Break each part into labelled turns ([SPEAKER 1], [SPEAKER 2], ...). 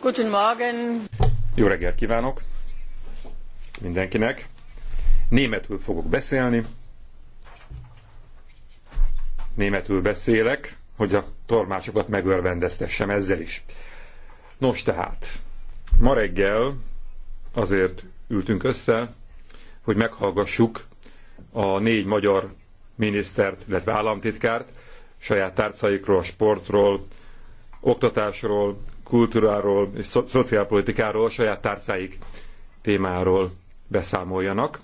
[SPEAKER 1] Guten Morgen.
[SPEAKER 2] Jó reggelt kívánok mindenkinek. Németül fogok beszélni. Németül beszélek, hogy a tormácsokat megörvendeztessem ezzel is. Nos tehát, ma reggel azért ültünk össze, hogy meghallgassuk a négy magyar minisztert, illetve államtitkárt saját tárcaikról, sportról, oktatásról, kultúráról és szo szociálpolitikáról, a saját tárcáik témáról beszámoljanak.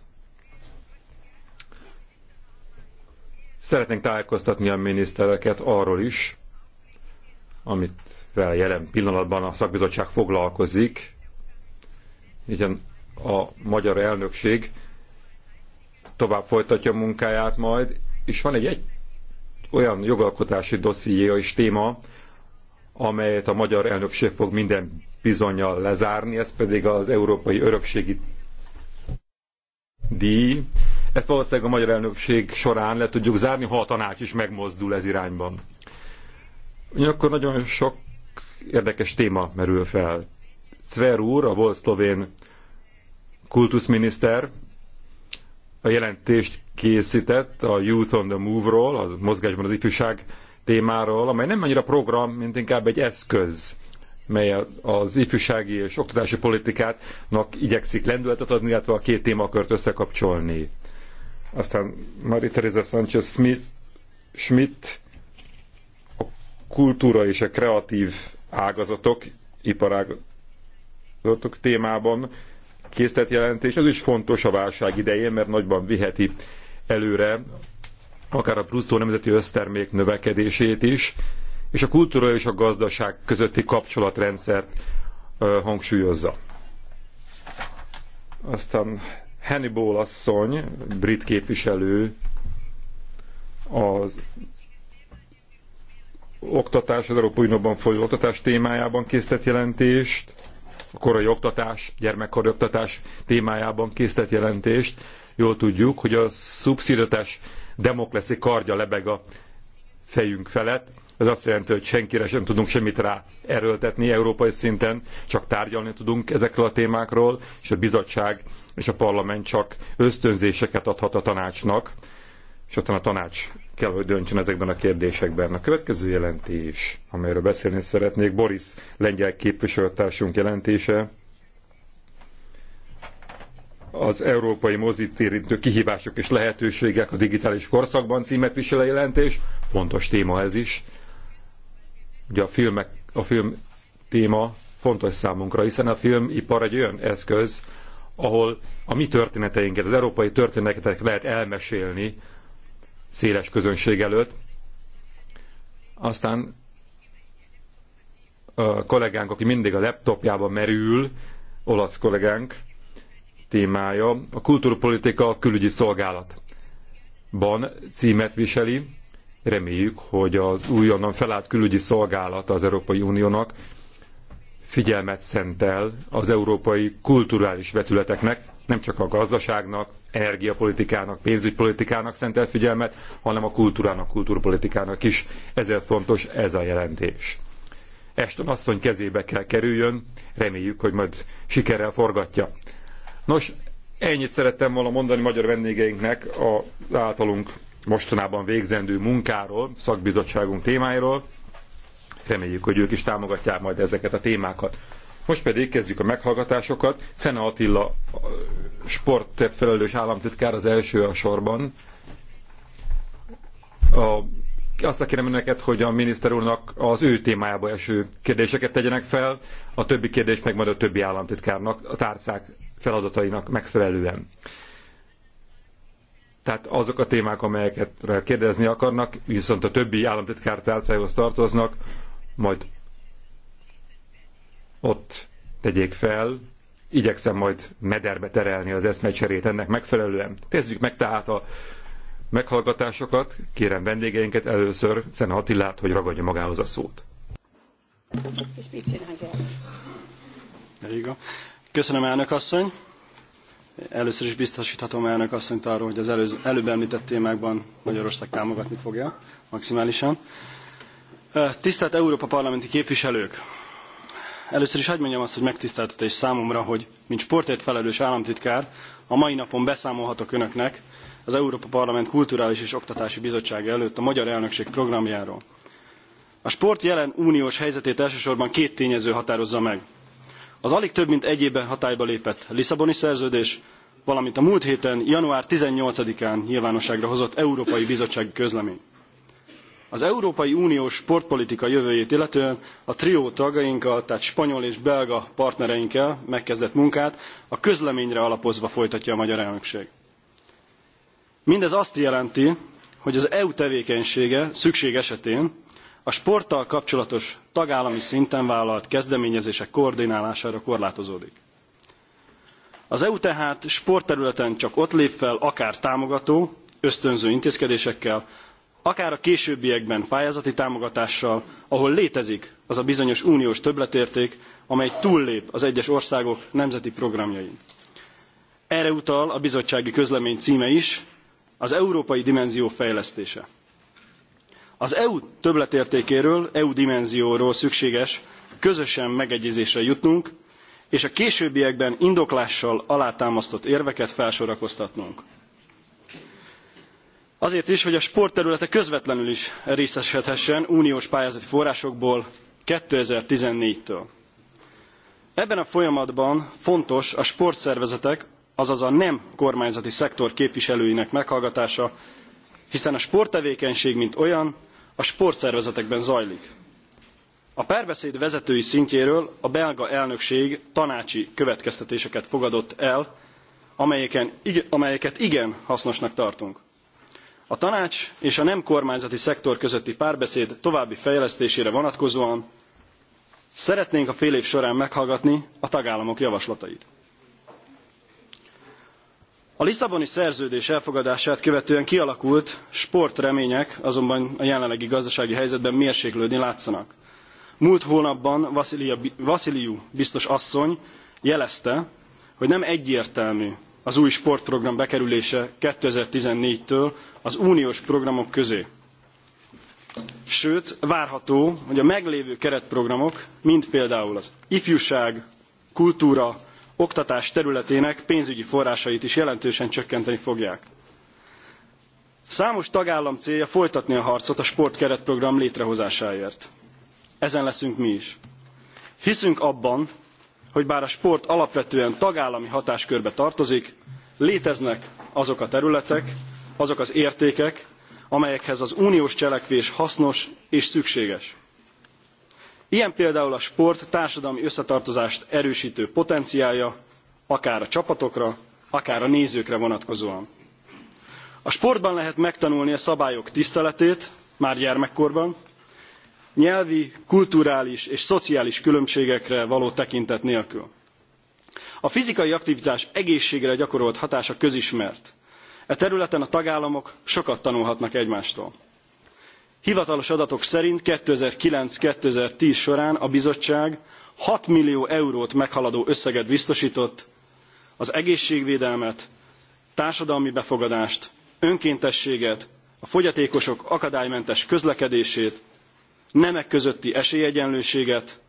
[SPEAKER 2] Szeretnénk tájékoztatni a minisztereket arról is, amit vel jelen pillanatban a szakbizottság foglalkozik. hiszen a magyar elnökség tovább folytatja a munkáját majd, és van egy, egy olyan jogalkotási dossziéja és téma, amelyet a magyar elnökség fog minden bizonyal lezárni, ez pedig az Európai Örökségi Díj. Ezt valószínűleg a magyar elnökség során le tudjuk zárni, ha a tanács is megmozdul ez irányban. Ugyanakkor nagyon sok érdekes téma merül fel. Cver úr, a volt szlovén kultuszminiszter, a jelentést készített a Youth on the Move-ról, a mozgásban az ifjúság témáról, amely nem annyira program, mint inkább egy eszköz, mely az ifjúsági és oktatási politikátnak igyekszik lendületet adni, illetve a két témakört összekapcsolni. Aztán Marie Teresa Sanchez Smith, Schmidt a kultúra és a kreatív ágazatok, iparágazatok témában készített jelentés. Ez is fontos a válság idején, mert nagyban viheti előre akár a bruttó nemzeti össztermék növekedését is, és a kultúra és a gazdaság közötti kapcsolatrendszert ö, hangsúlyozza. Aztán Hannibal asszony, brit képviselő, az oktatás, az Európai Unióban folyó oktatás témájában készített jelentést, a korai oktatás, gyermekkori oktatás témájában készített jelentést. Jól tudjuk, hogy a szubszidatás demokleszi kardja lebeg a fejünk felett. Ez azt jelenti, hogy senkire sem tudunk semmit rá erőltetni európai szinten, csak tárgyalni tudunk ezekről a témákról, és a bizottság és a parlament csak ösztönzéseket adhat a tanácsnak, és aztán a tanács kell, hogy döntsön ezekben a kérdésekben. A következő jelentés, amelyről beszélni szeretnék, Boris lengyel képviselőtársunk jelentése, az európai mozit érintő kihívások és lehetőségek a digitális korszakban címet visel a jelentés. Fontos téma ez is. Ugye a, filmek, a film téma fontos számunkra, hiszen a filmipar egy olyan eszköz, ahol a mi történeteinket, az európai történeteket lehet elmesélni széles közönség előtt. Aztán a kollégánk, aki mindig a laptopjában merül, olasz kollégánk, témája a kulturpolitika a külügyi szolgálatban címet viseli. Reméljük, hogy az újonnan felállt külügyi szolgálat az Európai Uniónak figyelmet szentel az európai kulturális vetületeknek, nem csak a gazdaságnak, energiapolitikának, pénzügypolitikának szentel figyelmet, hanem a kultúrának, kulturpolitikának is. Ezért fontos ez a jelentés. Eston asszony kezébe kell kerüljön, reméljük, hogy majd sikerrel forgatja Nos, ennyit szerettem volna mondani magyar vendégeinknek az általunk mostanában végzendő munkáról, szakbizottságunk témáiról. Reméljük, hogy ők is támogatják majd ezeket a témákat. Most pedig kezdjük a meghallgatásokat. Szene Attila, sportért felelős államtitkár az első a sorban. A, azt kérem önöket, hogy a miniszter úrnak az ő témájába eső kérdéseket tegyenek fel, a többi kérdés meg majd a többi államtitkárnak a tárcák feladatainak megfelelően. Tehát azok a témák, amelyeket kérdezni akarnak, viszont a többi államtitkár tárcához tartoznak, majd ott tegyék fel, igyekszem majd mederbe terelni az eszmecserét ennek megfelelően. Kezdjük meg tehát a meghallgatásokat, kérem vendégeinket először Szene Attilát, hogy ragadja magához a szót.
[SPEAKER 3] Köszönöm, elnök asszony. Először is biztosíthatom elnök asszonyt arról, hogy az előz, előbb említett témákban Magyarország támogatni fogja maximálisan. Tisztelt Európa Parlamenti képviselők! Először is hagyd mondjam azt, hogy megtiszteltetés számomra, hogy mint sportért felelős államtitkár a mai napon beszámolhatok önöknek az Európa Parlament Kulturális és Oktatási Bizottsága előtt a magyar elnökség programjáról. A sport jelen uniós helyzetét elsősorban két tényező határozza meg – az alig több mint egy évben hatályba lépett Lisszaboni szerződés, valamint a múlt héten, január 18-án nyilvánosságra hozott Európai Bizottsági Közlemény. Az Európai Uniós sportpolitika jövőjét illetően a trió tagainkkal, tehát spanyol és belga partnereinkkel megkezdett munkát a közleményre alapozva folytatja a magyar elnökség. Mindez azt jelenti, hogy az EU tevékenysége szükség esetén a sporttal kapcsolatos tagállami szinten vállalt kezdeményezések koordinálására korlátozódik. Az EU tehát sportterületen csak ott lép fel, akár támogató, ösztönző intézkedésekkel, akár a későbbiekben pályázati támogatással, ahol létezik az a bizonyos uniós többletérték, amely túllép az egyes országok nemzeti programjain. Erre utal a bizottsági közlemény címe is, az európai dimenzió fejlesztése. Az EU többletértékéről, EU dimenzióról szükséges közösen megegyezésre jutnunk, és a későbbiekben indoklással alátámasztott érveket felsorakoztatnunk. Azért is, hogy a sport területe közvetlenül is részesedhessen uniós pályázati forrásokból 2014-től. Ebben a folyamatban fontos a sportszervezetek, azaz a nem kormányzati szektor képviselőinek meghallgatása hiszen a sporttevékenység, mint olyan, a sportszervezetekben zajlik. A párbeszéd vezetői szintjéről a belga elnökség tanácsi következtetéseket fogadott el, amelyeken, amelyeket igen hasznosnak tartunk. A tanács és a nem kormányzati szektor közötti párbeszéd további fejlesztésére vonatkozóan szeretnénk a fél év során meghallgatni a tagállamok javaslatait. A Lisszaboni szerződés elfogadását követően kialakult sportremények azonban a jelenlegi gazdasági helyzetben mérséklődni látszanak. Múlt hónapban Vasziliu biztos asszony jelezte, hogy nem egyértelmű az új sportprogram bekerülése 2014-től az uniós programok közé. Sőt, várható, hogy a meglévő keretprogramok, mint például az ifjúság, kultúra, oktatás területének pénzügyi forrásait is jelentősen csökkenteni fogják. Számos tagállam célja folytatni a harcot a sportkeretprogram létrehozásáért. Ezen leszünk mi is. Hiszünk abban, hogy bár a sport alapvetően tagállami hatáskörbe tartozik, léteznek azok a területek, azok az értékek, amelyekhez az uniós cselekvés hasznos és szükséges. Ilyen például a sport társadalmi összetartozást erősítő potenciálja, akár a csapatokra, akár a nézőkre vonatkozóan. A sportban lehet megtanulni a szabályok tiszteletét, már gyermekkorban, nyelvi, kulturális és szociális különbségekre való tekintet nélkül. A fizikai aktivitás egészségre gyakorolt hatása közismert. E területen a tagállamok sokat tanulhatnak egymástól hivatalos adatok szerint two thousand and nine two thousand and ten során a bizottság six millió eurót meghaladó összeget biztostott az egészségvédelmet társadalmi befogadást önkéntességet a fogyatékosok akadálymentes közlekedését nemek közötti esélyegyenlőséget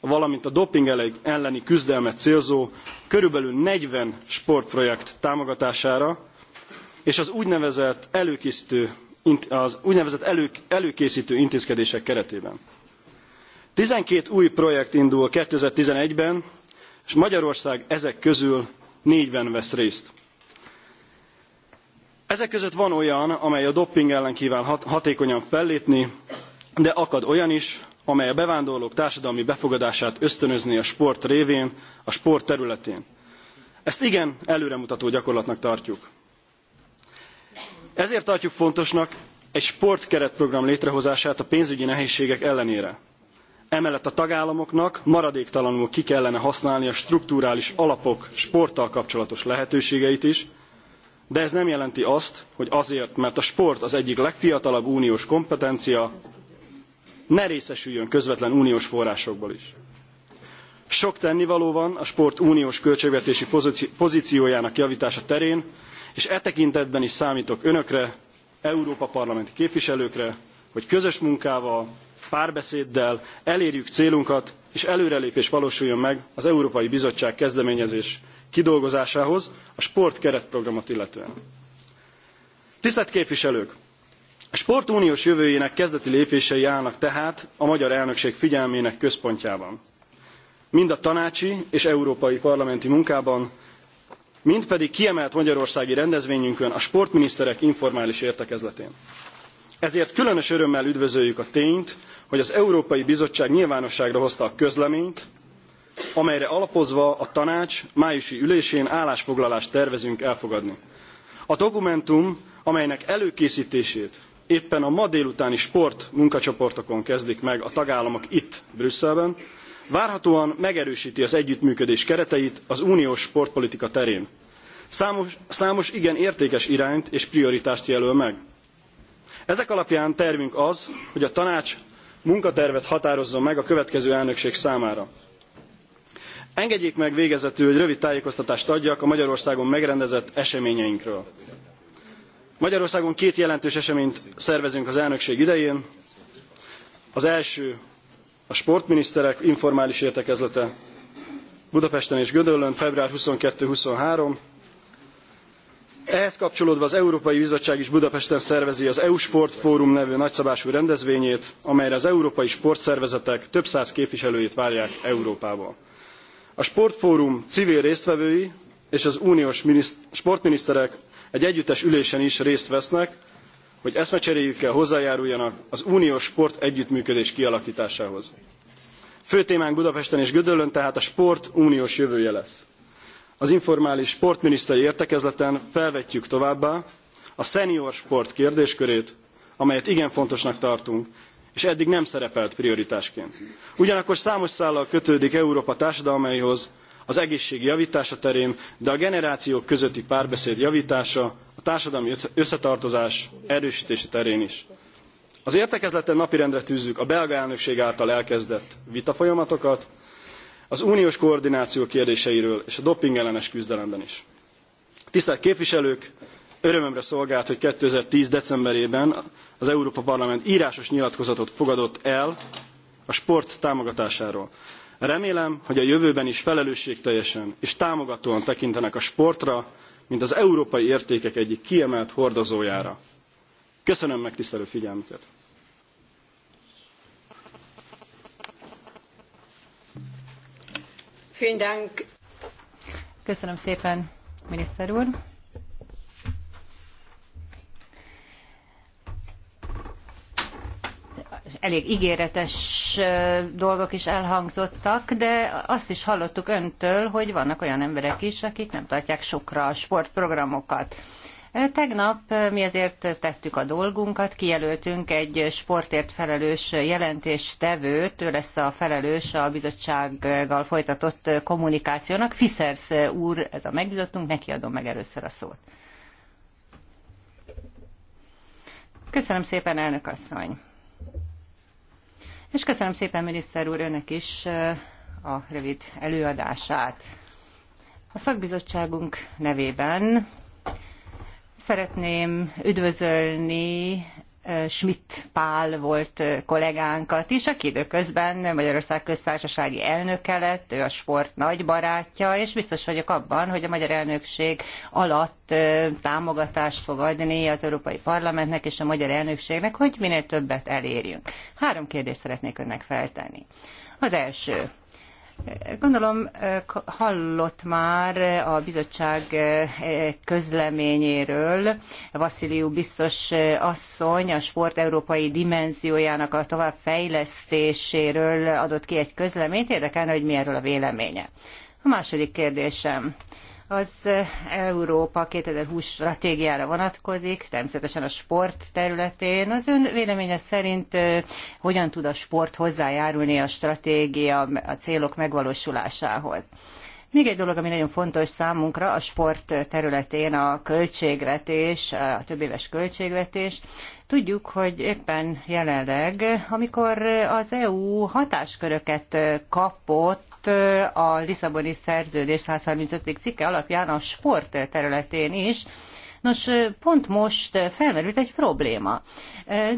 [SPEAKER 3] valamint a doping elleni küzdelmet célzó körülbelül 40 sportprojekt támogatására és az úgynevezett előkészítő az úgynevezett elő, előkészítő intézkedések keretében. 12 új projekt indul 2011-ben, és Magyarország ezek közül négyben vesz részt. Ezek között van olyan, amely a dopping ellen kíván hat hatékonyan fellépni, de akad olyan is, amely a bevándorlók társadalmi befogadását ösztönözni a sport révén, a sport területén. Ezt igen előremutató gyakorlatnak tartjuk. Ezért tartjuk fontosnak egy sportkeretprogram létrehozását a pénzügyi nehézségek ellenére. Emellett a tagállamoknak maradéktalanul ki kellene használni a strukturális alapok sporttal kapcsolatos lehetőségeit is, de ez nem jelenti azt, hogy azért, mert a sport az egyik legfiatalabb uniós kompetencia, ne részesüljön közvetlen uniós forrásokból is. Sok tennivaló van a sport uniós költségvetési pozíciójának javítása terén, és e tekintetben is számítok önökre, Európa parlamenti képviselőkre, hogy közös munkával, párbeszéddel elérjük célunkat, és előrelépés valósuljon meg az Európai Bizottság kezdeményezés kidolgozásához a sport keretprogramot illetően. Tisztelt képviselők! A sportuniós jövőjének kezdeti lépései állnak tehát a magyar elnökség figyelmének központjában. Mind a tanácsi és európai parlamenti munkában, mind pedig kiemelt magyarországi rendezvényünkön a sportminiszterek informális értekezletén. Ezért különös örömmel üdvözöljük a tényt, hogy az Európai Bizottság nyilvánosságra hozta a közleményt, amelyre alapozva a tanács májusi ülésén állásfoglalást tervezünk elfogadni. A dokumentum, amelynek előkészítését éppen a ma délutáni sport munkacsoportokon kezdik meg a tagállamok itt, Brüsszelben, várhatóan megerősíti az együttműködés kereteit az uniós sportpolitika terén. Számos, számos igen értékes irányt és prioritást jelöl meg. Ezek alapján tervünk az, hogy a tanács munkatervet határozzon meg a következő elnökség számára. Engedjék meg végezetül, hogy rövid tájékoztatást adjak a Magyarországon megrendezett eseményeinkről. Magyarországon két jelentős eseményt szervezünk az elnökség idején. Az első a sportminiszterek informális értekezlete Budapesten és Gödöllön február 22-23. Ehhez kapcsolódva az Európai Bizottság is Budapesten szervezi az EU Sport Fórum nevű nagyszabású rendezvényét, amelyre az európai sportszervezetek több száz képviselőjét várják Európába. A Sportfórum civil résztvevői és az uniós sportminiszterek egy együttes ülésen is részt vesznek, hogy eszmecseréjükkel hozzájáruljanak az uniós sport együttműködés kialakításához. Fő témánk Budapesten és Gödöllön tehát a sport uniós jövője lesz. Az informális sportminiszteri értekezleten felvetjük továbbá a senior sport kérdéskörét, amelyet igen fontosnak tartunk, és eddig nem szerepelt prioritásként. Ugyanakkor számos szállal kötődik Európa társadalmaihoz, az egészség javítása terén, de a generációk közötti párbeszéd javítása, társadalmi összetartozás erősítése terén is. Az értekezleten napirendre tűzzük a belga elnökség által elkezdett vitafolyamatokat, az uniós koordináció kérdéseiről és a dopingellenes küzdelemben is. Tisztelt képviselők, örömömre szolgált, hogy 2010. decemberében az Európa Parlament írásos nyilatkozatot fogadott el a sport támogatásáról. Remélem, hogy a jövőben is felelősségteljesen és támogatóan tekintenek a sportra, mint az európai értékek egyik kiemelt hordozójára. Köszönöm megtisztelő figyelmüket!
[SPEAKER 4] Köszönöm szépen, miniszter úr! elég ígéretes dolgok is elhangzottak, de azt is hallottuk öntől, hogy vannak olyan emberek is, akik nem tartják sokra a sportprogramokat. Tegnap mi ezért tettük a dolgunkat, kijelöltünk egy sportért felelős jelentéstevőt, ő lesz a felelős a bizottsággal folytatott kommunikációnak. Fiszersz úr, ez a megbizottunk, neki adom meg először a szót. Köszönöm szépen, elnök asszony! És köszönöm szépen, miniszter úr, önnek is a rövid előadását. A szakbizottságunk nevében szeretném üdvözölni Schmidt Pál volt kollégánkat is, aki időközben Magyarország köztársasági elnöke lett, ő a sport nagy barátja, és biztos vagyok abban, hogy a magyar elnökség alatt támogatást fog adni az Európai Parlamentnek és a magyar elnökségnek, hogy minél többet elérjünk. Három kérdést szeretnék önnek feltenni. Az első, Gondolom hallott már a bizottság közleményéről Vasziliu biztos asszony a sport európai dimenziójának a továbbfejlesztéséről adott ki egy közleményt. Érdekelne, hogy mi erről a véleménye. A második kérdésem az Európa 2020 stratégiára vonatkozik, természetesen a sport területén. Az ön véleménye szerint hogyan tud a sport hozzájárulni a stratégia, a célok megvalósulásához? Még egy dolog, ami nagyon fontos számunkra, a sport területén a költségvetés, a többéves költségvetés. Tudjuk, hogy éppen jelenleg, amikor az EU hatásköröket kapott jogot a Lisszaboni szerződés 135. cikke alapján a sport területén is, Nos, pont most felmerült egy probléma.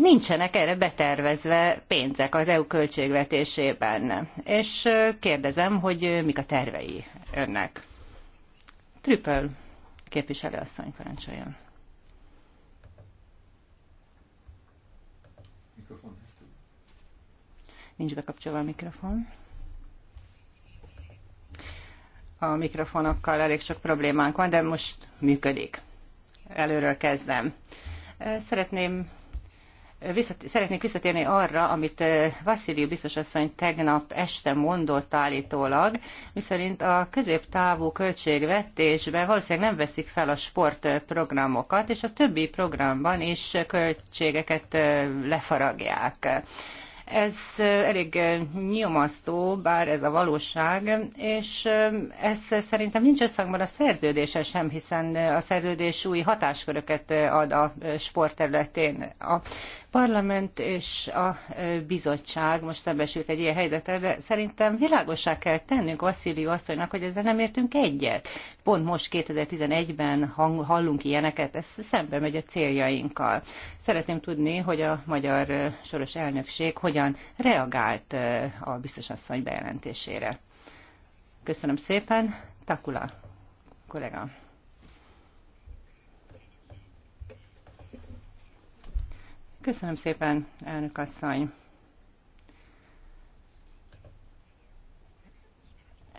[SPEAKER 4] Nincsenek erre betervezve pénzek az EU költségvetésében, és kérdezem, hogy mik a tervei önnek. Trüppel képviselőasszony parancsoljon. Nincs bekapcsolva a mikrofon a mikrofonokkal elég sok problémánk van, de most működik. Előről kezdem. Szeretném visszat, szeretnék visszatérni arra, amit Vassziliu biztosasszony tegnap este mondott állítólag, miszerint a középtávú költségvetésben valószínűleg nem veszik fel a sportprogramokat, és a többi programban is költségeket lefaragják. Ez elég nyomasztó, bár ez a valóság, és ez szerintem nincs összhangban a szerződése sem, hiszen a szerződés új hatásköröket ad a sportterületén. A parlament és a e, bizottság most szembesült egy ilyen helyzetre, de szerintem világosá kell tennünk Vasszilió asszonynak, hogy ezzel nem értünk egyet. Pont most 2011-ben hallunk ilyeneket, ez szembe megy a céljainkkal. Szeretném tudni, hogy a magyar e, soros elnökség hogyan reagált e, a biztosasszony bejelentésére. Köszönöm szépen, Takula kollega. Köszönöm szépen, elnök asszony.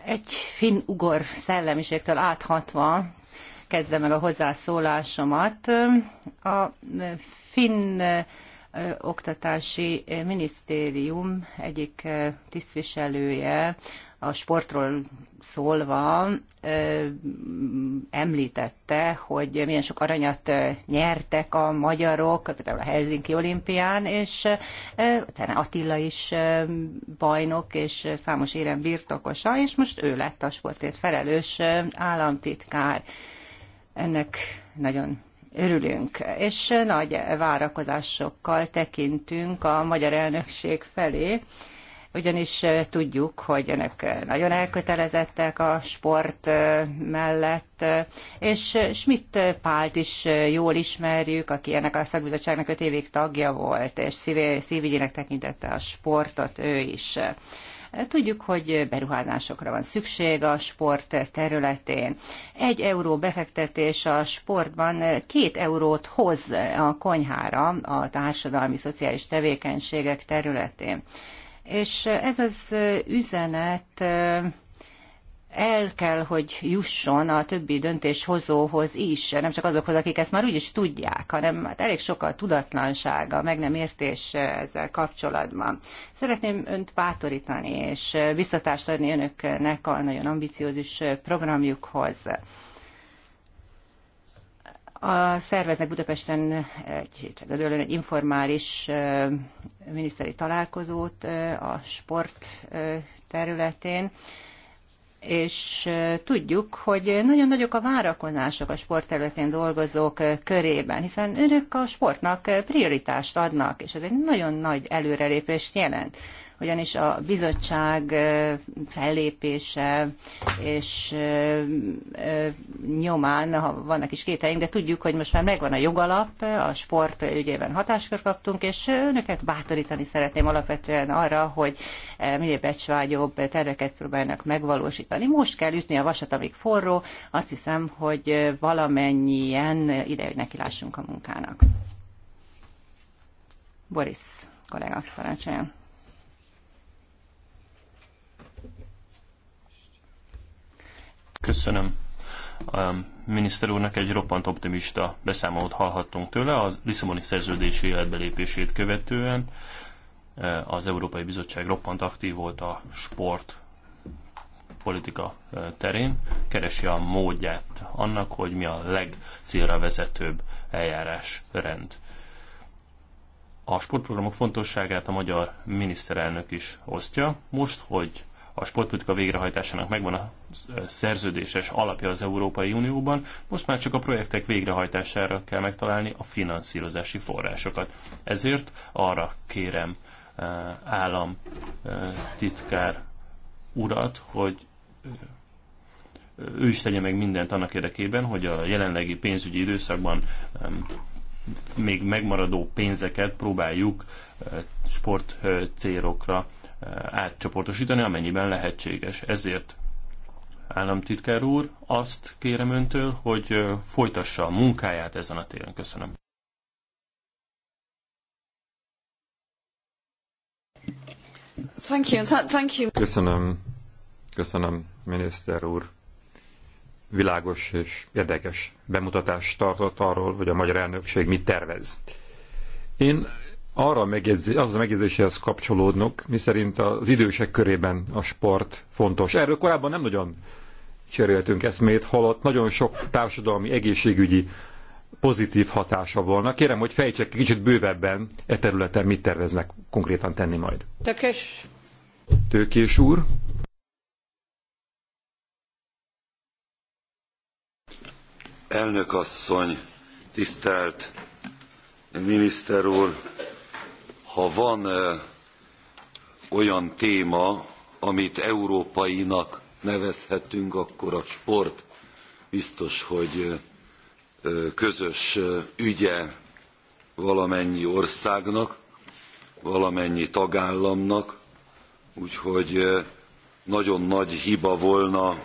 [SPEAKER 4] Egy finn-ugor szellemiségtől áthatva kezdem el a hozzászólásomat. A finn oktatási minisztérium egyik tisztviselője a sportról szólva említette, hogy milyen sok aranyat nyertek a magyarok, például a Helsinki olimpián, és utána Attila is bajnok, és számos érem birtokosa, és most ő lett a sportért felelős államtitkár. Ennek nagyon örülünk, és nagy várakozásokkal tekintünk a magyar elnökség felé ugyanis tudjuk, hogy önök nagyon elkötelezettek a sport mellett, és Schmidt Pált is jól ismerjük, aki ennek a szakbizottságnak öt évig tagja volt, és szívügyének tekintette a sportot ő is. Tudjuk, hogy beruházásokra van szükség a sport területén. Egy euró befektetés a sportban két eurót hoz a konyhára a társadalmi szociális tevékenységek területén. És ez az üzenet el kell, hogy jusson a többi döntéshozóhoz is, nem csak azokhoz, akik ezt már úgyis tudják, hanem hát elég sok a tudatlansága, meg nem értés ezzel kapcsolatban. Szeretném önt bátorítani és visszatást adni önöknek a nagyon ambiciózus programjukhoz. A, szerveznek Budapesten egy, egy informális miniszteri találkozót a sport területén, és tudjuk, hogy nagyon nagyok a várakozások a sportterületén dolgozók körében, hiszen önök a sportnak prioritást adnak, és ez egy nagyon nagy előrelépést jelent ugyanis a bizottság fellépése és nyomán ha vannak is kételjünk, de tudjuk, hogy most már megvan a jogalap, a sport ügyében hatáskör kaptunk, és önöket bátorítani szeretném alapvetően arra, hogy minél becsvágyobb terveket próbálnak megvalósítani. Most kell ütni a vasat, amíg forró, azt hiszem, hogy valamennyien ide, hogy lássunk a munkának. Boris kollega parancsoljon.
[SPEAKER 5] Köszönöm a miniszter úrnak egy roppant optimista beszámolót hallhattunk tőle a Lisszaboni szerződés lépését követően. E, az Európai Bizottság roppant aktív volt a sport politika e, terén, keresi a módját annak, hogy mi a legcélra vezetőbb eljárás rend. A sportprogramok fontosságát a magyar miniszterelnök is osztja. Most, hogy a sportpolitika végrehajtásának megvan a szerződéses alapja az Európai Unióban, most már csak a projektek végrehajtására kell megtalálni a finanszírozási forrásokat. Ezért arra kérem állam titkár urat, hogy ő is tegye meg mindent annak érdekében, hogy a jelenlegi pénzügyi időszakban még megmaradó pénzeket próbáljuk sport célokra átcsoportosítani, amennyiben lehetséges. Ezért, államtitkár úr, azt kérem öntől, hogy folytassa a munkáját ezen a téren. Köszönöm.
[SPEAKER 1] Thank you, thank you.
[SPEAKER 2] Köszönöm, köszönöm, miniszter úr. Világos és érdekes bemutatást tartott arról, hogy a magyar elnökség mit tervez. Én arra megjegyzés, az a megjegyzéshez kapcsolódnok, miszerint az idősek körében a sport fontos. Erről korábban nem nagyon cseréltünk eszmét, holott nagyon sok társadalmi egészségügyi pozitív hatása volna. Kérem, hogy fejtsek kicsit bővebben e területen mit terveznek konkrétan tenni majd.
[SPEAKER 1] Tökés.
[SPEAKER 2] Tőkés úr.
[SPEAKER 6] Elnök asszony, tisztelt miniszter úr, ha van olyan téma, amit európainak nevezhetünk, akkor a sport biztos, hogy közös ügye valamennyi országnak, valamennyi tagállamnak, úgyhogy nagyon nagy hiba volna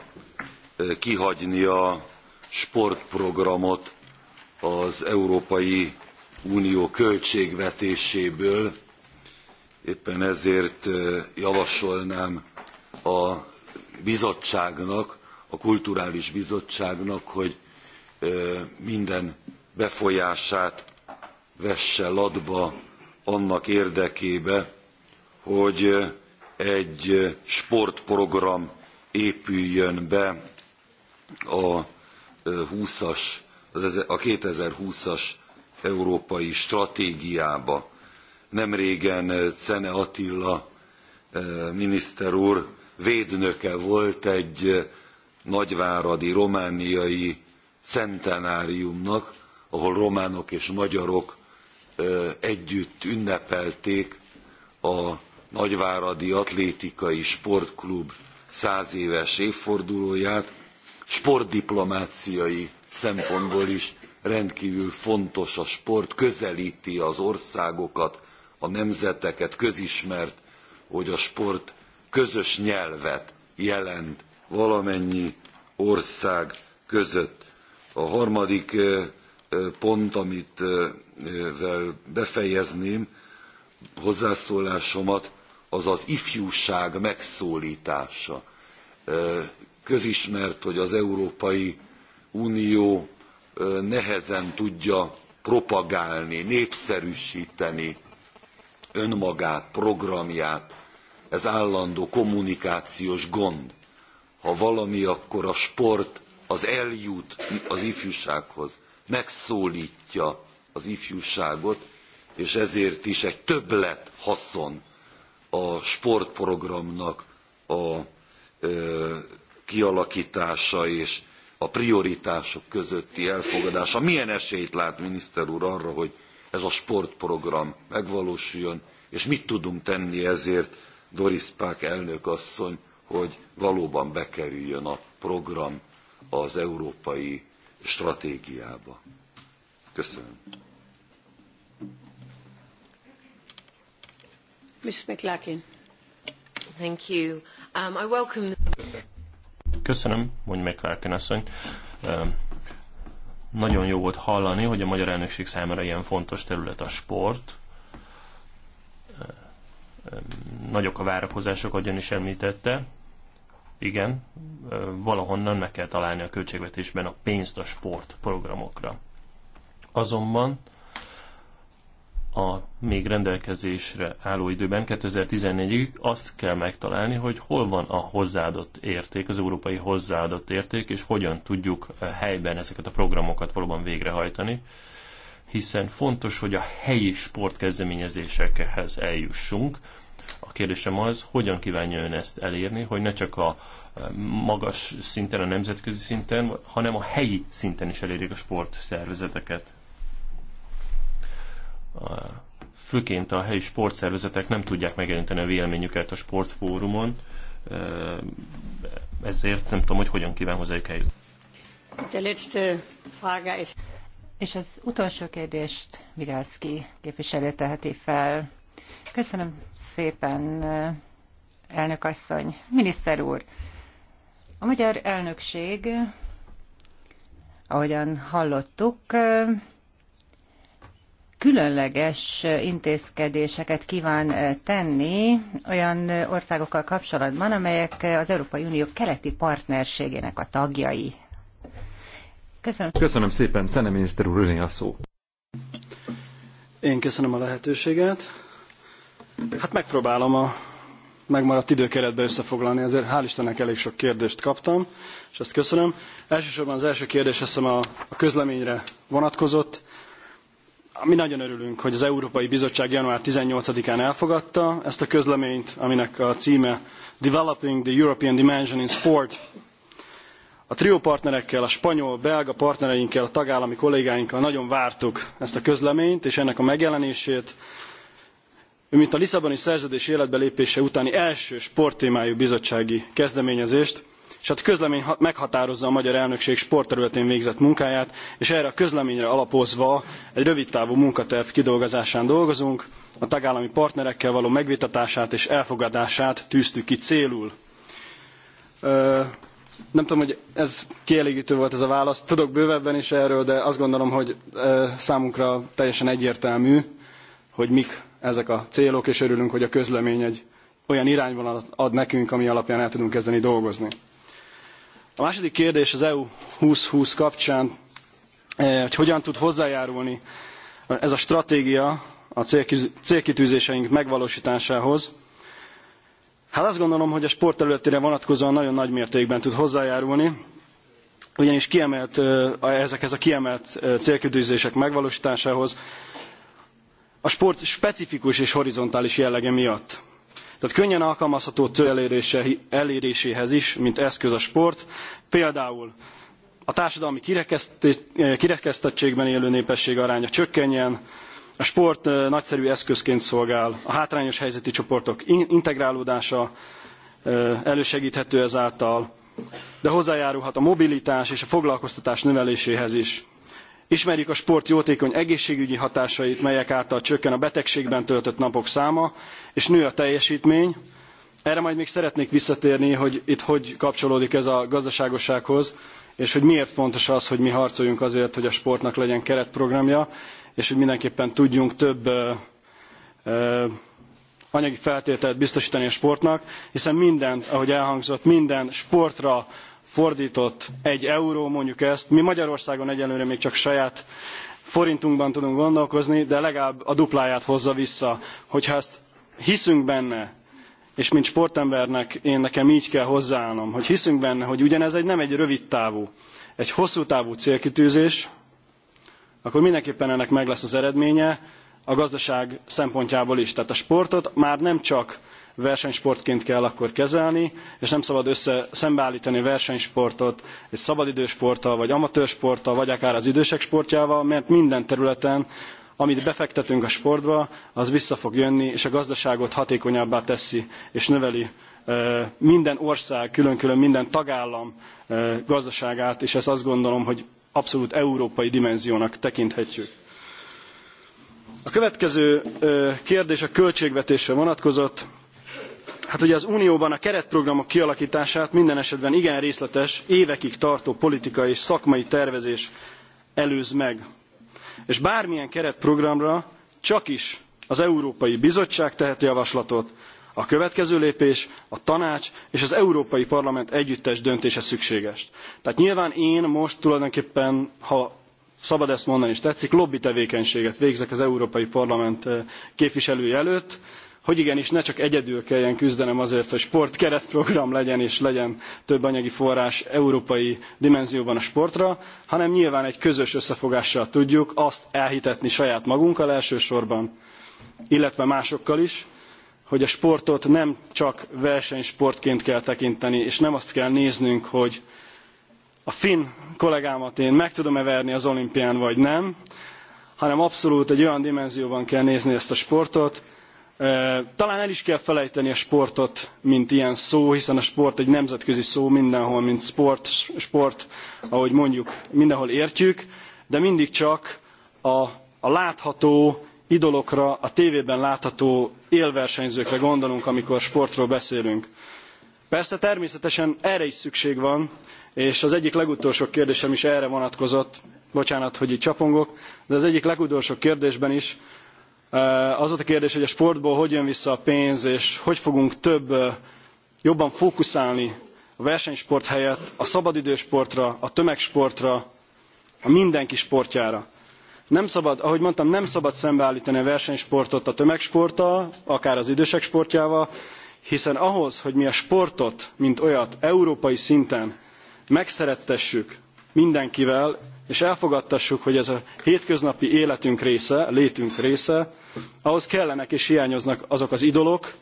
[SPEAKER 6] kihagyni a sportprogramot az európai Unió költségvetéséből. Éppen ezért eh, javasolnám a bizottságnak, a kulturális bizottságnak, hogy eh, minden befolyását vesse latba annak érdekébe, hogy eh, egy sportprogram épüljön be a, 20 a 2020-as európai stratégiába. Nemrégen Cene eh, Attila eh, miniszter úr védnöke volt egy eh, nagyváradi romániai centenáriumnak, ahol románok és magyarok együtt ünnepelték a nagyváradi atlétikai sportklub száz éves évfordulóját sportdiplomáciai szempontból is rendkvül fontos a sport közelti az országokat a nemzeteket közismert hogy a sport közös nyelvet jelent valamennyi ország között. a harmadik pont amivel befejezném hozzászólásomat az az ifjúság megszóltása. közismert hogy az európai unió nehezen tudja propagálni, népszerűsíteni önmagát, programját. Ez állandó kommunikációs gond. Ha valami, akkor a sport az eljut az ifjúsághoz, megszólítja az ifjúságot, és ezért is egy többlet haszon a sportprogramnak a ö, kialakítása és a prioritások közötti elfogadása. Milyen esélyt lát miniszter úr arra, hogy ez a sportprogram megvalósuljon, és mit tudunk tenni ezért, Doris Pák elnök asszony, hogy valóban bekerüljön a program az európai stratégiába. Köszönöm.
[SPEAKER 7] Ms. McLaughlin. Thank you. Um, I welcome... Köszönöm.
[SPEAKER 5] Köszönöm, mondj meg Clarken asszony. Nagyon jó volt hallani, hogy a magyar elnökség számára ilyen fontos terület a sport. Nagyok a várakozások, ahogyan is említette. Igen, valahonnan meg kell találni a költségvetésben a pénzt a sportprogramokra. Azonban a még rendelkezésre álló időben, 2014-ig azt kell megtalálni, hogy hol van a hozzáadott érték, az európai hozzáadott érték, és hogyan tudjuk eh, helyben ezeket a programokat valóban végrehajtani, hiszen fontos, hogy a helyi sportkezdeményezésekhez eljussunk. A kérdésem az, hogyan kívánja ön ezt elérni, hogy ne csak a eh, magas szinten, a nemzetközi szinten, hanem a helyi szinten is elérjék a sportszervezeteket főként a helyi sportszervezetek nem tudják megjelenteni a véleményüket a sportfórumon, ezért nem tudom, hogy hogyan kíván hozzájuk eljutni.
[SPEAKER 4] És az utolsó kérdést Vigyázki képviselő teheti fel. Köszönöm szépen, elnök asszony. Miniszter úr, a magyar elnökség, ahogyan hallottuk, különleges intézkedéseket kíván eh, tenni olyan eh, országokkal kapcsolatban, amelyek eh, az Európai Unió keleti partnerségének a tagjai.
[SPEAKER 3] Köszönöm.
[SPEAKER 2] Köszönöm szépen, Szene miniszter úr, a szó.
[SPEAKER 3] Én köszönöm a lehetőséget. Hát megpróbálom a megmaradt időkeretbe összefoglalni, azért hál' Istennek elég sok kérdést kaptam, és ezt köszönöm. Elsősorban az első kérdés hiszem a, a közleményre vonatkozott mi nagyon örülünk, hogy az Európai Bizottság január 18-án elfogadta ezt a közleményt, aminek a címe Developing the European Dimension in Sport. A trió partnerekkel, a spanyol, belga partnereinkkel, a tagállami kollégáinkkal nagyon vártuk ezt a közleményt és ennek a megjelenését. Ő, mint a Lisszaboni szerződés életbe lépése utáni első sporttémájú bizottsági kezdeményezést, és hát a közlemény meghatározza a magyar elnökség sportterületén végzett munkáját, és erre a közleményre alapozva egy rövidtávú munkaterv kidolgozásán dolgozunk, a tagállami partnerekkel való megvitatását és elfogadását tűztük ki célul. Ö nem tudom, hogy ez kielégítő volt ez a válasz. Tudok bővebben is erről, de azt gondolom, hogy számunkra teljesen egyértelmű, hogy mik ezek a célok, és örülünk, hogy a közlemény egy olyan irányvonalat ad nekünk, ami alapján el tudunk kezdeni dolgozni. A második kérdés az EU 2020 kapcsán, eh, hogy hogyan tud hozzájárulni ez a stratégia a célkitűzéseink megvalósításához. Hát azt gondolom, hogy a sport területére vonatkozóan nagyon nagy mértékben tud hozzájárulni, ugyanis kiemelt, eh, ezekhez a kiemelt eh, célkitűzések megvalósításához a sport specifikus és horizontális jellege miatt. Tehát könnyen alkalmazható cél elérése, eléréséhez is, mint eszköz a sport. Például a társadalmi kirekesztettségben élő népesség aránya csökkenjen, a sport nagyszerű eszközként szolgál, a hátrányos helyzetű csoportok integrálódása elősegíthető ezáltal, de hozzájárulhat a mobilitás és a foglalkoztatás növeléséhez is. Ismerjük a sport jótékony egészségügyi hatásait, melyek által csökken a betegségben töltött napok száma, és nő a teljesítmény. Erre majd még szeretnék visszatérni, hogy itt hogy kapcsolódik ez a gazdaságossághoz, és hogy miért fontos az, hogy mi harcoljunk azért, hogy a sportnak legyen keretprogramja, és hogy mindenképpen tudjunk több ö, ö, anyagi feltételt biztosítani a sportnak, hiszen minden, ahogy elhangzott, minden sportra fordított egy euró, mondjuk ezt. Mi Magyarországon egyelőre még csak saját forintunkban tudunk gondolkozni, de legalább a dupláját hozza vissza. Hogyha ezt hiszünk benne, és mint sportembernek én nekem így kell hozzáállnom, hogy hiszünk benne, hogy ugyanez egy nem egy rövid távú, egy hosszú távú célkitűzés, akkor mindenképpen ennek meg lesz az eredménye a gazdaság szempontjából is. Tehát a sportot már nem csak versenysportként kell akkor kezelni, és nem szabad össze szembeállítani a versenysportot egy szabadidős sporttal, vagy amatőrsporttal, vagy akár az idősek sportjával, mert minden területen amit befektetünk a sportba, az vissza fog jönni, és a gazdaságot hatékonyabbá teszi, és növeli minden ország, külön-külön minden tagállam gazdaságát, és ezt azt gondolom, hogy abszolút európai dimenziónak tekinthetjük. A következő kérdés a költségvetésre vonatkozott. Hát ugye az Unióban a keretprogramok kialakítását minden esetben igen részletes, évekig tartó politikai és szakmai tervezés előz meg. És bármilyen keretprogramra csak is az Európai Bizottság tehet javaslatot, a következő lépés a tanács és az Európai Parlament együttes döntése szükséges. Tehát nyilván én most tulajdonképpen, ha szabad ezt mondani is tetszik, lobby tevékenységet végzek az Európai Parlament eh, képviselői előtt, hogy igenis ne csak egyedül kelljen küzdenem azért, hogy sport keretprogram legyen és legyen több anyagi forrás európai dimenzióban a sportra, hanem nyilván egy közös összefogással tudjuk azt elhitetni saját magunkkal elsősorban, illetve másokkal is, hogy a sportot nem csak versenysportként kell tekinteni, és nem azt kell néznünk, hogy a finn kollégámat én meg tudom-e verni az olimpián, vagy nem, hanem abszolút egy olyan dimenzióban kell nézni ezt a sportot, talán el is kell felejteni a sportot, mint ilyen szó, hiszen a sport egy nemzetközi szó mindenhol, mint sport, sport ahogy mondjuk, mindenhol értjük, de mindig csak a, a látható idolokra, a tévében látható élversenyzőkre gondolunk, amikor sportról beszélünk. Persze természetesen erre is szükség van, és az egyik legutolsó kérdésem is erre vonatkozott, bocsánat, hogy itt csapongok, de az egyik legutolsó kérdésben is az volt a kérdés, hogy a sportból hogy jön vissza a pénz, és hogy fogunk több, jobban fókuszálni a versenysport helyett a szabadidősportra, a tömegsportra, a mindenki sportjára. Nem szabad, ahogy mondtam, nem szabad szembeállítani a versenysportot a tömegsporttal, akár az idősek sportjával, hiszen ahhoz, hogy mi a sportot, mint olyat, európai szinten megszerettessük mindenkivel, és elfogadtassuk, hogy ez a hétköznapi életünk része, létünk része, ahhoz kellenek és hiányoznak azok az idolok,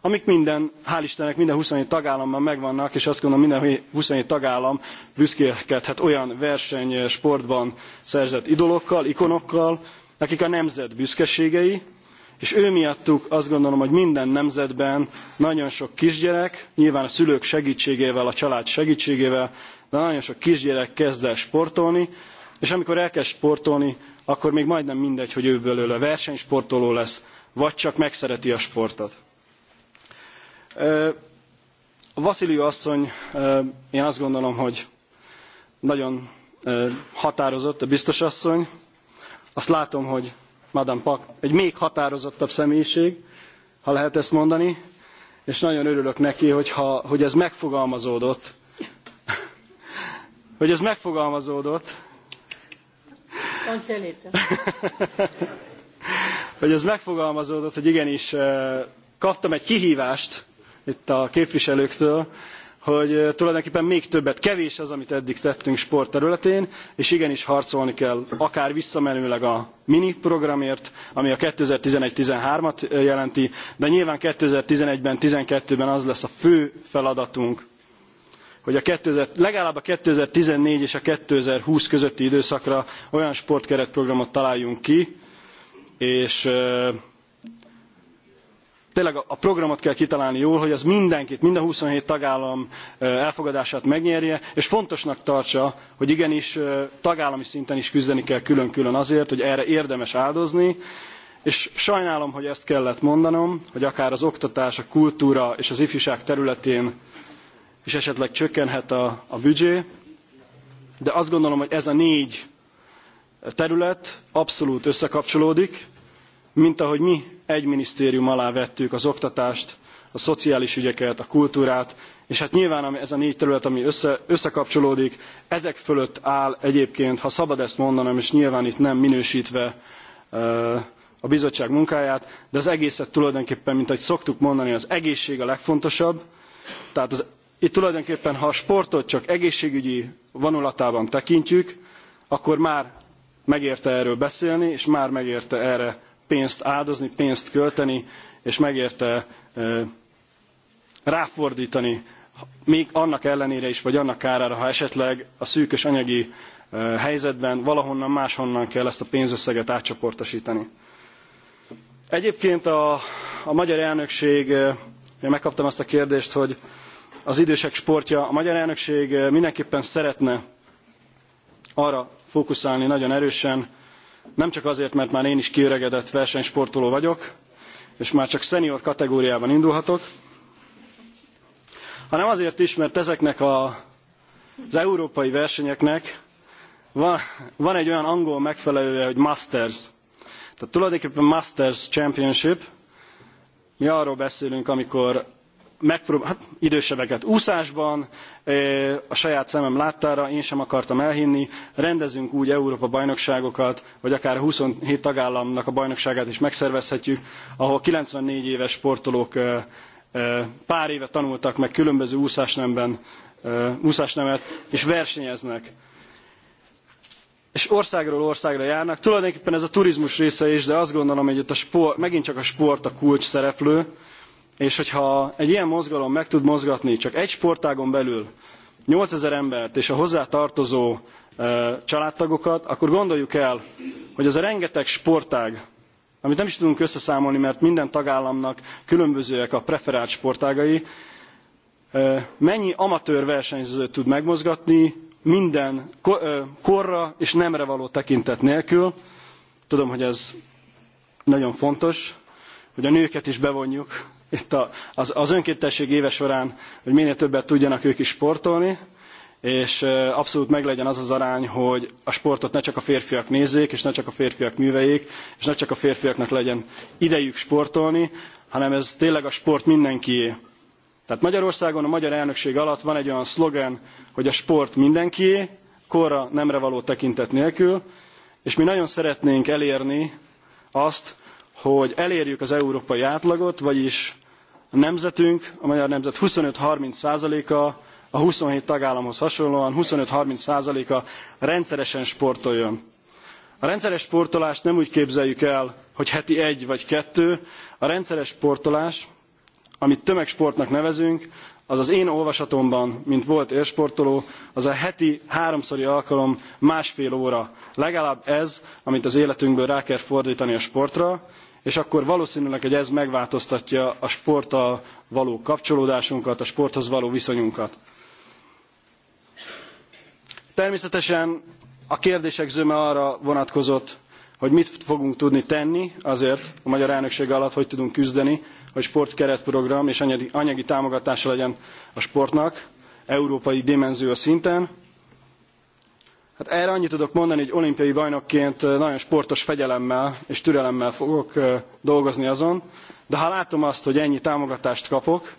[SPEAKER 3] amik minden, hál' Istennek minden 27 tagállamban megvannak, és azt gondolom minden 27 tagállam büszkélkedhet olyan verseny sportban szerzett idolokkal, ikonokkal, akik a nemzet büszkeségei, és ő miattuk azt gondolom, hogy minden nemzetben nagyon sok kisgyerek, nyilván a szülők segítségével, a család segítségével, de nagyon sok kisgyerek kezd el sportolni, és amikor elkezd sportolni, akkor még majdnem mindegy, hogy ő belőle versenysportoló lesz, vagy csak megszereti a sportot. Vasiliu asszony, én azt gondolom, hogy nagyon határozott a biztos asszony. Azt látom, hogy Madame Pak egy még határozottabb személyiség, ha lehet ezt mondani, és nagyon örülök neki, hogyha, hogy ez megfogalmazódott, hogy ez megfogalmazódott hogy ez megfogalmazódott, hogy igenis eh, kaptam egy kihívást itt a képviselőktől, hogy eh, tulajdonképpen még többet, kevés az, amit eddig tettünk sport területén, és igenis harcolni kell akár visszamenőleg a mini programért, ami a 2011-13-at eh, jelenti, de nyilván 2011-ben, 12 ben az lesz a fő feladatunk, hogy a 2000, legalább a 2014 és a 2020 közötti időszakra olyan sportkeretprogramot találjunk ki, és tényleg a programot kell kitalálni jól, hogy az mindenkit, mind a 27 tagállam elfogadását megnyerje, és fontosnak tartsa, hogy igenis tagállami szinten is küzdeni kell külön-külön azért, hogy erre érdemes áldozni, és sajnálom, hogy ezt kellett mondanom, hogy akár az oktatás, a kultúra és az ifjúság területén és esetleg csökkenhet a, a büdzsé, de azt gondolom, hogy ez a négy terület abszolút összekapcsolódik, mint ahogy mi egy minisztérium alá vettük az oktatást, a szociális ügyeket, a kultúrát, és hát nyilván ez a négy terület, ami össze, összekapcsolódik, ezek fölött áll egyébként, ha szabad ezt mondanom, és nyilván itt nem minősítve a bizottság munkáját, de az egészet tulajdonképpen, mint ahogy szoktuk mondani, az egészség a legfontosabb, tehát az itt tulajdonképpen, ha a sportot csak egészségügyi vonulatában tekintjük, akkor már megérte erről beszélni, és már megérte erre pénzt áldozni, pénzt költeni, és megérte ráfordítani, még annak ellenére is, vagy annak kárára, ha esetleg a szűkös anyagi helyzetben valahonnan máshonnan kell ezt a pénzösszeget átcsoportosítani. Egyébként a, a magyar elnökség, én megkaptam azt a kérdést, hogy az idősek sportja. A magyar elnökség eh, mindenképpen szeretne arra fókuszálni nagyon erősen, nem csak azért, mert már én is kiöregedett versenysportoló vagyok, és már csak szenior kategóriában indulhatok, hanem azért is, mert ezeknek a, az európai versenyeknek van, van egy olyan angol megfelelője, hogy Masters. Tehát tulajdonképpen Masters Championship. Mi arról beszélünk, amikor megprób- hát, idősebbeket úszásban, a saját szemem láttára, én sem akartam elhinni, rendezünk úgy Európa bajnokságokat, vagy akár a 27 tagállamnak a bajnokságát is megszervezhetjük, ahol 94 éves sportolók pár éve tanultak meg különböző úszásnemben, úszásnemet, és versenyeznek és országról országra járnak. Tulajdonképpen ez a turizmus része is, de azt gondolom, hogy itt a sport, megint csak a sport a kulcs szereplő, és hogyha egy ilyen mozgalom meg tud mozgatni csak egy sportágon belül 8000 embert és a hozzá tartozó családtagokat, akkor gondoljuk el, hogy az a rengeteg sportág, amit nem is tudunk összeszámolni, mert minden tagállamnak különbözőek a preferált sportágai, mennyi amatőr versenyzőt tud megmozgatni minden korra és nemre való tekintet nélkül. Tudom, hogy ez nagyon fontos, hogy a nőket is bevonjuk itt a, az, az önkéntesség éve során, hogy minél többet tudjanak ők is sportolni, és abszolút meglegyen az az arány, hogy a sportot ne csak a férfiak nézzék, és ne csak a férfiak műveljék, és ne csak a férfiaknak legyen idejük sportolni, hanem ez tényleg a sport mindenkié. Tehát Magyarországon a magyar elnökség alatt van egy olyan szlogen, hogy a sport mindenkié, korra nemre való tekintet nélkül, és mi nagyon szeretnénk elérni azt, hogy elérjük az európai átlagot, vagyis a nemzetünk, a magyar nemzet 25-30 a a 27 tagállamhoz hasonlóan 25-30 százaléka rendszeresen sportoljon. A rendszeres sportolást nem úgy képzeljük el, hogy heti egy vagy kettő. A rendszeres sportolás, amit tömegsportnak nevezünk, az az én olvasatomban, mint volt érsportoló, az a heti háromszori alkalom másfél óra. Legalább ez, amit az életünkből rá kell fordítani a sportra, és akkor valószínűleg, hogy ez megváltoztatja a sporttal való kapcsolódásunkat, a sporthoz való viszonyunkat. Természetesen a kérdések zöme arra vonatkozott, hogy mit fogunk tudni tenni azért a magyar elnökség alatt, hogy tudunk küzdeni, hogy sportkeretprogram és anyagi, anyagi támogatása legyen a sportnak európai dimenzió szinten. Hát erre annyit tudok mondani, hogy olimpiai bajnokként nagyon sportos fegyelemmel és türelemmel fogok dolgozni azon, de ha látom azt, hogy ennyi támogatást kapok,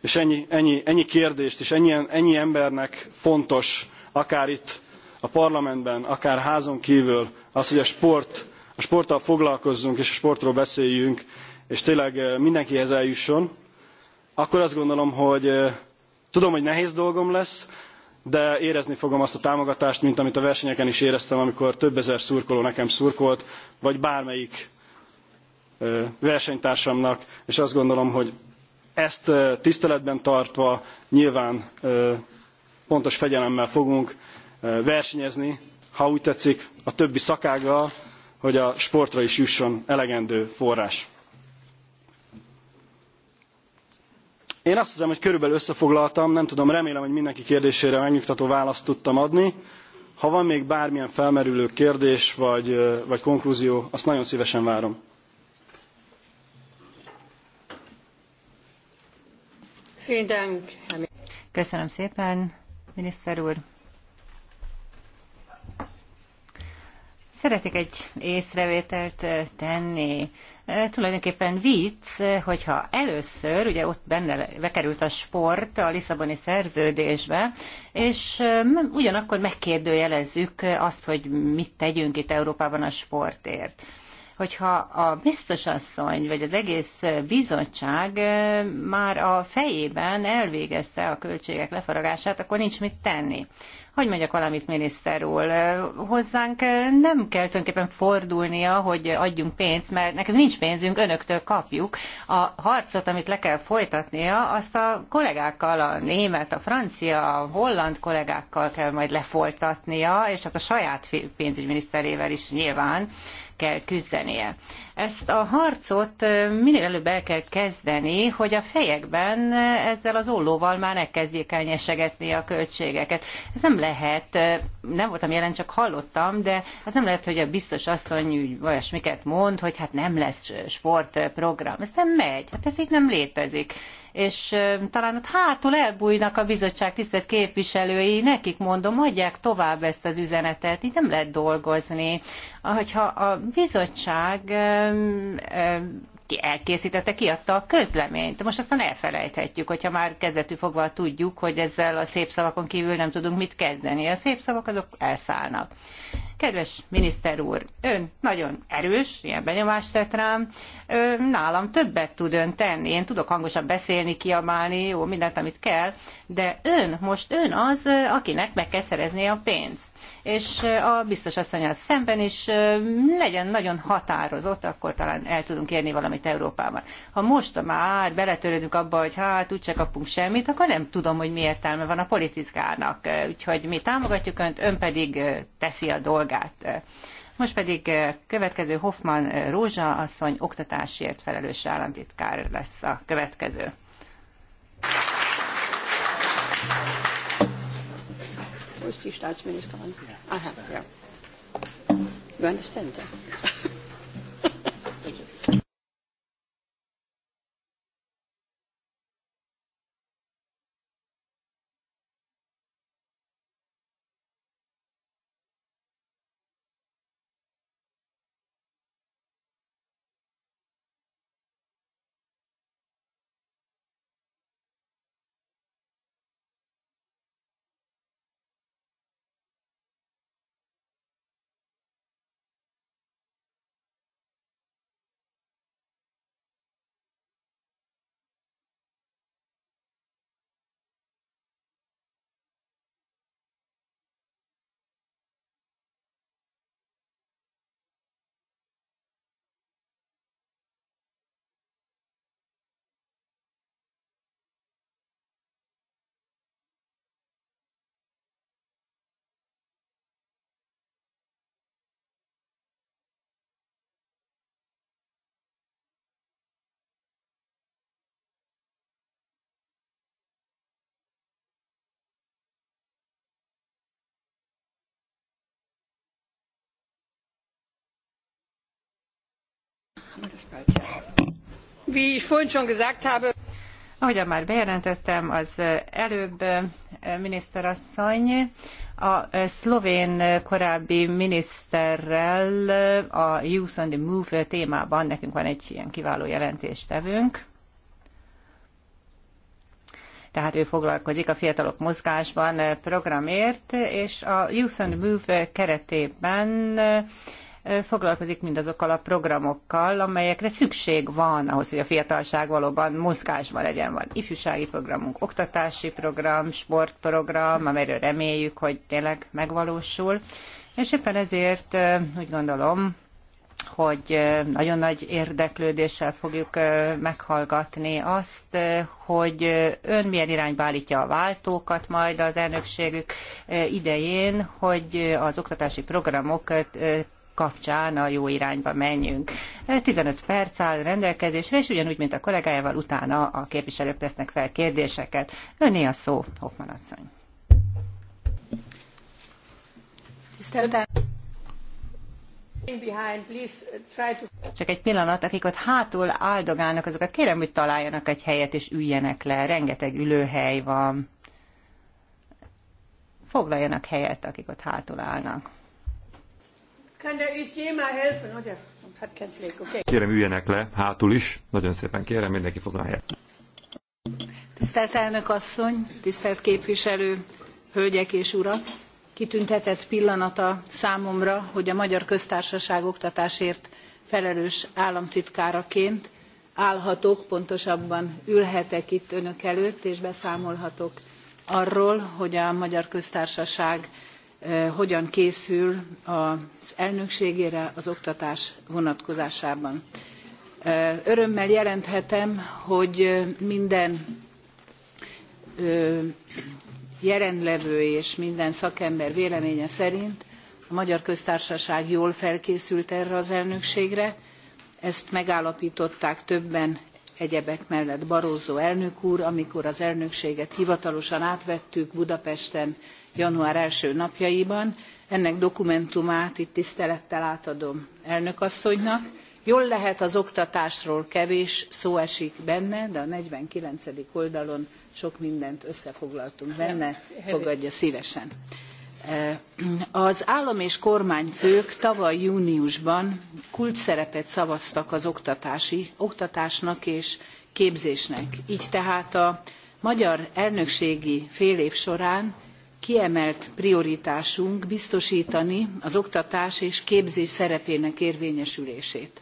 [SPEAKER 3] és ennyi, ennyi, ennyi kérdést, és ennyi, ennyi embernek fontos, akár itt a parlamentben, akár házon kívül, az, hogy a sport, a sporttal foglalkozzunk, és a sportról beszéljünk, és tényleg mindenkihez eljusson, akkor azt gondolom, hogy tudom, hogy nehéz dolgom lesz, de érezni fogom azt a támogatást, mint amit a versenyeken is éreztem, amikor több ezer szurkoló nekem szurkolt, vagy bármelyik versenytársamnak, és azt gondolom, hogy ezt tiszteletben tartva nyilván pontos fegyelemmel fogunk versenyezni, ha úgy tetszik, a többi szakággal, hogy a sportra is jusson elegendő forrás. Én azt hiszem, hogy körülbelül összefoglaltam, nem tudom, remélem, hogy mindenki kérdésére megnyugtató választ tudtam adni. Ha van még bármilyen felmerülő kérdés vagy, vagy konklúzió, azt nagyon szívesen várom.
[SPEAKER 4] Köszönöm szépen, miniszter úr. Szeretnék egy észrevételt eh, tenni. Eh, tulajdonképpen vicc, eh, hogyha először, ugye ott benne bekerült a sport a Lisszaboni szerződésbe, és ugyanakkor megkérdőjelezzük azt, hogy mit tegyünk itt Európában a sportért hogyha a biztosasszony, vagy az egész bizottság már a fejében elvégezte a költségek lefaragását, akkor nincs mit tenni. Hogy mondjak valamit, miniszter úr? Hozzánk nem kell tulajdonképpen fordulnia, hogy adjunk pénzt, mert nekünk nincs pénzünk, önöktől kapjuk. A harcot, amit le kell folytatnia, azt a kollégákkal, a német, a francia, a holland kollégákkal kell majd lefolytatnia, és hát a saját pénzügyminiszterével is nyilván kell küzdenie. Ezt a harcot minél előbb el kell kezdeni, hogy a fejekben ezzel az ollóval már ne kezdjék el nyesegetni a költségeket. Ez nem lehet, nem voltam jelen, csak hallottam, de az nem lehet, hogy a biztos asszony olyasmiket mond, hogy hát nem lesz sportprogram. Ez nem megy, hát ez így nem létezik és talán ott hátul elbújnak a bizottság tisztelt képviselői, nekik mondom, adják tovább ezt az üzenetet, így nem lehet dolgozni. Hogyha a bizottság ki elkészítette, kiadta a közleményt. Most aztán elfelejthetjük, hogyha már kezdetű fogva tudjuk, hogy ezzel a szép szavakon kívül nem tudunk mit kezdeni. A szép szavak azok elszállnak. Kedves miniszter úr, ön nagyon erős, ilyen benyomást tett rám, ö, nálam többet tud ön tenni, én tudok hangosan beszélni, kiabálni, jó, mindent, amit kell, de ön, most ön az, akinek meg kell szerezni a pénzt és a biztos asszonyal szemben is legyen nagyon határozott, akkor talán el tudunk érni valamit Európában. Ha most már beletörődünk abba, hogy hát úgyse kapunk semmit, akkor nem tudom, hogy mi értelme van a politikának. Úgyhogy mi támogatjuk önt, ön pedig teszi a dolgát. Most pedig következő Hoffman Rózsa asszony oktatásért felelős államtitkár lesz a következő. ist die Staatsministerin.
[SPEAKER 8] Aha, ja.
[SPEAKER 7] You understand? Yes.
[SPEAKER 4] Wie ich vorhin schon gesagt habe, Ahogyan már bejelentettem, az előbb eh, miniszterasszony a eh, szlovén eh, korábbi miniszterrel a Youth on the Move témában nekünk van egy ilyen kiváló jelentéstevünk. Tehát ő foglalkozik a Fiatalok Mozgásban programért, és a Youth on the Move keretében foglalkozik mindazokkal a programokkal, amelyekre szükség van ahhoz, hogy a fiatalság valóban mozgásban legyen. Van ifjúsági programunk, oktatási program, sportprogram, amelyről reméljük, hogy tényleg megvalósul. És éppen ezért úgy gondolom, hogy nagyon nagy érdeklődéssel fogjuk meghallgatni azt, hogy ön milyen irányba állítja a váltókat majd az elnökségük idején, hogy az oktatási programok kapcsán a jó irányba menjünk. 15 eh, perc áll rendelkezésre, és ugyanúgy, mint a kollégájával, utána a képviselők tesznek fel kérdéseket. Önné a szó, Hoffman asszony. Csak egy pillanat, akik ott hátul áldogálnak, azokat kérem, hogy találjanak egy helyet és üljenek le. Rengeteg ülőhely van. Foglaljanak helyet, akik ott hátul állnak. Oh, kérem,
[SPEAKER 2] üljenek le, hátul is. Nagyon szépen kérem, mindenki foglalja helyet.
[SPEAKER 7] Tisztelt elnök asszony, tisztelt képviselő, hölgyek és urak! Kitüntetett pillanata számomra, hogy a Magyar Köztársaság oktatásért felelős államtitkáraként állhatok, pontosabban ülhetek itt önök előtt, és beszámolhatok arról, hogy a Magyar Köztársaság Eh, hogyan készül az elnökségére az oktatás vonatkozásában. Eh, örömmel jelenthetem, hogy eh, minden jelenlevő és minden szakember véleménye szerint a magyar köztársaság jól felkészült erre az elnökségre. Ezt megállapították többen egyebek mellett Barózó elnök úr, amikor az elnökséget hivatalosan átvettük Budapesten január első napjaiban. Ennek dokumentumát itt tisztelettel átadom elnök asszonynak. Jól lehet az oktatásról kevés szó esik benne, de a 49. oldalon sok mindent összefoglaltunk benne, fogadja szívesen. Eh, az állam és kormányfők tavaly júniusban kulcsszerepet szavaztak az oktatási, oktatásnak és képzésnek. Így tehát a magyar elnökségi félév során kiemelt prioritásunk biztosítani az oktatás és képzés szerepének érvényesülését.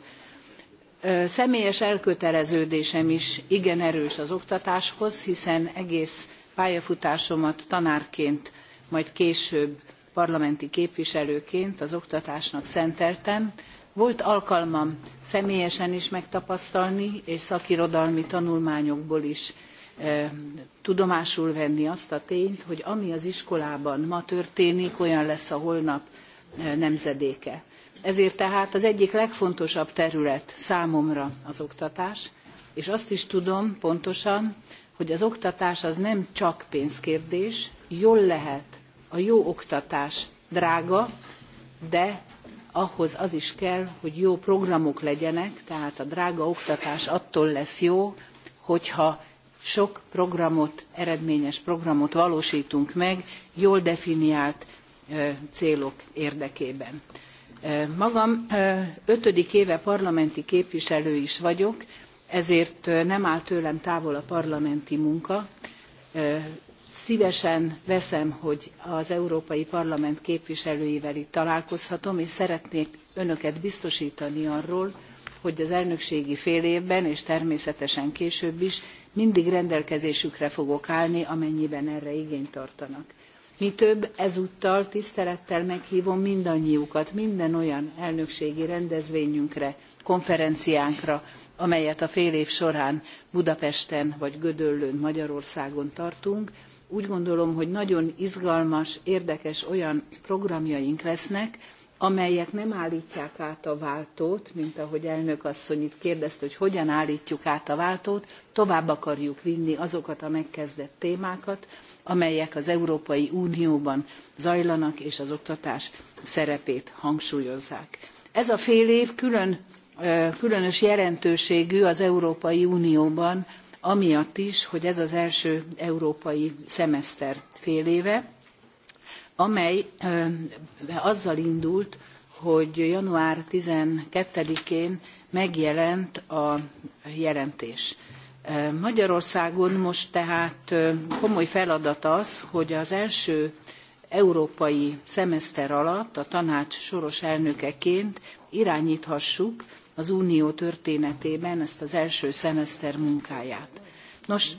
[SPEAKER 7] Személyes elköteleződésem is igen erős az oktatáshoz, hiszen egész pályafutásomat tanárként, majd később parlamenti képviselőként az oktatásnak szenteltem. Volt alkalmam személyesen is megtapasztalni, és szakirodalmi tanulmányokból is Eh, tudomásul venni azt a tényt, hogy ami az iskolában ma történik, olyan lesz a holnap eh, nemzedéke. Ezért tehát az egyik legfontosabb terület számomra az oktatás, és azt is tudom pontosan, hogy az oktatás az nem csak pénzkérdés, jól lehet a jó oktatás drága, de ahhoz az is kell, hogy jó programok legyenek, tehát a drága oktatás attól lesz jó, hogyha sok programot, eredményes programot valósítunk meg, jól definiált célok érdekében. Magam ötödik éve parlamenti képviselő is vagyok, ezért nem áll tőlem távol a parlamenti munka. Szívesen veszem, hogy az Európai Parlament képviselőivel itt találkozhatom, és szeretnék önöket biztosítani arról, hogy az elnökségi fél évben, és természetesen később is mindig rendelkezésükre fogok állni, amennyiben erre igényt tartanak. Mi több, ezúttal tisztelettel meghívom mindannyiukat minden olyan elnökségi rendezvényünkre, konferenciánkra, amelyet a fél év során Budapesten vagy Gödöllőn Magyarországon tartunk. Úgy gondolom, hogy nagyon izgalmas, érdekes olyan programjaink lesznek, amelyek nem állítják át a váltót, mint ahogy elnök asszony itt kérdezte, hogy hogyan állítjuk át a váltót, tovább akarjuk vinni azokat a megkezdett témákat, amelyek az Európai Unióban zajlanak, és az oktatás szerepét hangsúlyozzák. Ez a fél év külön, különös jelentőségű az Európai Unióban, amiatt is, hogy ez az első európai szemeszter féléve, amely azzal indult, hogy január 12-én megjelent a jelentés. Magyarországon most tehát komoly feladat az, hogy az első európai szemeszter alatt a tanács soros elnökeként irányíthassuk az unió történetében ezt az első szemeszter munkáját. Nos,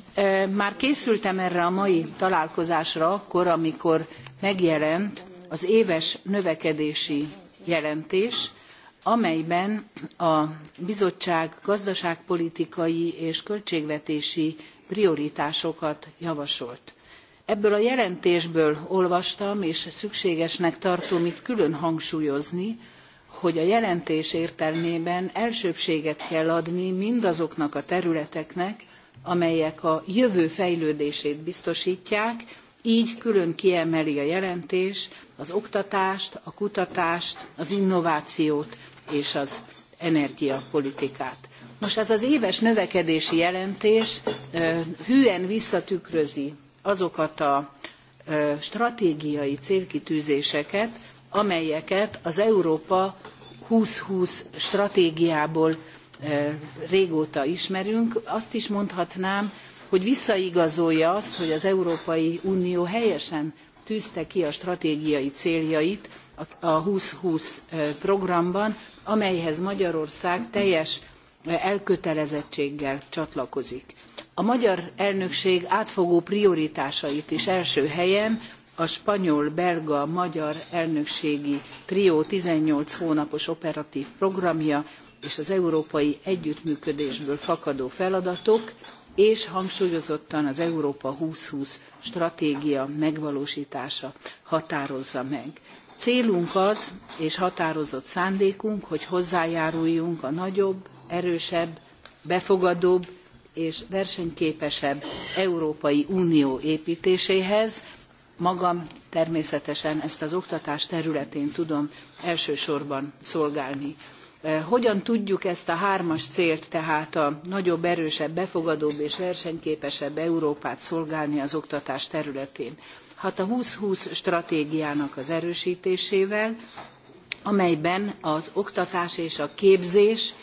[SPEAKER 7] már készültem erre a mai találkozásra akkor, amikor megjelent az éves növekedési jelentés, amelyben a bizottság gazdaságpolitikai és költségvetési prioritásokat javasolt. Ebből a jelentésből olvastam, és szükségesnek tartom itt külön hangsúlyozni, hogy a jelentés értelmében elsőbséget kell adni mindazoknak a területeknek, amelyek a jövő fejlődését biztosítják, így külön kiemeli a jelentés az oktatást, a kutatást, az innovációt, és az energiapolitikát. Most ez az éves növekedési jelentés hűen visszatükrözi azokat a stratégiai célkitűzéseket, amelyeket az Európa 2020 stratégiából régóta ismerünk. Azt is mondhatnám, hogy visszaigazolja azt, hogy az Európai Unió helyesen tűzte ki a stratégiai céljait a 2020 programban, amelyhez Magyarország teljes elkötelezettséggel csatlakozik. A magyar elnökség átfogó prioritásait is első helyen a spanyol, belga, magyar elnökségi trió 18 hónapos operatív programja és az európai együttműködésből fakadó feladatok, és hangsúlyozottan az Európa 2020 stratégia megvalósítása határozza meg. Célunk az, és határozott szándékunk, hogy hozzájáruljunk a nagyobb, erősebb, befogadóbb és versenyképesebb Európai Unió építéséhez. Magam természetesen ezt az oktatás területén tudom elsősorban szolgálni. Eh, hogyan tudjuk ezt a hármas célt, tehát a nagyobb, erősebb, befogadóbb és versenyképesebb Európát szolgálni az oktatás területén? hát a 2020 stratégiának az erősítésével, amelyben az oktatás és a képzés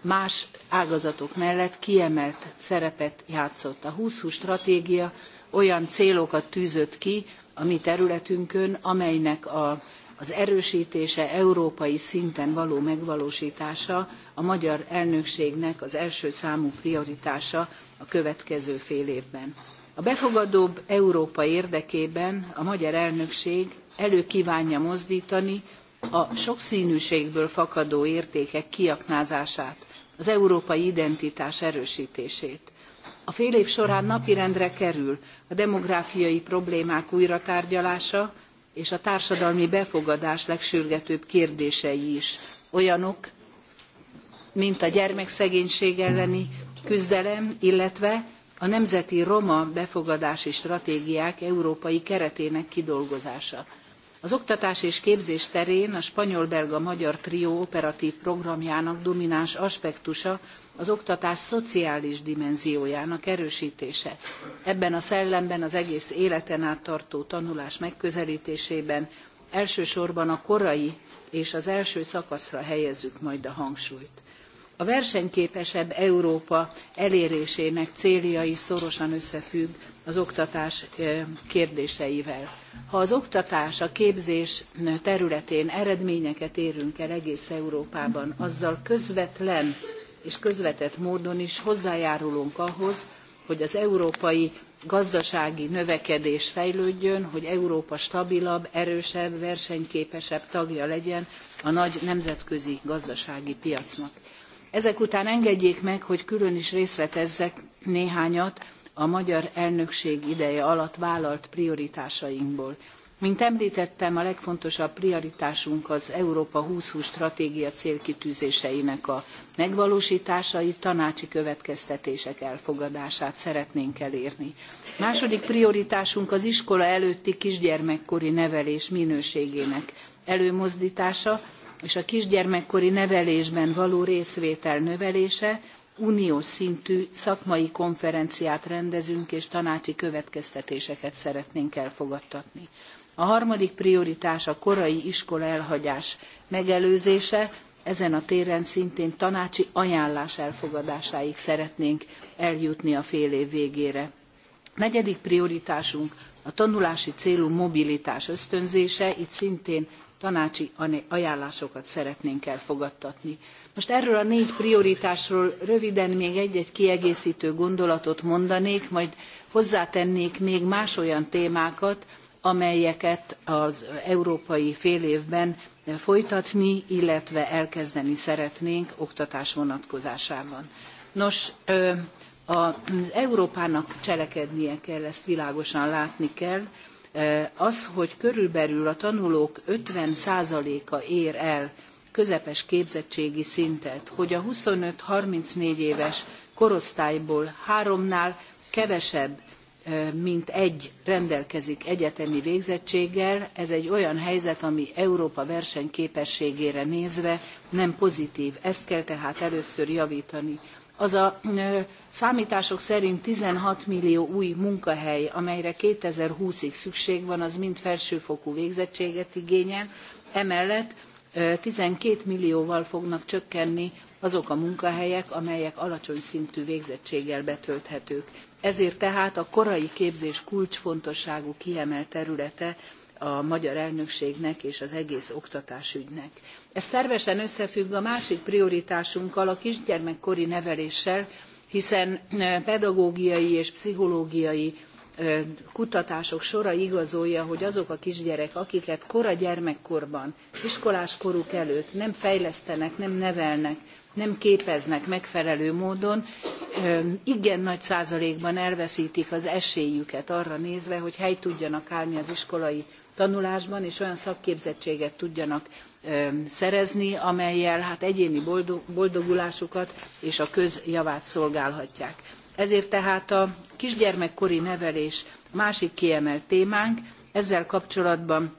[SPEAKER 7] más ágazatok mellett kiemelt szerepet játszott. A 2020 stratégia olyan célokat tűzött ki a mi területünkön, amelynek a, az erősítése, európai szinten való megvalósítása a magyar elnökségnek az első számú prioritása a következő fél évben. A befogadóbb Európa érdekében a magyar elnökség elő kívánja mozdítani a sokszínűségből fakadó értékek kiaknázását, az európai identitás erősítését. A fél év során napirendre kerül a demográfiai problémák újratárgyalása és a társadalmi befogadás legsürgetőbb kérdései is, olyanok, mint a gyermekszegénység elleni küzdelem, illetve a Nemzeti Roma Befogadási Stratégiák Európai Keretének kidolgozása. Az oktatás és képzés terén a spanyol-belga-magyar trió operatív programjának domináns aspektusa az oktatás szociális dimenziójának erősítése. Ebben a szellemben az egész életen át tartó tanulás megközelítésében elsősorban a korai és az első szakaszra helyezzük majd a hangsúlyt. A versenyképesebb Európa elérésének céljai szorosan összefügg az oktatás kérdéseivel. Ha az oktatás, a képzés területén eredményeket érünk el egész Európában, azzal közvetlen és közvetett módon is hozzájárulunk ahhoz, hogy az európai gazdasági növekedés fejlődjön, hogy Európa stabilabb, erősebb, versenyképesebb tagja legyen a nagy nemzetközi gazdasági piacnak. Ezek után engedjék meg, hogy külön is részletezzek néhányat a magyar elnökség ideje alatt vállalt prioritásainkból. Mint említettem, a legfontosabb prioritásunk az Európa 2020 stratégia célkitűzéseinek a megvalósításai, tanácsi következtetések elfogadását szeretnénk elérni. Második prioritásunk az iskola előtti kisgyermekkori nevelés minőségének előmozdítása, és a kisgyermekkori nevelésben való részvétel növelése, uniós szintű szakmai konferenciát rendezünk, és tanácsi következtetéseket szeretnénk elfogadtatni. A harmadik prioritás a korai iskola elhagyás megelőzése, ezen a téren szintén tanácsi ajánlás elfogadásáig szeretnénk eljutni a fél év végére. Negyedik prioritásunk a tanulási célú mobilitás ösztönzése, itt szintén tanácsi ajánlásokat szeretnénk elfogadtatni. Most erről a négy prioritásról röviden még egy-egy kiegészítő gondolatot mondanék, majd hozzátennék még más olyan témákat, amelyeket az európai félévben folytatni, illetve elkezdeni szeretnénk oktatás vonatkozásában. Nos, az Európának cselekednie kell, ezt világosan látni kell, az, hogy körülbelül a tanulók 50%-a ér el közepes képzettségi szintet, hogy a 25-34 éves korosztályból háromnál kevesebb mint egy rendelkezik egyetemi végzettséggel. Ez egy olyan helyzet, ami Európa versenyképességére nézve nem pozitív. Ezt kell tehát először javítani az a számítások szerint 16 millió új munkahely, amelyre 2020-ig szükség van, az mind felsőfokú végzettséget igényel. Emellett 12 millióval fognak csökkenni azok a munkahelyek, amelyek alacsony szintű végzettséggel betölthetők. Ezért tehát a korai képzés kulcsfontosságú kiemelt területe a magyar elnökségnek és az egész oktatásügynek. Ez szervesen összefügg a másik prioritásunkkal, a kisgyermekkori neveléssel, hiszen pedagógiai és pszichológiai kutatások sora igazolja, hogy azok a kisgyerek, akiket kora gyermekkorban, iskolás koruk előtt nem fejlesztenek, nem nevelnek, nem képeznek megfelelő módon, igen nagy százalékban elveszítik az esélyüket arra nézve, hogy hely tudjanak állni az iskolai tanulásban, és olyan szakképzettséget tudjanak szerezni, amelyel hát egyéni boldogulásukat és a közjavát szolgálhatják. Ezért tehát a kisgyermekkori nevelés másik kiemelt témánk, ezzel kapcsolatban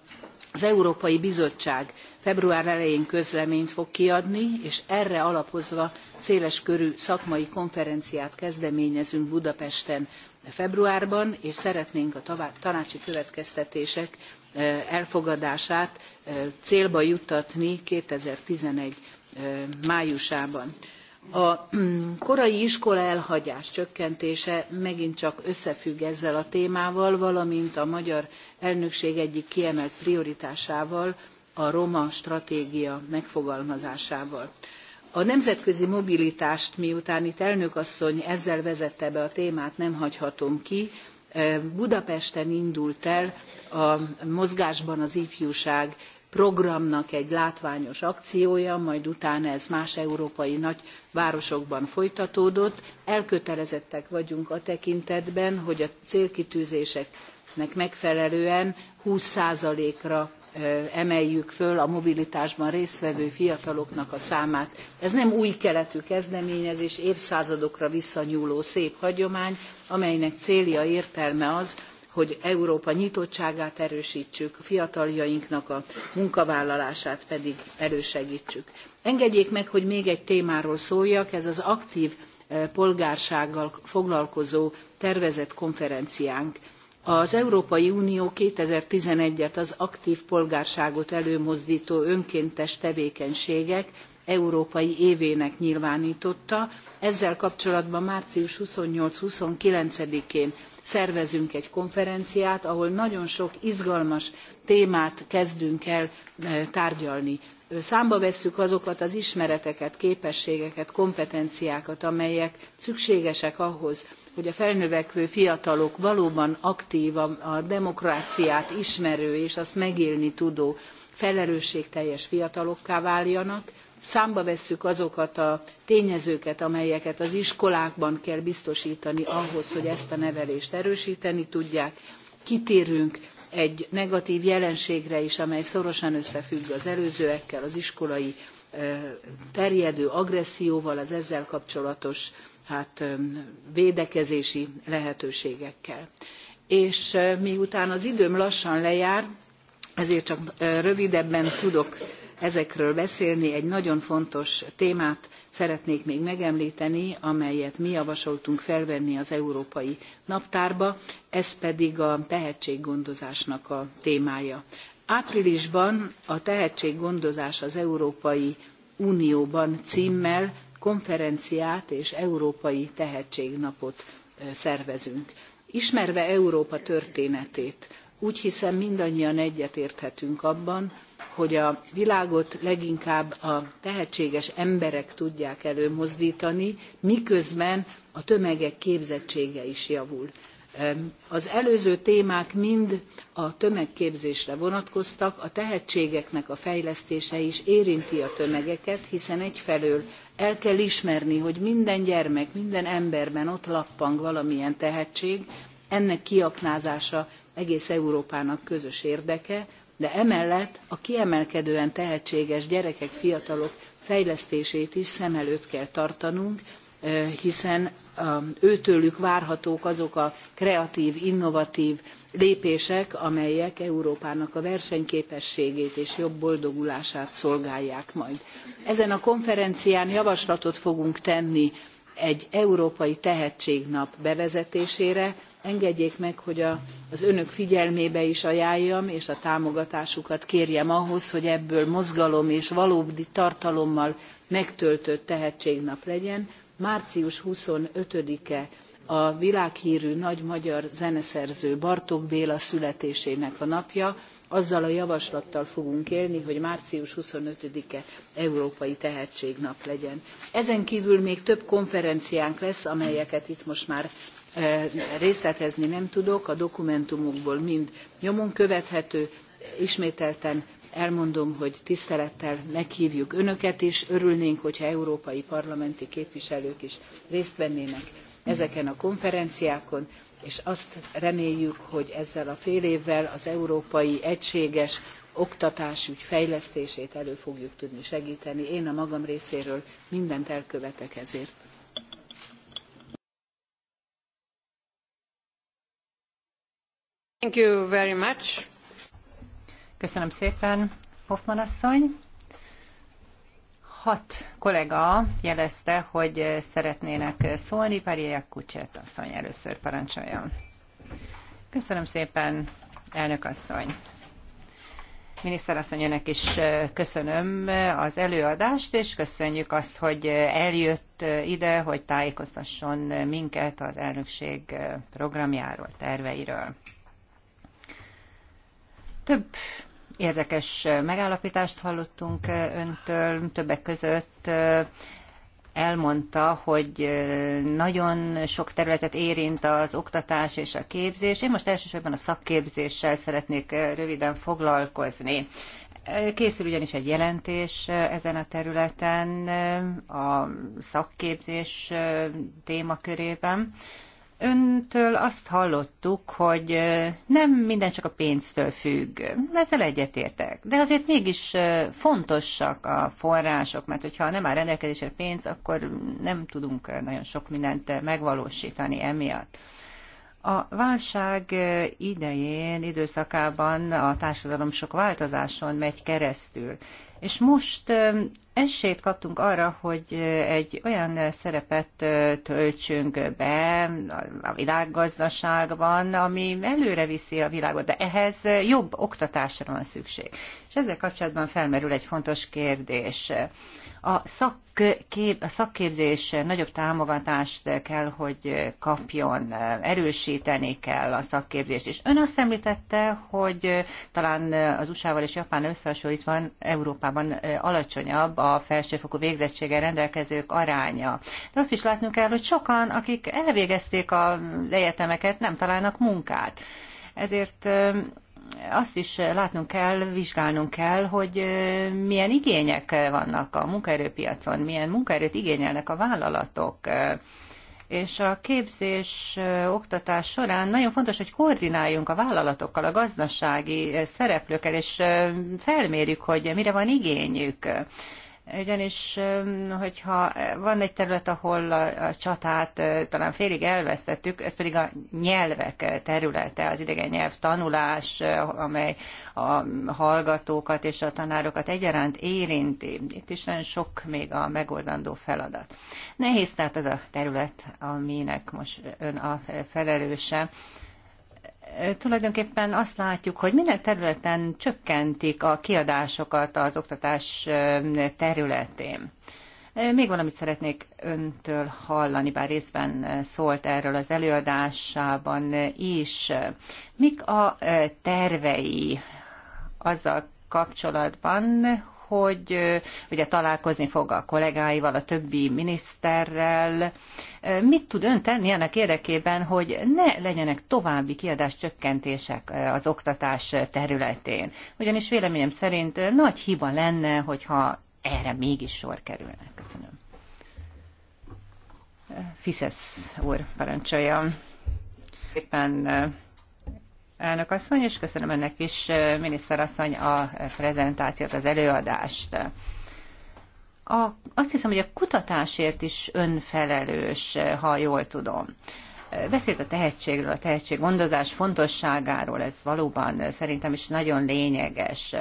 [SPEAKER 7] az Európai Bizottság február elején közleményt fog kiadni, és erre alapozva széles körű szakmai konferenciát kezdeményezünk Budapesten februárban, és szeretnénk a tanácsi következtetések elfogadását célba juttatni 2011 májusában. A korai iskola elhagyás csökkentése megint csak összefügg ezzel a témával, valamint a magyar elnökség egyik kiemelt prioritásával, a roma stratégia megfogalmazásával. A nemzetközi mobilitást, miután itt elnök asszony ezzel vezette be a témát, nem hagyhatom ki, Budapesten indult el a mozgásban az ifjúság programnak egy látványos akciója, majd utána ez más európai nagy városokban folytatódott. Elkötelezettek vagyunk a tekintetben, hogy a célkitűzéseknek megfelelően 20%-ra emeljük föl a mobilitásban résztvevő fiataloknak a számát. Ez nem új keletű kezdeményezés, évszázadokra visszanyúló szép hagyomány, amelynek célja értelme az, hogy Európa nyitottságát erősítsük, fiataljainknak a munkavállalását pedig elősegítsük. Engedjék meg, hogy még egy témáról szóljak, ez az aktív polgársággal foglalkozó tervezett konferenciánk. Az Európai Unió 2011-et az aktív polgárságot előmozdító önkéntes tevékenységek európai évének nyilvánította. Ezzel kapcsolatban március 28-29-én szervezünk egy konferenciát, ahol nagyon sok izgalmas témát kezdünk el eh, tárgyalni számba vesszük azokat az ismereteket, képességeket, kompetenciákat, amelyek szükségesek ahhoz, hogy a felnövekvő fiatalok valóban aktív, a demokráciát ismerő és azt megélni tudó felelősségteljes fiatalokká váljanak, számba vesszük azokat a tényezőket, amelyeket az iskolákban kell biztosítani ahhoz, hogy ezt a nevelést erősíteni tudják, kitérünk egy negatív jelenségre is, amely szorosan összefügg az előzőekkel, az iskolai terjedő agresszióval, az ezzel kapcsolatos hát, védekezési lehetőségekkel. És miután az időm lassan lejár, ezért csak rövidebben tudok ezekről beszélni. Egy nagyon fontos témát szeretnék még megemlíteni, amelyet mi javasoltunk felvenni az európai naptárba, ez pedig a tehetséggondozásnak a témája. Áprilisban a tehetséggondozás az Európai Unióban címmel konferenciát és Európai Tehetségnapot szervezünk. Ismerve Európa történetét, úgy hiszem mindannyian egyetérthetünk abban, hogy a világot leginkább a tehetséges emberek tudják előmozdítani, miközben a tömegek képzettsége is javul. Az előző témák mind a tömegképzésre vonatkoztak, a tehetségeknek a fejlesztése is érinti a tömegeket, hiszen egyfelől el kell ismerni, hogy minden gyermek, minden emberben ott lappang valamilyen tehetség, ennek kiaknázása egész Európának közös érdeke, de emellett a kiemelkedően tehetséges gyerekek, fiatalok fejlesztését is szem előtt kell tartanunk, hiszen őtőlük várhatók azok a kreatív, innovatív lépések, amelyek Európának a versenyképességét és jobb boldogulását szolgálják majd. Ezen a konferencián javaslatot fogunk tenni egy európai tehetségnap bevezetésére, engedjék meg, hogy a, az önök figyelmébe is ajánljam, és a támogatásukat kérjem ahhoz, hogy ebből mozgalom és valódi tartalommal megtöltött tehetségnap legyen. Március 25-e a világhírű nagy magyar zeneszerző Bartók Béla születésének a napja. Azzal a javaslattal fogunk élni, hogy március 25-e Európai Tehetségnap legyen. Ezen kívül még több konferenciánk lesz, amelyeket itt most már részletezni nem tudok, a dokumentumokból mind nyomon követhető, ismételten elmondom, hogy tisztelettel meghívjuk önöket is, örülnénk, hogyha európai parlamenti képviselők is részt vennének ezeken a konferenciákon, és azt reméljük, hogy ezzel a fél évvel az európai egységes oktatásügy fejlesztését elő fogjuk tudni segíteni. Én a magam részéről mindent elkövetek ezért.
[SPEAKER 4] Köszönöm szépen, Hoffman asszony. Hat kollega jelezte, hogy szeretnének szólni. Párjéjak Kucset asszony először parancsoljon. Köszönöm szépen, elnök asszony. asszony önnek is köszönöm az előadást, és köszönjük azt, hogy eljött ide, hogy tájékoztasson minket az elnökség programjáról, terveiről. Több érdekes megállapítást hallottunk öntől, többek között elmondta, hogy nagyon sok területet érint az oktatás és a képzés. Én most elsősorban a szakképzéssel szeretnék röviden foglalkozni. Készül ugyanis egy jelentés ezen a területen, a szakképzés témakörében. Öntől azt hallottuk, hogy nem minden csak a pénztől függ. Ezzel egyetértek. De azért mégis fontosak a források, mert hogyha nem áll rendelkezésre pénz, akkor nem tudunk nagyon sok mindent megvalósítani emiatt. A válság idején, időszakában a társadalom sok változáson megy keresztül, és most esélyt kaptunk arra, hogy egy olyan szerepet töltsünk be a világgazdaságban, ami előre viszi a világot, de ehhez jobb oktatásra van szükség. És ezzel kapcsolatban felmerül egy fontos kérdés. A, szakkép, a szakképzés nagyobb támogatást kell, hogy kapjon, erősíteni kell a szakképzést. És ön azt említette, hogy talán az USA-val és Japán összehasonlítva Európában alacsonyabb a felsőfokú végzettséggel rendelkezők aránya. De azt is látnunk kell, hogy sokan, akik elvégezték az egyetemeket, nem találnak munkát. Ezért azt is látnunk kell, vizsgálnunk kell, hogy milyen igények vannak a munkaerőpiacon, milyen munkaerőt igényelnek a vállalatok. És a képzés, oktatás során nagyon fontos, hogy koordináljunk a vállalatokkal, a gazdasági szereplőkkel, és felmérjük, hogy mire van igényük ugyanis, hogyha van egy terület, ahol a csatát talán félig elvesztettük, ez pedig a nyelvek területe, az idegen nyelv tanulás, amely a hallgatókat és a tanárokat egyaránt érinti. Itt is nagyon sok még a megoldandó feladat. Nehéz tehát az a terület, aminek most ön a felelőse tulajdonképpen azt látjuk, hogy minden területen csökkentik a kiadásokat az oktatás területén. Még valamit szeretnék öntől hallani, bár részben szólt erről az előadásában is. Mik a tervei azzal kapcsolatban, hogy ugye találkozni fog a kollégáival, a többi miniszterrel. Mit tud ön tenni ennek érdekében, hogy ne legyenek további kiadás csökkentések az oktatás területén? Ugyanis véleményem szerint nagy hiba lenne, hogyha erre mégis sor kerülne. Köszönöm. Fiszesz úr parancsoljam. Éppen elnök asszony, és köszönöm önnek is, asszony, a prezentációt, az előadást. A, azt hiszem, hogy a kutatásért is önfelelős, ha jól tudom. Beszélt a tehetségről, a tehetséggondozás fontosságáról, ez valóban szerintem is nagyon lényeges.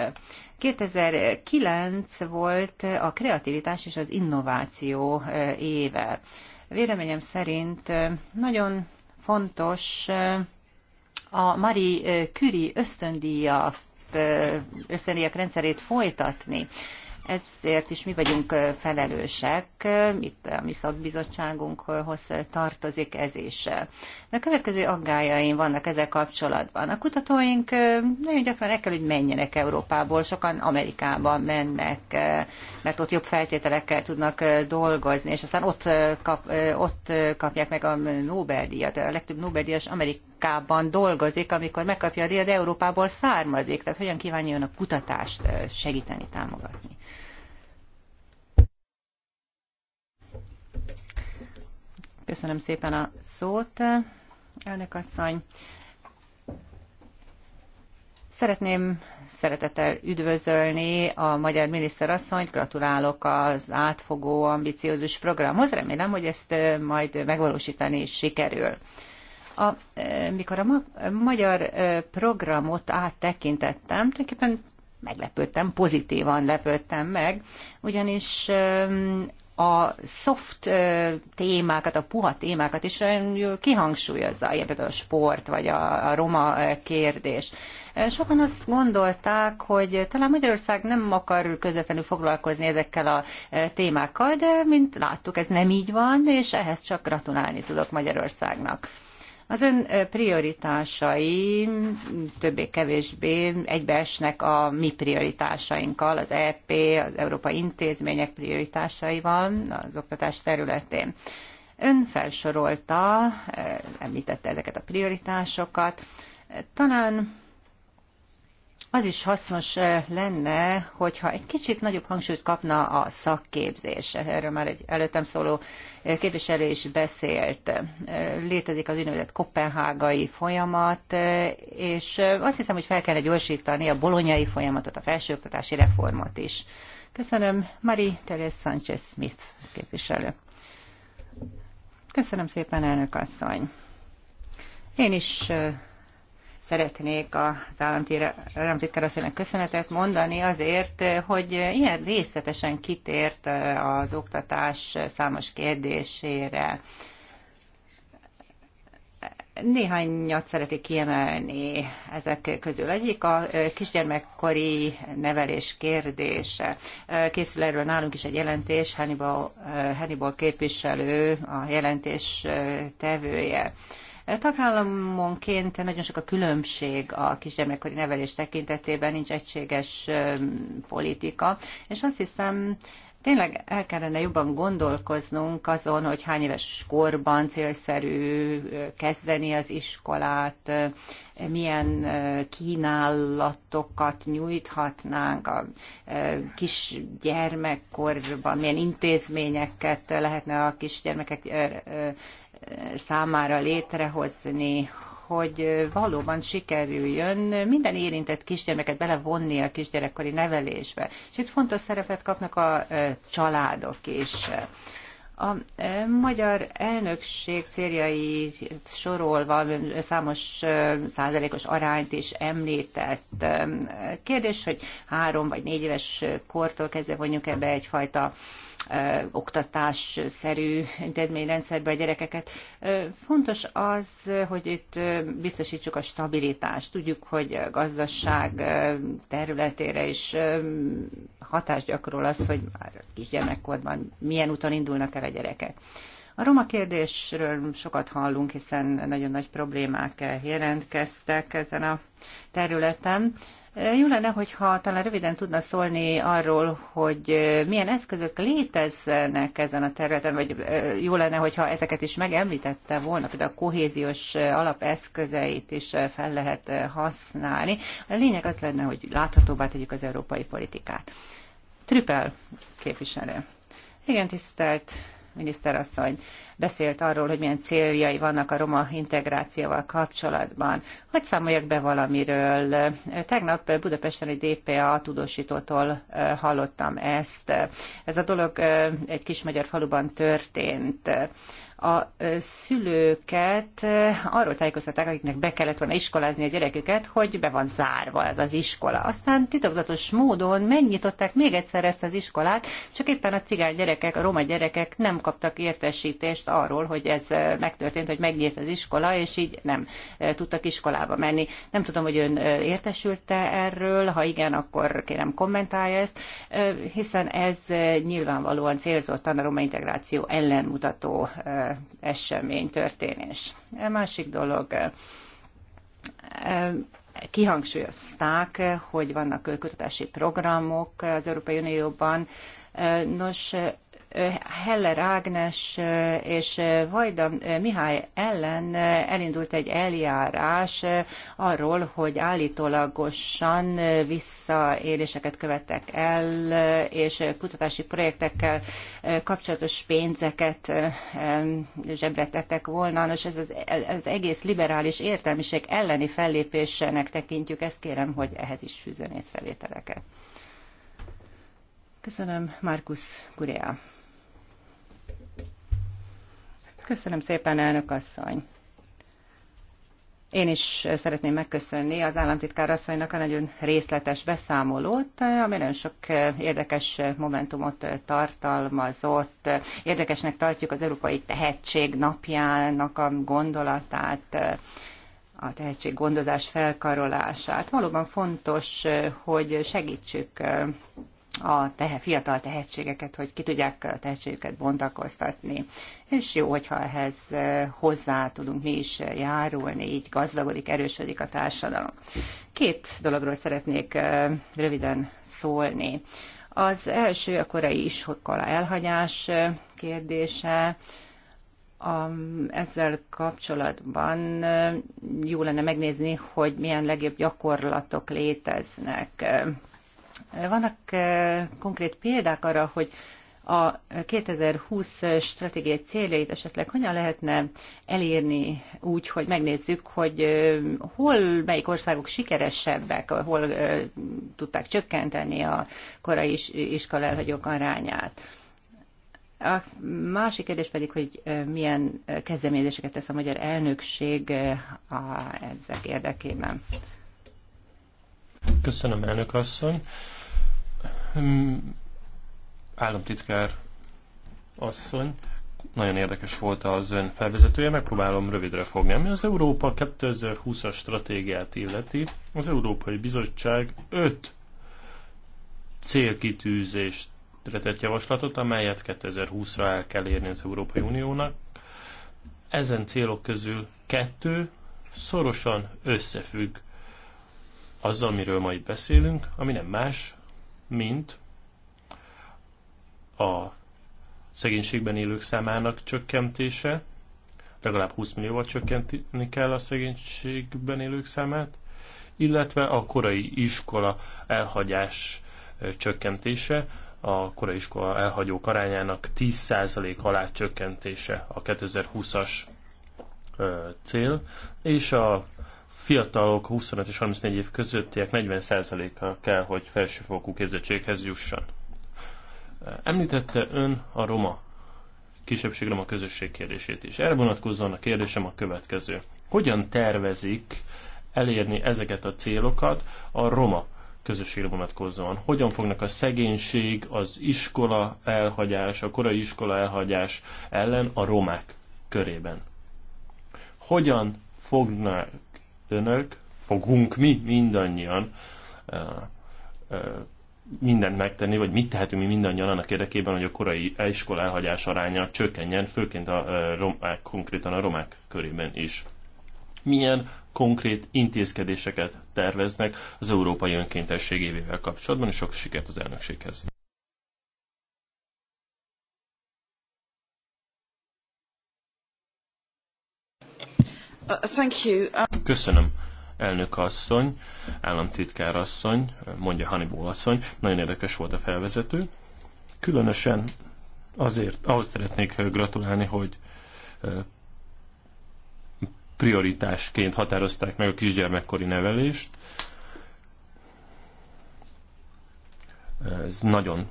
[SPEAKER 4] 2009 volt a kreativitás és az innováció éve. Véleményem szerint nagyon fontos a Marie Curie ösztöndíjat, ösztöndíjak rendszerét folytatni. Ezért is mi vagyunk felelősek, itt a mi szakbizottságunkhoz tartozik ez is. De a következő aggájaim vannak ezzel kapcsolatban. A kutatóink nagyon gyakran el kell, hogy menjenek Európából, sokan Amerikába mennek, mert ott jobb feltételekkel tudnak dolgozni, és aztán ott, kap, ott kapják meg a Nobel-díjat. A legtöbb Nobel-díjas Amerikában. Afrikában dolgozik, amikor megkapja a díjat, Európából származik. Tehát hogyan kívánja ön a kutatást segíteni, támogatni? Köszönöm szépen a szót, elnök asszony. Szeretném szeretettel üdvözölni a magyar miniszterasszonyt, gratulálok az átfogó, ambiciózus programhoz, remélem, hogy ezt majd megvalósítani is sikerül. A, e, mikor a magyar e, programot áttekintettem, tulajdonképpen meglepődtem, pozitívan lepődtem meg, ugyanis e, a soft témákat, a puha témákat is kihangsúlyozza, ilyen például a sport vagy a, a roma kérdés. Sokan azt gondolták, hogy talán Magyarország nem akar közvetlenül foglalkozni ezekkel a témákkal, de mint láttuk, ez nem így van, és ehhez csak gratulálni tudok Magyarországnak. Az ön prioritásai többé-kevésbé egybeesnek a mi prioritásainkkal, az EP, az Európai Intézmények prioritásaival az oktatás területén. Ön felsorolta, említette ezeket a prioritásokat. Talán az is hasznos eh, lenne, hogyha egy kicsit nagyobb hangsúlyt kapna a szakképzés. Erről már egy előttem szóló eh, képviselő is beszélt. Eh, létezik az úgynevezett kopenhágai folyamat, és azt hiszem, hogy fel kellene gyorsítani a bolonyai folyamatot, a felsőoktatási reformot is. Köszönöm, Mari Teres Sánchez Smith képviselő. Köszönöm szépen, elnök asszony. Én is szeretnék az asszonynak köszönetet mondani azért, hogy ilyen részletesen kitért eh, az oktatás számos kérdésére. Néhányat szeretik kiemelni ezek közül. Egyik a eh, kisgyermekkori nevelés kérdése. Eh, készül erről nálunk is egy jelentés, Hannibal, Hannibal képviselő, a jelentés tevője. Tagállamonként nagyon sok a különbség a kisgyermekkori nevelés tekintetében, nincs egységes politika, és azt hiszem, tényleg el kellene jobban gondolkoznunk azon, hogy hány éves korban célszerű kezdeni az iskolát, milyen kínálatokat nyújthatnánk a kis gyermekkorban, milyen intézményeket lehetne a kisgyermekek számára létrehozni, hogy valóban sikerüljön minden érintett kisgyermeket belevonni a kisgyerekkori nevelésbe. És itt fontos szerepet kapnak a családok is. A magyar elnökség céljai sorolva számos százalékos arányt is említett. Kérdés, hogy három vagy négy éves kortól kezdve vonjuk ebbe egyfajta oktatásszerű intézményrendszerbe a gyerekeket. Fontos az, hogy itt biztosítsuk a stabilitást. Tudjuk, hogy a gazdaság területére is hatást gyakorol az, hogy már kisgyermekkorban milyen úton indulnak el a gyerekek. A roma kérdésről sokat hallunk, hiszen nagyon nagy problémák jelentkeztek ezen a területen. Jó lenne, hogyha talán röviden tudna szólni arról, hogy milyen eszközök léteznek ezen a területen, vagy jó lenne, hogyha ezeket is megemlítette volna, például a kohéziós alapeszközeit is fel lehet használni. A lényeg az lenne, hogy láthatóbbá tegyük az európai politikát. Trüppel képviselő. Igen, tisztelt miniszterasszony beszélt arról, hogy milyen céljai vannak a roma integrációval kapcsolatban. Hogy számoljak be valamiről? Tegnap Budapesten egy DPA tudósítótól hallottam ezt. Ez a dolog egy kis magyar faluban történt a szülőket arról tájékoztatták, akiknek be kellett volna iskolázni a gyereküket, hogy be van zárva ez az iskola. Aztán titokzatos módon megnyitották még egyszer ezt az iskolát, csak éppen a cigány gyerekek, a roma gyerekek nem kaptak értesítést arról, hogy ez megtörtént, hogy megnyílt az iskola, és így nem tudtak iskolába menni. Nem tudom, hogy ön értesülte erről, ha igen, akkor kérem kommentálja ezt, hiszen ez nyilvánvalóan célzottan a roma integráció ellenmutató esemény, történés. A másik dolog, eh, kihangsúlyozták, hogy vannak kutatási programok az Európai Unióban. Eh, nos, Heller Ágnes és Vajda Mihály ellen elindult egy eljárás arról, hogy állítólagosan visszaéléseket követtek el, és kutatási projektekkel kapcsolatos pénzeket zsebre tettek volna. Nos, ez az, e, az egész liberális értelmiség elleni fellépésnek tekintjük, ezt kérem, hogy ehhez is fűzön észrevételeket. Köszönöm, Markus Kurea. Köszönöm szépen, elnök asszony. Én is szeretném megköszönni az államtitkár asszonynak a nagyon részletes beszámolót, ami nagyon sok érdekes momentumot tartalmazott. Érdekesnek tartjuk az Európai Tehetség napjának a gondolatát, a tehetséggondozás felkarolását. Valóban fontos, hogy segítsük a tehe, fiatal tehetségeket, hogy ki tudják a tehetségüket bontakoztatni. És jó, hogyha ehhez hozzá tudunk mi is járulni, így gazdagodik, erősödik a társadalom. Két dologról szeretnék röviden szólni. Az első a korai iskola elhagyás kérdése. A, ezzel kapcsolatban jó lenne megnézni, hogy milyen legjobb gyakorlatok léteznek. Vannak eh, konkrét példák arra, hogy a 2020 stratégiai céljait esetleg hogyan lehetne elérni úgy, hogy megnézzük, hogy eh, hol, melyik országok sikeresebbek, hol eh, tudták csökkenteni a korai iskola elhagyók arányát. A másik kérdés pedig, hogy milyen kezdeményezéseket tesz a magyar elnökség a, ezek érdekében.
[SPEAKER 5] Köszönöm, elnök asszony. Hm, államtitkár asszony, nagyon érdekes volt az ön felvezetője, megpróbálom rövidre fogni. Ami az Európa 2020-as stratégiát illeti, az Európai Bizottság 5 célkitűzést tett javaslatot, amelyet 2020-ra el kell érni az Európai Uniónak. Ezen célok közül kettő szorosan összefügg azzal, amiről ma itt beszélünk, ami nem más, mint a szegénységben élők számának csökkentése, legalább 20 millióval csökkenteni kell a szegénységben élők számát, illetve a korai iskola elhagyás csökkentése, a korai iskola elhagyók arányának 10% alá csökkentése a 2020-as cél, és a fiatalok 25 és 34 év közöttiek 40%-a kell, hogy felsőfokú képzettséghez jusson. Említette ön a roma kisebbség roma közösség kérdését is. Erre vonatkozóan a kérdésem a következő. Hogyan tervezik elérni ezeket a célokat a roma közösségre vonatkozóan? Hogyan fognak a szegénység, az iskola elhagyás, a korai iskola elhagyás ellen a romák körében? Hogyan fognak önök, fogunk mi mindannyian eh, eh, mindent megtenni, vagy mit tehetünk mi mindannyian annak érdekében, hogy a korai iskola elhagyás aránya csökkenjen, főként a eh, romák, konkrétan a romák körében is. Milyen konkrét intézkedéseket terveznek az európai önkéntesség évével kapcsolatban, és sok sikert az elnökséghez. Uh, uh, Köszönöm, elnök asszony, államtitkár asszony, mondja Hannibal asszony. Nagyon érdekes volt a felvezető. Különösen azért, ahhoz szeretnék gratulálni, hogy prioritásként határozták meg a kisgyermekkori nevelést. Ez nagyon,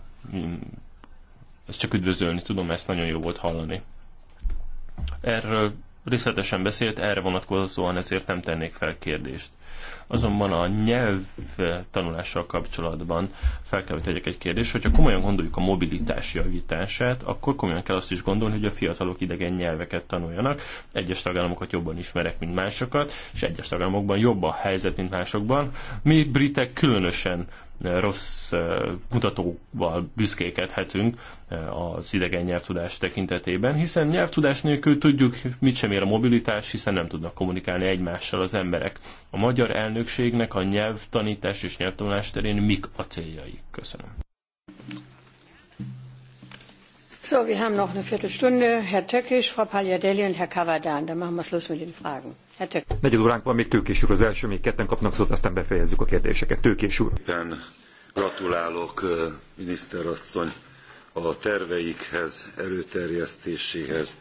[SPEAKER 5] ezt csak üdvözölni tudom, ezt nagyon jó volt hallani. Erről részletesen beszélt, erre vonatkozóan ezért nem tennék fel kérdést. Azonban a nyelv tanulással kapcsolatban fel kell, hogy tegyek egy kérdést, hogyha komolyan gondoljuk a mobilitás javítását, akkor komolyan kell azt is gondolni, hogy a fiatalok idegen nyelveket tanuljanak. Egyes tagállamokat jobban ismerek, mint másokat, és egyes tagállamokban jobb a helyzet, mint másokban. Mi britek különösen rossz mutatóval büszkékedhetünk az idegen nyelvtudás tekintetében, hiszen nyelvtudás nélkül tudjuk, mit sem ér a mobilitás, hiszen nem tudnak kommunikálni egymással az emberek. A magyar elnökségnek a nyelvtanítás és nyelvtanulás terén mik a céljai? Köszönöm. So, wir haben noch eine Viertelstunde. Herr Frau
[SPEAKER 4] Pagliadelli und Herr Kavadan. Dann machen wir Schluss mit den Fragen.
[SPEAKER 2] Herr van, még Tőkés úr az első, még ketten kapnak szót, aztán befejezzük a kérdéseket. Tőkés úr. Éppen gratulálok,
[SPEAKER 6] miniszterasszony, a terveikhez, erőterjesztéséhez.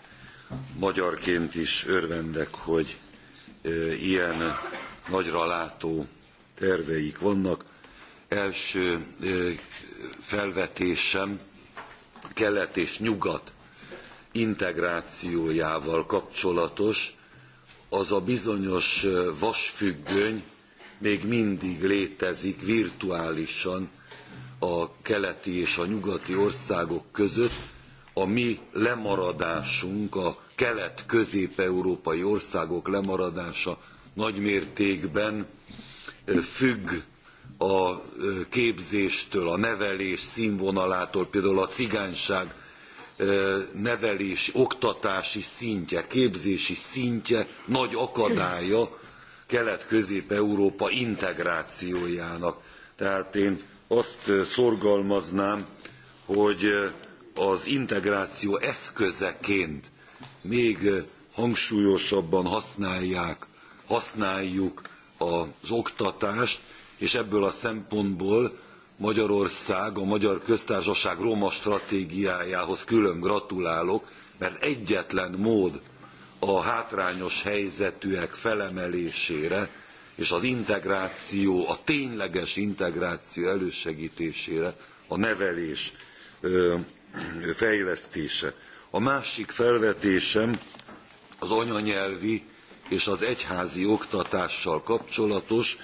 [SPEAKER 6] Magyarként is örvendek, hogy ilyen nagyra látó terveik vannak. Első felvetésem, kelet és nyugat integrációjával kapcsolatos, az a bizonyos vasfüggöny még mindig létezik virtuálisan a keleti és a nyugati országok között. A mi lemaradásunk, a kelet-közép-európai országok lemaradása nagymértékben függ a képzéstől, a nevelés sznvonalától például a cigányság nevelési, oktatási szintje, képzési szintje nagy akadálya Kelet-Közép-Európa integrációjának. Tehát én azt szorgalmaznám, hogy az integráció eszközeként még hangsúlyosabban használják, használjuk az oktatást, és ebből a szempontból magyarország a magyar köztársaság roma stratégiájához külön gratulálok mert egyetlen mód a hátrányos helyzetűek felemelésére és az integráció a tényleges integráció elősegtésére a nevelés fejlesztése. a másik felvetésem az anyanyelvi és az egyházi oktatással kapcsolatos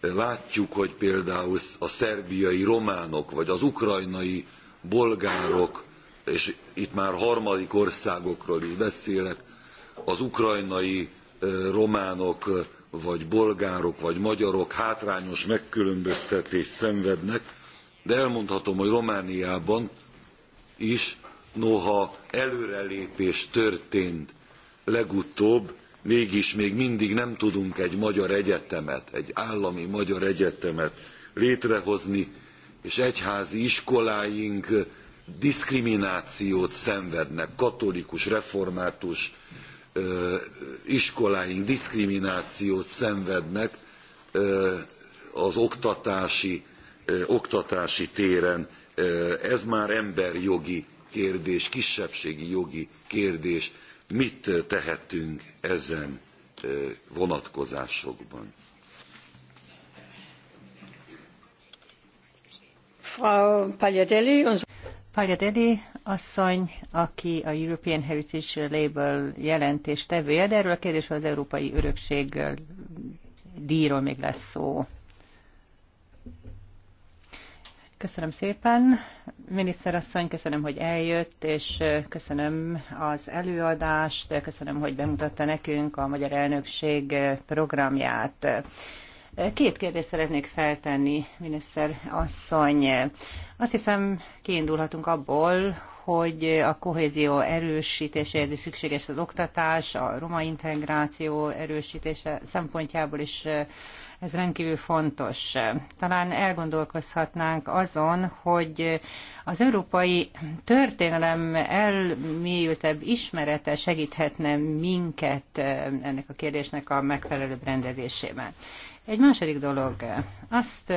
[SPEAKER 6] látjuk, hogy például a szerbiai románok, vagy az ukrajnai bolgárok, és itt már harmadik országokról is beszélek, az ukrajnai románok, vagy bolgárok, vagy magyarok hátrányos megkülönböztetést szenvednek, de elmondhatom, hogy Romániában is, noha előrelépés történt legutóbb, mégis még mindig nem tudunk egy magyar egyetemet, egy állami magyar egyetemet létrehozni, és egyházi iskoláink diszkriminációt szenvednek, katolikus, református iskoláink diszkriminációt szenvednek az oktatási, oktatási téren. Ez már emberjogi kérdés, kisebbségi jogi kérdés mit tehetünk ezen vonatkozásokban?
[SPEAKER 4] Frau Pagliadelli, Pagliadelli asszony, aki a European Heritage Label jelentés tevője, de erről a kérdésről az Európai Örökség díjról még lesz szó. Köszönöm szépen. miniszter asszony, köszönöm, hogy eljött, és köszönöm az előadást, köszönöm, hogy bemutatta nekünk a Magyar Elnökség programját. Két kérdést szeretnék feltenni, miniszter asszony. Azt hiszem, kiindulhatunk abból, hogy a kohézió erősítéséhez is szükséges az oktatás, a roma integráció erősítése szempontjából is ez rendkívül fontos. Talán elgondolkozhatnánk azon, hogy az európai történelem elmélyültebb ismerete segíthetne minket ennek a kérdésnek a megfelelőbb rendezésében. Egy második dolog. Azt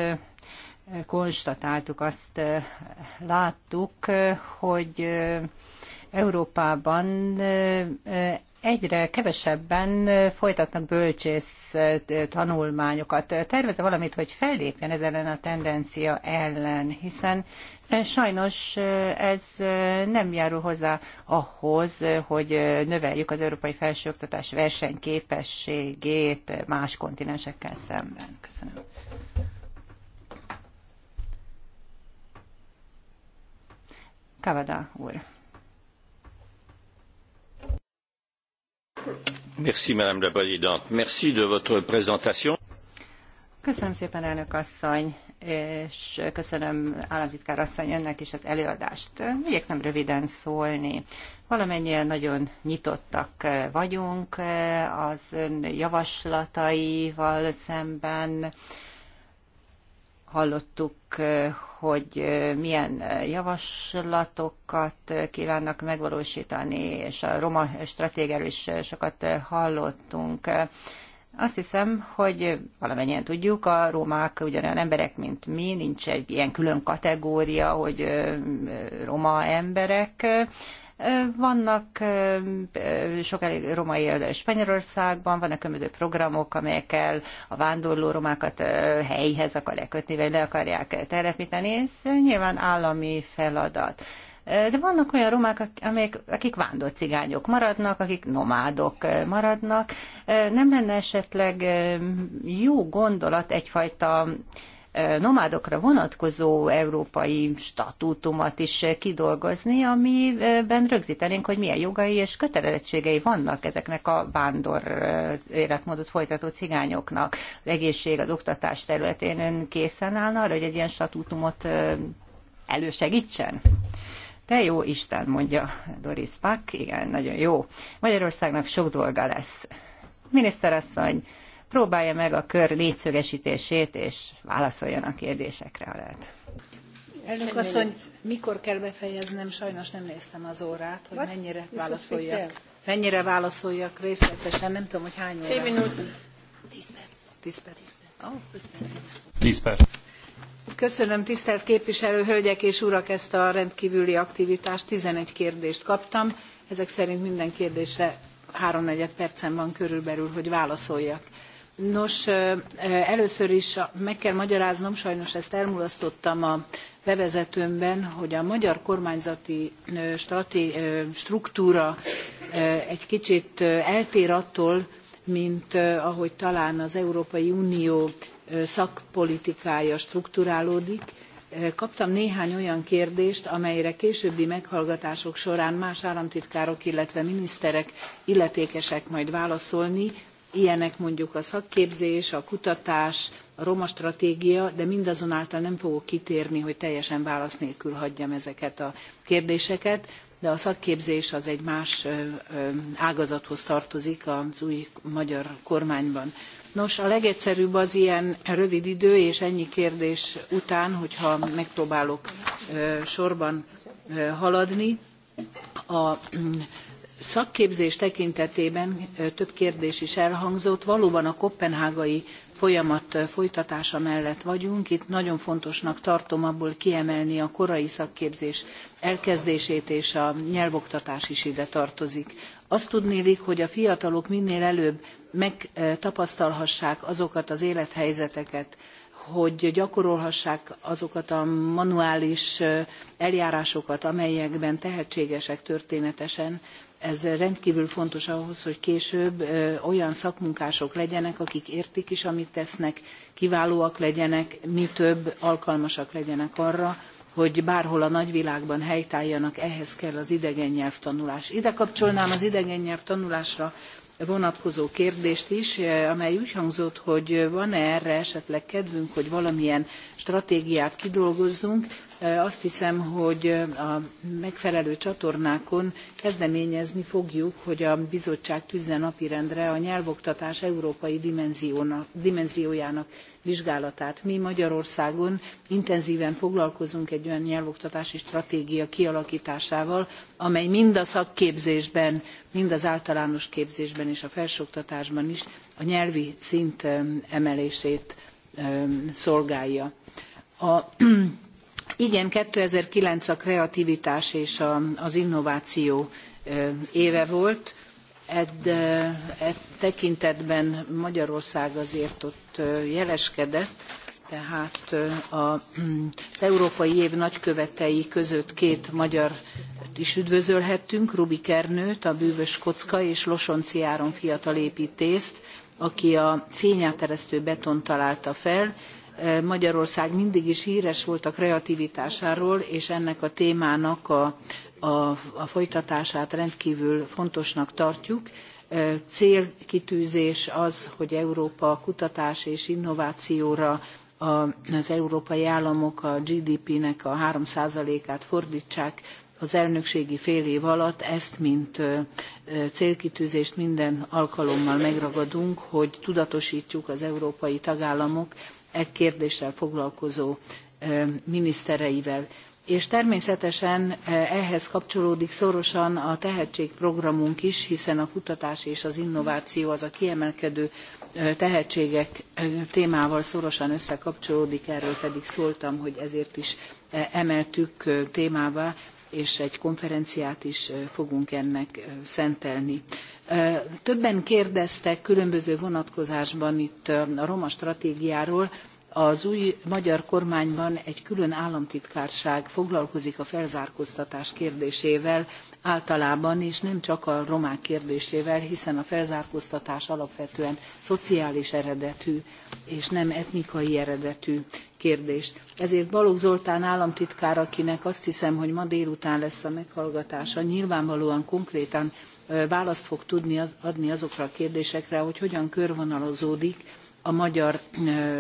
[SPEAKER 4] konstatáltuk, azt láttuk, hogy Európában egyre kevesebben folytatnak bölcsész tanulmányokat. Tervez valamit, hogy fellépjen ez ellen a tendencia ellen, hiszen sajnos ez nem járul hozzá ahhoz, hogy növeljük az európai felsőoktatás versenyképességét más kontinensekkel szemben. Köszönöm. Kavada úr.
[SPEAKER 9] Merci, Madame la Présidente. Merci de votre présentation.
[SPEAKER 4] Köszönöm szépen, elnök asszony, és köszönöm államtitkár asszony önnek is az előadást. Igyekszem röviden szólni. Valamennyien nagyon nyitottak vagyunk az ön javaslataival szemben hallottuk, eh, hogy eh, milyen eh, javaslatokat kívánnak megvalósítani, és a roma stratégiáról is sokat hallottunk. Azt hiszem, hogy valamennyien tudjuk, a romák ugyanolyan emberek, mint mi, nincs egy ilyen külön kategória, hogy roma emberek, vannak sok elég romai élő Spanyolországban, vannak különböző programok, amelyekkel a vándorló romákat helyhez akarják kötni, vagy le akarják telepíteni. Ez nyilván állami feladat. De vannak olyan romák, amelyek, akik vándorcigányok maradnak, akik nomádok maradnak. Nem lenne esetleg jó gondolat egyfajta nomádokra vonatkozó európai statútumot is kidolgozni, amiben rögzítenénk, hogy milyen jogai és kötelezettségei vannak ezeknek a vándor életmódot folytató cigányoknak. Az egészség, az oktatás területén ön készen állna arra, hogy egy ilyen statútumot elősegítsen? Te jó Isten, mondja Doris Pak, igen, nagyon jó. Magyarországnak sok dolga lesz. Miniszterasszony, próbálja meg a kör létszögesítését, és válaszoljon a kérdésekre, ha lehet.
[SPEAKER 7] Elnök asszony, mikor kell befejeznem, sajnos nem néztem az órát, hogy mennyire válaszoljak. Mennyire válaszoljak részletesen, nem tudom, hogy hány óra. 10 minút. perc. 10 perc. 10 perc. Köszönöm tisztelt képviselő hölgyek és urak ezt a rendkívüli aktivitást. 11 kérdést kaptam. Ezek szerint minden kérdésre 3-4 percen van körülbelül, hogy válaszoljak. Nos, először is meg kell magyaráznom, sajnos ezt elmulasztottam a bevezetőmben, hogy a magyar kormányzati strati, struktúra egy kicsit eltér attól, mint ahogy talán az Európai Unió szakpolitikája strukturálódik. Kaptam néhány olyan kérdést, amelyre későbbi meghallgatások során más államtitkárok, illetve miniszterek illetékesek majd válaszolni, ilyenek mondjuk a szakképzés, a kutatás, a roma stratégia, de mindazonáltal nem fogok kitérni, hogy teljesen válasz nélkül hagyjam ezeket a kérdéseket, de a szakképzés az egy más ágazathoz tartozik az új magyar kormányban. Nos, a legegyszerűbb az ilyen rövid idő és ennyi kérdés után, hogyha megpróbálok sorban haladni, a szakképzés tekintetében több kérdés is elhangzott. Valóban a kopenhágai folyamat folytatása mellett vagyunk. Itt nagyon fontosnak tartom abból kiemelni a korai szakképzés elkezdését, és a nyelvoktatás is ide tartozik. Azt tudnélik, hogy a fiatalok minél előbb megtapasztalhassák azokat az élethelyzeteket, hogy gyakorolhassák azokat a manuális eljárásokat, amelyekben tehetségesek történetesen, ez rendkívül fontos ahhoz, hogy később olyan szakmunkások legyenek, akik értik is, amit tesznek, kiválóak legyenek, mi több alkalmasak legyenek arra, hogy bárhol a nagyvilágban helytálljanak, ehhez kell az idegen nyelvtanulás. Ide kapcsolnám az idegen nyelvtanulásra vonatkozó kérdést is, amely úgy hangzott, hogy van-e erre esetleg kedvünk, hogy valamilyen stratégiát kidolgozzunk azt hiszem, hogy a megfelelő csatornákon kezdeményezni fogjuk, hogy a bizottság tűzze napirendre a nyelvoktatás európai dimenziójának vizsgálatát. Mi Magyarországon intenzíven foglalkozunk egy olyan nyelvoktatási stratégia kialakításával, amely mind a szakképzésben, mind az általános képzésben és a felsőoktatásban is a nyelvi szint emelését szolgálja. A igen, 2009 a kreativitás és a, az innováció éve volt. Ed, ed tekintetben Magyarország azért ott jeleskedett, tehát az Európai Év nagykövetei között két magyar is üdvözölhettünk, Rubi Kernőt, a Bűvös Kocka és Losonci Áron fiatal építészt, aki a fényáteresztő beton találta fel, E, Magyarország mindig is híres volt a kreativitásáról, és ennek a témának a, a, a folytatását rendkívül fontosnak tartjuk. E, célkitűzés az, hogy Európa kutatás és innovációra az európai államok a GDP-nek a 3%-át fordítsák az elnökségi fél év alatt ezt, mint e, célkitűzést minden alkalommal megragadunk, hogy tudatosítsuk az európai tagállamok e kérdéssel foglalkozó minisztereivel. És természetesen ehhez kapcsolódik szorosan a tehetségprogramunk is, hiszen a kutatás és az innováció az a kiemelkedő tehetségek témával szorosan összekapcsolódik, erről pedig szóltam, hogy ezért is emeltük témává, és egy konferenciát is fogunk ennek szentelni. Többen kérdeztek különböző vonatkozásban itt a roma stratégiáról. Az új magyar kormányban egy külön államtitkárság foglalkozik a felzárkóztatás kérdésével általában, és nem csak a romák kérdésével, hiszen a felzárkóztatás alapvetően szociális eredetű és nem etnikai eredetű kérdés. Ezért Balogh Zoltán államtitkár, akinek azt hiszem, hogy ma délután lesz a meghallgatása, nyilvánvalóan konkrétan választ fog tudni adni azokra a kérdésekre, hogy hogyan körvonalazódik a magyar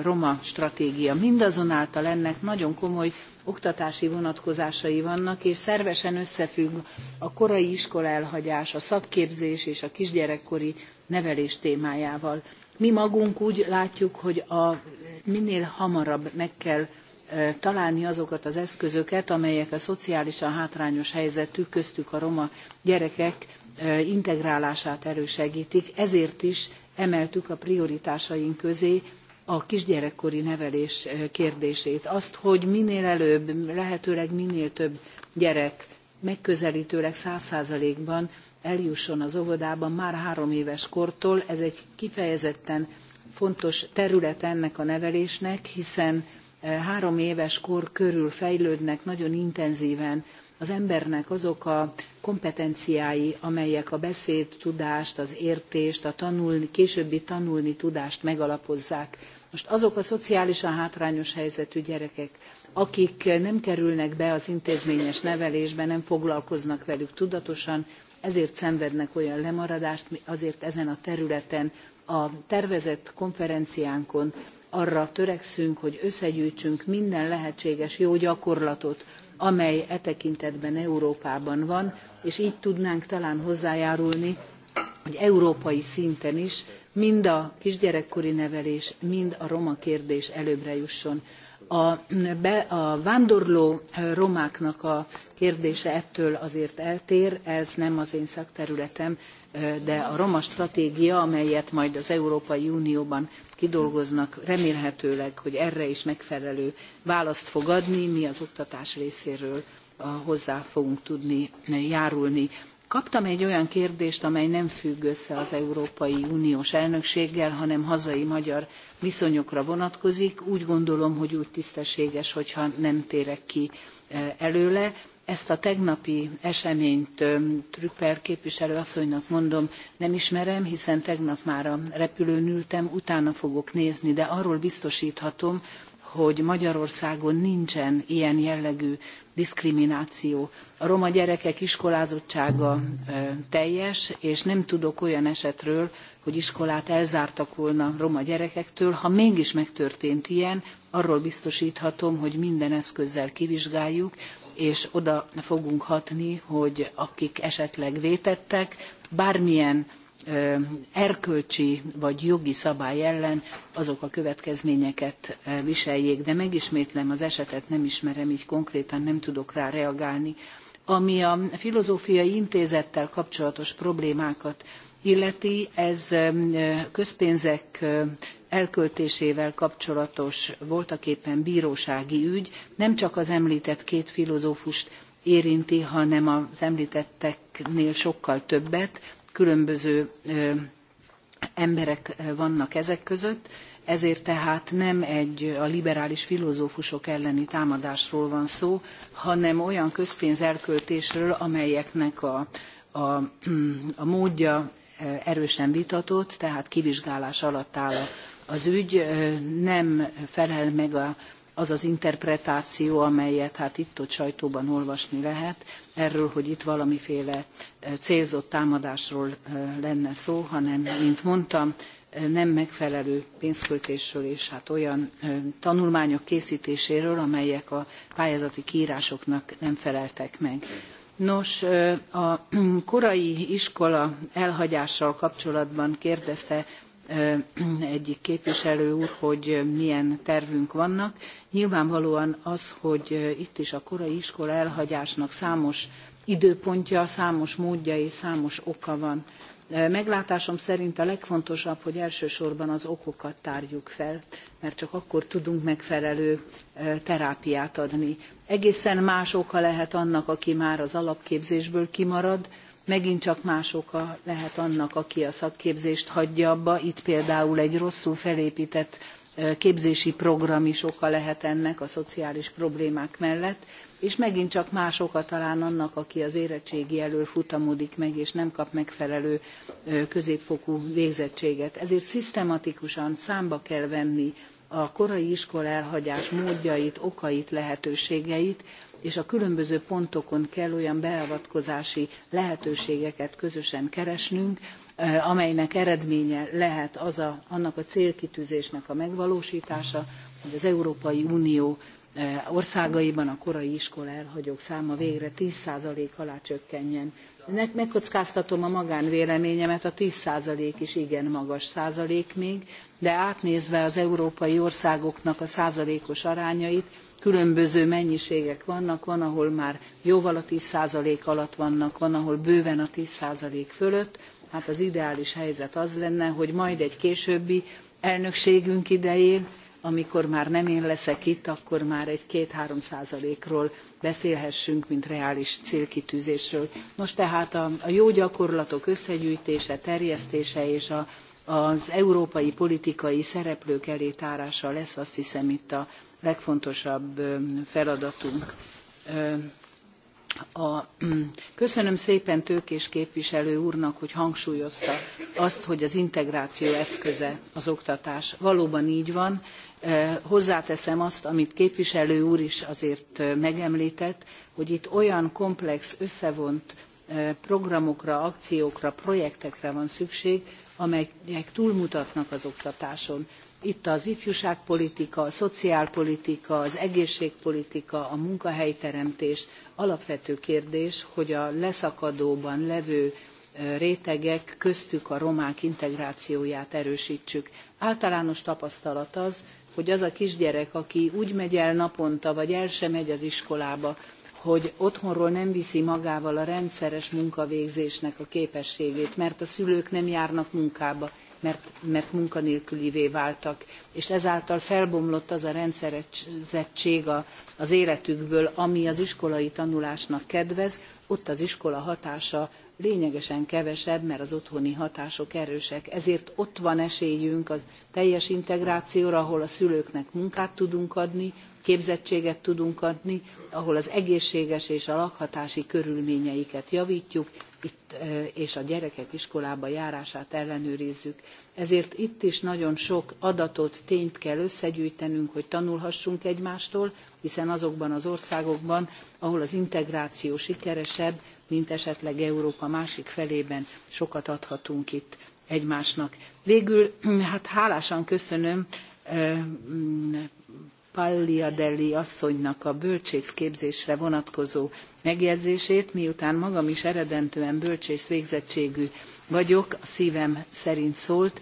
[SPEAKER 7] roma stratégia. Mindazonáltal ennek nagyon komoly oktatási vonatkozásai vannak, és szervesen összefügg a korai iskola elhagyás, a szakképzés és a kisgyerekkori nevelés témájával. Mi magunk úgy látjuk, hogy a minél hamarabb meg kell találni azokat az eszközöket, amelyek a szociálisan hátrányos helyzetű, köztük a roma gyerekek integrálását elősegítik, ezért is emeltük a prioritásaink közé a kisgyerekkori nevelés kérdését. Azt, hogy minél előbb, lehetőleg minél több gyerek megközelítőleg száz százalékban eljusson az óvodában már három éves kortól, ez egy kifejezetten fontos terület ennek a nevelésnek, hiszen három éves kor körül fejlődnek nagyon intenzíven az embernek azok a kompetenciái, amelyek a beszéd tudást, az értést, a tanulni, későbbi tanulni tudást megalapozzák. Most azok a szociálisan hátrányos helyzetű gyerekek, akik nem kerülnek be az intézményes nevelésbe, nem foglalkoznak velük tudatosan, ezért szenvednek olyan lemaradást, azért ezen a területen a tervezett konferenciánkon arra törekszünk, hogy összegyűjtsünk minden lehetséges jó gyakorlatot, amely e tekintetben Európában van, és így tudnánk talán hozzájárulni, hogy európai szinten is mind a kisgyerekkori nevelés, mind a roma kérdés előbbre jusson. A, be, a vándorló eh, romáknak a kérdése ettől azért eltér, ez nem az én szakterületem, eh, de a roma stratégia, amelyet majd az Európai Unióban kidolgoznak, remélhetőleg, hogy erre is megfelelő választ fog adni, mi az oktatás részéről hozzá fogunk tudni járulni. Kaptam egy olyan kérdést, amely nem függ össze az Európai Uniós elnökséggel, hanem hazai magyar viszonyokra vonatkozik. Úgy gondolom, hogy úgy tisztességes, hogyha nem térek ki e, előle ezt a tegnapi eseményt Trüpper képviselő asszonynak mondom, nem ismerem, hiszen tegnap már a repülőn ültem, utána fogok nézni, de arról biztosíthatom, hogy Magyarországon nincsen ilyen jellegű diszkrimináció. A roma gyerekek iskolázottsága teljes, és nem tudok olyan esetről, hogy iskolát elzártak volna roma gyerekektől. Ha mégis megtörtént ilyen, arról biztosíthatom, hogy minden eszközzel kivizsgáljuk, és oda fogunk hatni, hogy akik esetleg vétettek, bármilyen erkölcsi vagy jogi szabály ellen azok a következményeket viseljék. De megismétlem, az esetet nem ismerem, így konkrétan nem tudok rá reagálni. Ami a filozófiai intézettel kapcsolatos problémákat illeti, ez közpénzek elköltésével kapcsolatos voltaképpen bírósági ügy nem csak az említett két filozófust érinti, hanem az említetteknél sokkal többet, különböző emberek vannak ezek között, ezért tehát nem egy a liberális filozófusok elleni támadásról van szó, hanem olyan közpénz elköltésről, amelyeknek a, a, a módja erősen vitatott, tehát kivizsgálás alatt áll az ügy, nem felel meg a, az az interpretáció, amelyet hát itt-ott sajtóban olvasni lehet, erről, hogy itt valamiféle célzott támadásról lenne szó, hanem, mint mondtam, nem megfelelő pénzköltésről és hát olyan tanulmányok készítéséről, amelyek a pályázati kiírásoknak nem feleltek meg. Nos, a korai iskola elhagyással kapcsolatban kérdezte egyik képviselő úr, hogy milyen tervünk vannak. Nyilvánvalóan az, hogy itt is a korai iskola elhagyásnak számos időpontja, számos módja és számos oka van Meglátásom szerint a legfontosabb, hogy elsősorban az okokat tárjuk fel, mert csak akkor tudunk megfelelő terápiát adni. Egészen más oka lehet annak, aki már az alapképzésből kimarad, megint csak más oka lehet annak, aki a szakképzést hagyja abba. Itt például egy rosszul felépített képzési program is oka lehet ennek a szociális problémák mellett, és megint csak más oka talán annak, aki az érettségi elől futamodik meg, és nem kap megfelelő középfokú végzettséget. Ezért szisztematikusan számba kell venni a korai iskola elhagyás módjait, okait, lehetőségeit, és a különböző pontokon kell olyan beavatkozási lehetőségeket közösen keresnünk, amelynek eredménye lehet az a, annak a célkitűzésnek a megvalósítása, hogy az Európai Unió országaiban a korai iskola elhagyók száma végre 10% alá csökkenjen. Ennek megkockáztatom a magánvéleményemet, a 10% is igen magas százalék még, de átnézve az európai országoknak a százalékos arányait, különböző mennyiségek vannak, van, ahol már jóval a 10% alatt vannak, van, ahol bőven a 10% fölött, hát az ideális helyzet az lenne, hogy majd egy későbbi elnökségünk idején, amikor már nem én leszek itt, akkor már egy két-három százalékról beszélhessünk, mint reális célkitűzésről. Nos tehát a, a jó gyakorlatok összegyűjtése, terjesztése és a, az európai politikai szereplők elé tárása lesz azt hiszem itt a legfontosabb feladatunk. A, mm, köszönöm szépen Tőkés képviselő úrnak, hogy hangsúlyozta azt, hogy az integráció eszköze az oktatás. Valóban így van. E, hozzáteszem azt, amit képviselő úr is azért e, megemlített, hogy itt olyan komplex, összevont e, programokra, akciókra, projektekre van szükség, amelyek túlmutatnak az oktatáson. Itt az ifjúságpolitika, a szociálpolitika, az egészségpolitika, a munkahelyteremtés alapvető kérdés, hogy a leszakadóban levő rétegek, köztük a romák integrációját erősítsük. Általános tapasztalat az, hogy az a kisgyerek, aki úgy megy el naponta, vagy el sem megy az iskolába, hogy otthonról nem viszi magával a rendszeres munkavégzésnek a képességét, mert a szülők nem járnak munkába, mert, mert munkanélkülivé váltak, és ezáltal felbomlott az a rendszerettség az életükből, ami az iskolai tanulásnak kedvez, ott az iskola hatása lényegesen kevesebb, mert az otthoni hatások erősek. Ezért ott van esélyünk a teljes integrációra, ahol a szülőknek munkát tudunk adni, képzettséget tudunk adni, ahol az egészséges és a lakhatási körülményeiket javítjuk, itt, és a gyerekek iskolába járását ellenőrizzük. Ezért itt is nagyon sok adatot, tényt kell összegyűjtenünk, hogy tanulhassunk egymástól, hiszen azokban az országokban, ahol az integráció sikeresebb, mint esetleg Európa másik felében, sokat adhatunk itt egymásnak. Végül, hát hálásan köszönöm Palliadelli asszonynak a bölcsészképzésre vonatkozó megjegyzését, miután magam is eredentően bölcsész végzettségű vagyok, a szívem szerint szólt,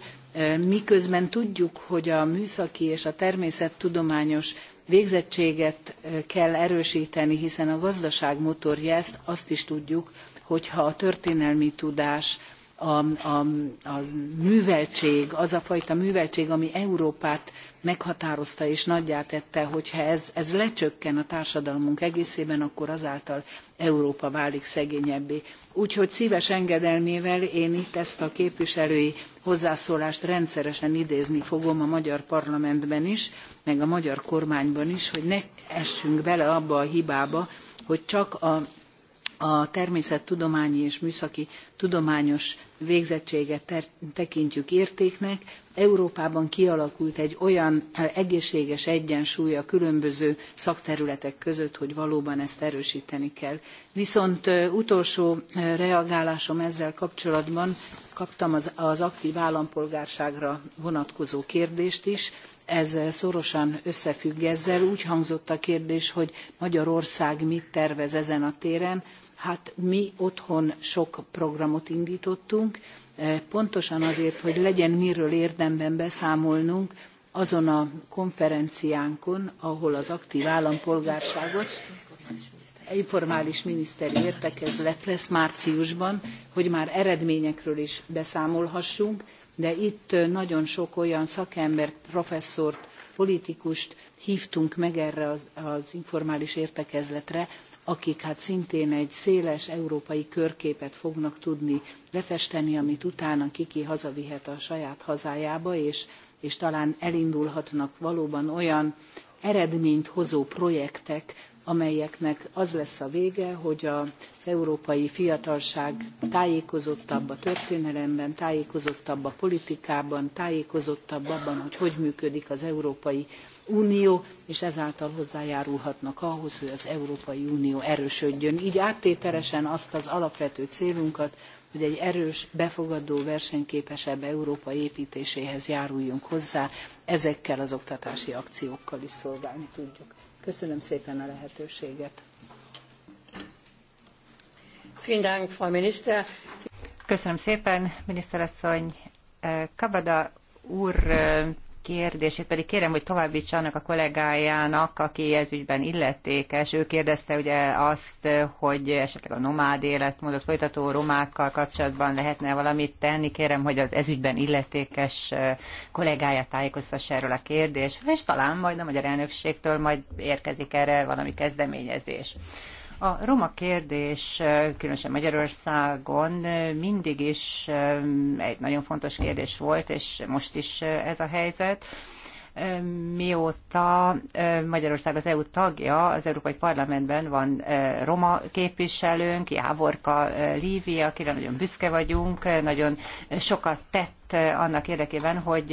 [SPEAKER 7] miközben tudjuk, hogy a műszaki és a természettudományos végzettséget kell erősíteni, hiszen a gazdaság motorja ezt, azt is tudjuk, hogyha a történelmi tudás, a, a, a műveltség, az a fajta műveltség, ami Európát meghatározta és nagyjá tette, hogyha ez, ez lecsökken a társadalmunk egészében, akkor azáltal Európa válik szegényebbé. Úgyhogy szíves engedelmével én itt ezt a képviselői hozzászólást rendszeresen idézni fogom a magyar parlamentben is, meg a magyar kormányban is, hogy ne essünk bele abba a hibába, hogy csak a a természettudományi és műszaki tudományos végzettséget tekintjük értéknek, Európában kialakult egy olyan eh, egészséges egyensúly a különböző szakterületek között, hogy valóban ezt erősíteni kell. Viszont eh, utolsó eh, reagálásom ezzel kapcsolatban kaptam az, az aktív állampolgárságra vonatkozó kérdést is. Ez szorosan összefügg ezzel. Úgy hangzott a kérdés, hogy Magyarország mit tervez ezen a téren Hát mi otthon sok programot indítottunk, eh, pontosan azért, hogy legyen miről érdemben beszámolnunk azon a konferenciánkon, ahol az aktív állampolgárságot informális miniszteri értekezlet lesz márciusban, hogy már eredményekről is beszámolhassunk, de itt eh, nagyon sok olyan szakembert, professzort, politikust hívtunk meg erre az, az informális értekezletre, akik hát szintén egy széles európai körképet fognak tudni lefesteni, amit utána kiki hazavihet a saját hazájába, és, és talán elindulhatnak valóban olyan eredményt hozó projektek, amelyeknek az lesz a vége, hogy az európai fiatalság tájékozottabb a történelemben, tájékozottabb a politikában, tájékozottabb abban, hogy hogy működik az európai Unió, és ezáltal hozzájárulhatnak ahhoz, hogy az Európai Unió erősödjön. Így áttételesen azt az alapvető célunkat, hogy egy erős, befogadó, versenyképesebb Európa építéséhez járuljunk hozzá, ezekkel az oktatási akciókkal is szolgálni tudjuk. Köszönöm szépen a lehetőséget.
[SPEAKER 4] Köszönöm szépen, miniszterasszony. Kavada úr kérdését pedig kérem, hogy továbbítsa annak a kollégájának, aki ez ügyben illetékes. Ő kérdezte ugye azt, hogy esetleg a nomád életmódot folytató romákkal kapcsolatban lehetne valamit tenni. Kérem, hogy az ez ügyben illetékes kollégáját tájékoztassa erről a kérdésről, és talán majd a magyar elnökségtől majd érkezik erre valami kezdeményezés. A roma kérdés, különösen Magyarországon mindig is egy nagyon fontos kérdés volt, és most is ez a helyzet mióta Magyarország az EU tagja, az Európai Parlamentben van roma képviselőnk, Jávorka Lívia, akire nagyon büszke vagyunk, nagyon sokat tett annak érdekében, hogy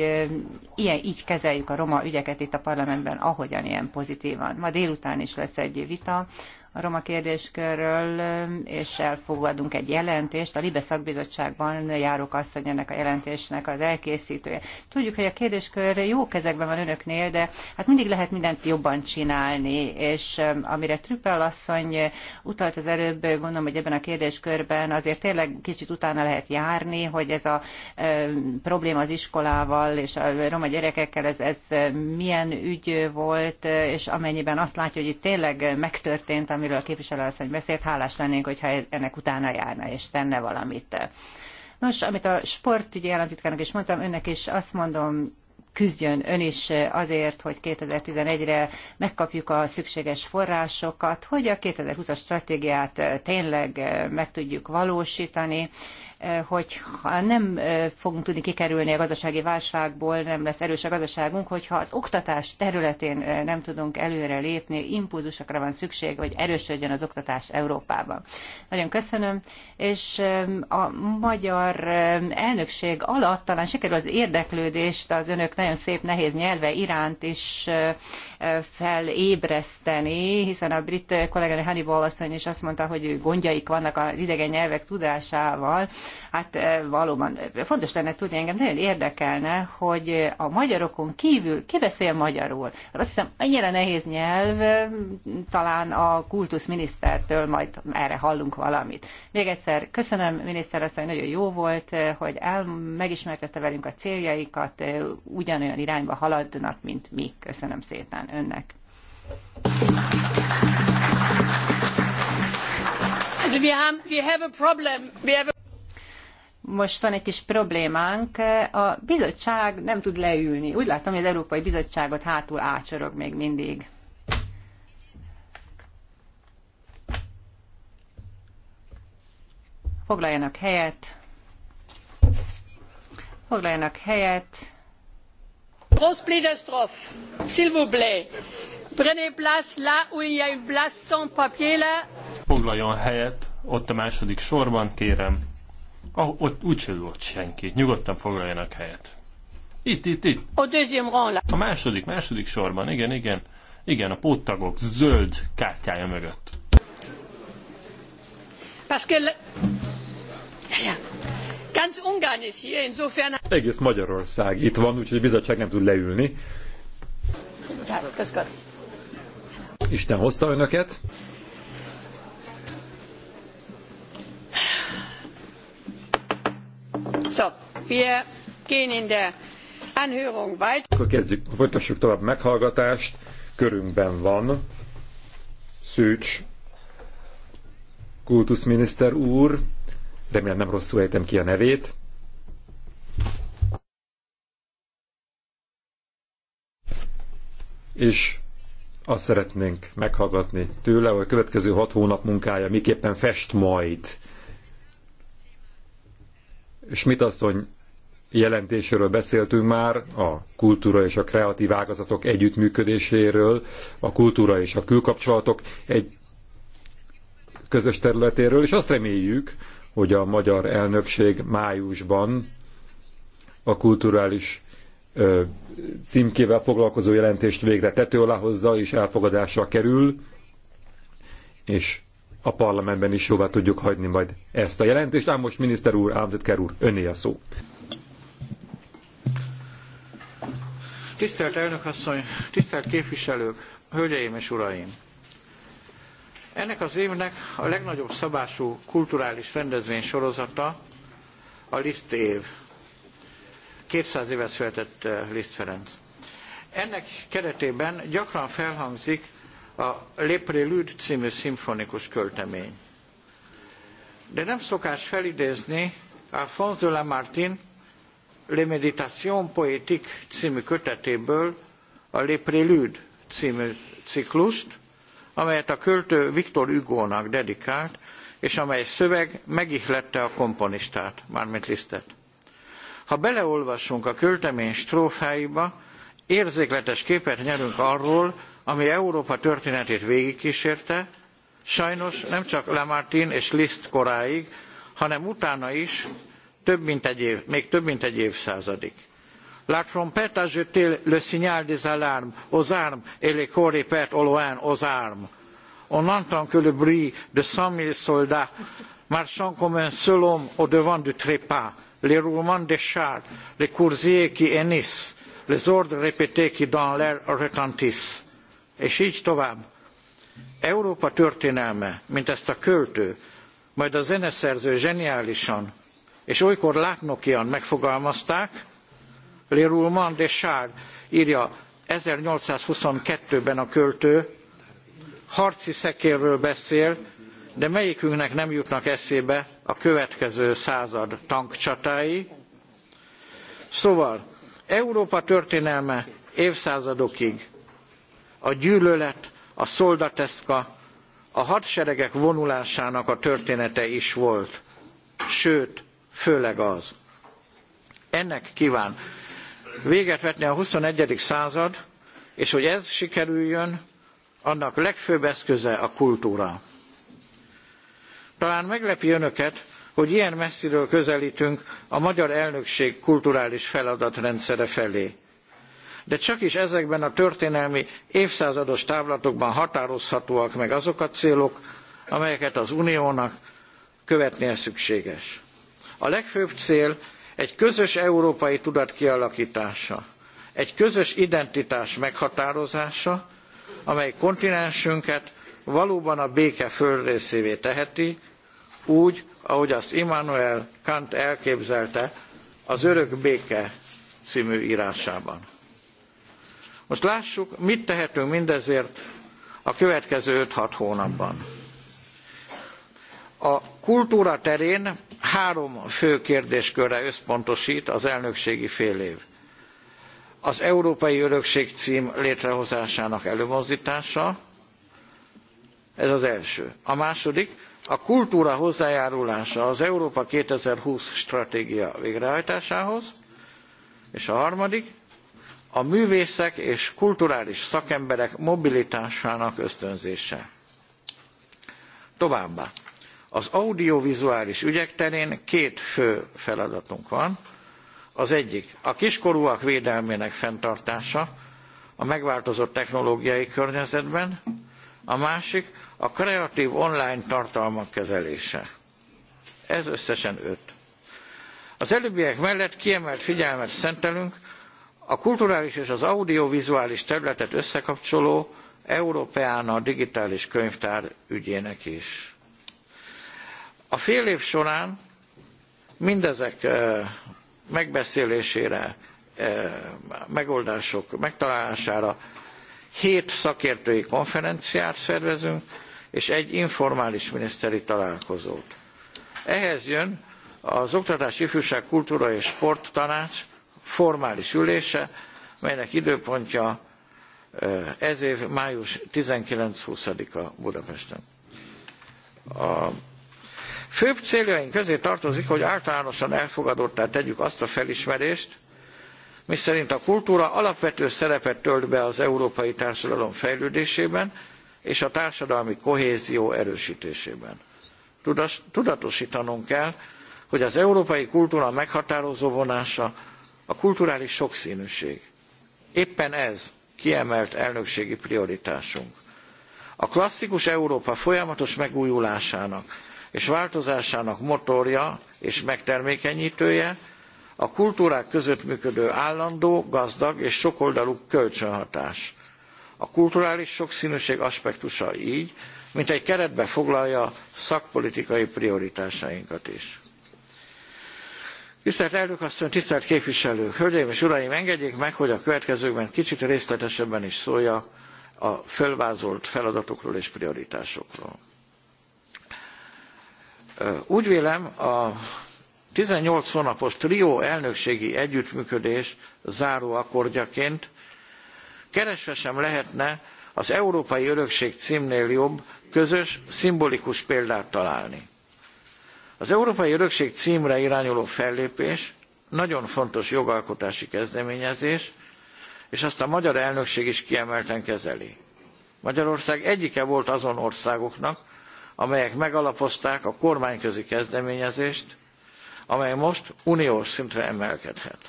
[SPEAKER 4] ilyen így kezeljük a roma ügyeket itt a parlamentben, ahogyan ilyen pozitívan. Ma délután is lesz egy vita a roma kérdéskörről, és elfogadunk egy jelentést. A Libe szakbizottságban járok azt, hogy ennek a jelentésnek az elkészítője. Tudjuk, hogy a kérdéskör jó kezekben van önöknél, de hát mindig lehet mindent jobban csinálni, és amire Trüppel asszony utalt az előbb, gondolom, hogy ebben a kérdéskörben azért tényleg kicsit utána lehet járni, hogy ez a e, probléma az iskolával és a roma gyerekekkel, ez, ez milyen ügy volt, és amennyiben azt látja, hogy itt tényleg megtörtént, amiről a képviselő asszony beszélt, hálás lennénk, hogyha e- ennek utána járna és tenne valamit. Nos, amit a sportügyi államtitkának is mondtam, önnek is azt mondom, küzdjön ön is azért, hogy 2011-re megkapjuk a szükséges forrásokat, hogy a 2020-as stratégiát tényleg meg tudjuk valósítani, Eh, hogy nem eh, fogunk tudni kikerülni a gazdasági válságból, nem lesz erős a gazdaságunk, hogyha az oktatás területén eh, nem tudunk előre lépni, impulzusokra van szükség, hogy erősödjön az oktatás Európában. Nagyon köszönöm, és a magyar elnökség alatt talán sikerül az érdeklődést az önök nagyon szép nehéz nyelve iránt is felébreszteni, hiszen a brit kollégáni Hannibal asszony is azt mondta, hogy gondjaik vannak az idegen nyelvek tudásával, Hát eh, valóban eh, fontos lenne tudni, engem nagyon érdekelne, hogy a magyarokon kívül ki beszél magyarul. Hát azt hiszem, annyira nehéz nyelv, eh, talán a kultuszminisztertől majd erre hallunk valamit. Még egyszer köszönöm, miniszter asszony, nagyon jó volt, hogy el, megismertette velünk a céljaikat, ugyanolyan irányba haladnak, mint mi. Köszönöm szépen önnek.
[SPEAKER 7] Wir haben, wir have a problem. Wir have a
[SPEAKER 4] most van egy kis problémánk, a bizottság nem tud leülni. Úgy látom, hogy az Európai Bizottságot hátul ácsorog még mindig. Foglaljanak helyet. Foglaljanak helyet. Grosse pli s'il vous plaît. Prenez place là où il y a une place sans papier là.
[SPEAKER 5] Foglaljon helyet, ott a második sorban, kérem. Ah, ott sem volt senki. Nyugodtan foglaljanak helyet. Itt, itt, itt. A második, második sorban, igen, igen. Igen, a póttagok zöld kártyája mögött.
[SPEAKER 4] Pascal... Ganz Ungarn ist hier,
[SPEAKER 5] insofern...
[SPEAKER 2] Egész Magyarország itt van, úgyhogy a bizottság nem tud leülni. Isten hozta önöket.
[SPEAKER 4] So, wir gehen in der Anhörung weiter.
[SPEAKER 2] Akkor kezdjük, folytassuk tovább meghallgatást. Körünkben van Szőcs kultuszminiszter úr, remélem nem rosszul ejtem ki a nevét. És azt szeretnénk meghallgatni tőle, hogy a következő hat hónap munkája miképpen fest majd Schmidt asszony jelentéséről beszéltünk már, a kultúra és a kreatív ágazatok együttműködéséről, a kultúra és a külkapcsolatok egy közös területéről, és azt reméljük, hogy a magyar elnökség májusban a kulturális ö, címkével foglalkozó jelentést végre tető alá hozza és elfogadásra kerül, és a parlamentben is jóvá tudjuk hagyni majd ezt a jelentést. Ám most miniszter úr, államtitkár úr, öné a szó.
[SPEAKER 1] Tisztelt elnökasszony, tisztelt képviselők, hölgyeim és uraim! Ennek az évnek a legnagyobb szabású kulturális rendezvény sorozata a Liszt év. 200 éve született eh, Liszt Ferenc. Ennek keretében gyakran felhangzik a Le Prélude című szimfonikus költemény. De nem szokás felidézni Alphonse de Lamartine Les Méditations című kötetéből a Le Prélude című ciklust, amelyet a költő Viktor Hugo-nak dedikált, és amely szöveg megihlette a komponistát, mármint Lisztet. Ha beleolvasunk a költemény strófáiba, érzékletes képet nyerünk arról, ami Európa történetét végigkísérte, sajnos nem csak Lamartine és Liszt koráig, hanem utána is, több mint egy év, még több mint egy évszázadig. La trompette a jeté le signal des alarmes aux armes et les corps répètent au oh loin aux armes. On entend que le bruit de cent mille soldats marchant comme un seul homme au devant du trépas, les roulements des chars, les coursiers qui hennissent, les ordres répétés qui dans l'air retentissent és így tovább. Európa történelme, mint ezt a költő, majd a zeneszerző zseniálisan, és olykor látnokian megfogalmazták, Le Roulement de Charles írja 1822-ben a költő, harci szekérről beszél, de melyikünknek nem jutnak eszébe a következő század tankcsatái. Szóval Európa történelme évszázadokig a gyűlölet, a szoldateszka, a hadseregek vonulásának a története is volt. Sőt, főleg az. Ennek kíván véget vetni a 21. század, és hogy ez sikerüljön, annak legfőbb eszköze a kultúra. Talán meglepi önöket, hogy ilyen messziről közelítünk a magyar elnökség kulturális feladatrendszere felé de csak is ezekben a történelmi évszázados távlatokban határozhatóak meg azok a célok, amelyeket az uniónak követnie szükséges. A legfőbb cél egy közös európai tudat kialakítása, egy közös identitás meghatározása, amely kontinensünket valóban a béke földrészévé teheti, úgy, ahogy azt Immanuel Kant elképzelte az Örök Béke című írásában. Most lássuk, mit tehetünk mindezért a következő 5-6 hónapban. A kultúra terén három fő kérdéskörre összpontosít az elnökségi fél év. Az Európai Örökség cím létrehozásának előmozdítása, ez az első. A második, a kultúra hozzájárulása az Európa 2020 stratégia végrehajtásához, és a harmadik, a művészek és kulturális szakemberek mobilitásának ösztönzése. Továbbá, az audiovizuális ügyek terén két fő feladatunk van. Az egyik a kiskorúak védelmének fenntartása a megváltozott technológiai környezetben, a másik a kreatív online tartalmak kezelése. Ez összesen öt. Az előbbiek mellett kiemelt figyelmet szentelünk a kulturális és az audiovizuális területet összekapcsoló Európeána digitális könyvtár ügyének is. A fél év során mindezek megbeszélésére, megoldások megtalálására hét szakértői konferenciát szervezünk, és egy informális miniszteri találkozót. Ehhez jön az Oktatás, Ifjúság, Kultúra és Sport Tanács formális ülése, melynek időpontja ez év május 19-20-a Budapesten. A főbb céljaink közé tartozik, hogy általánosan elfogadottá tegyük azt a felismerést, miszerint a kultúra alapvető szerepet tölt be az európai társadalom fejlődésében és a társadalmi kohézió erősítésében. Tudatosítanunk kell, hogy az európai kultúra meghatározó vonása a kulturális sokszínűség. Éppen ez kiemelt elnökségi prioritásunk. A klasszikus Európa folyamatos megújulásának és változásának motorja és megtermékenyítője a kultúrák között működő állandó, gazdag és sokoldalú kölcsönhatás. A kulturális sokszínűség aspektusa így, mint egy keretbe foglalja szakpolitikai prioritásainkat is. Tisztelt elnök asszony, tisztelt képviselők, hölgyeim és uraim, engedjék meg, hogy a következőkben kicsit részletesebben is szóljak a fölvázolt feladatokról és prioritásokról. Úgy vélem, a 18 hónapos trió elnökségi együttműködés záró akkordjaként keresve sem lehetne az Európai Örökség címnél jobb, közös, szimbolikus példát találni. Az Európai Örökség címre irányuló fellépés nagyon fontos jogalkotási kezdeményezés, és ezt a magyar elnökség is kiemelten kezeli. Magyarország egyike volt azon országoknak, amelyek megalapozták a kormányközi kezdeményezést, amely most uniós szintre emelkedhet.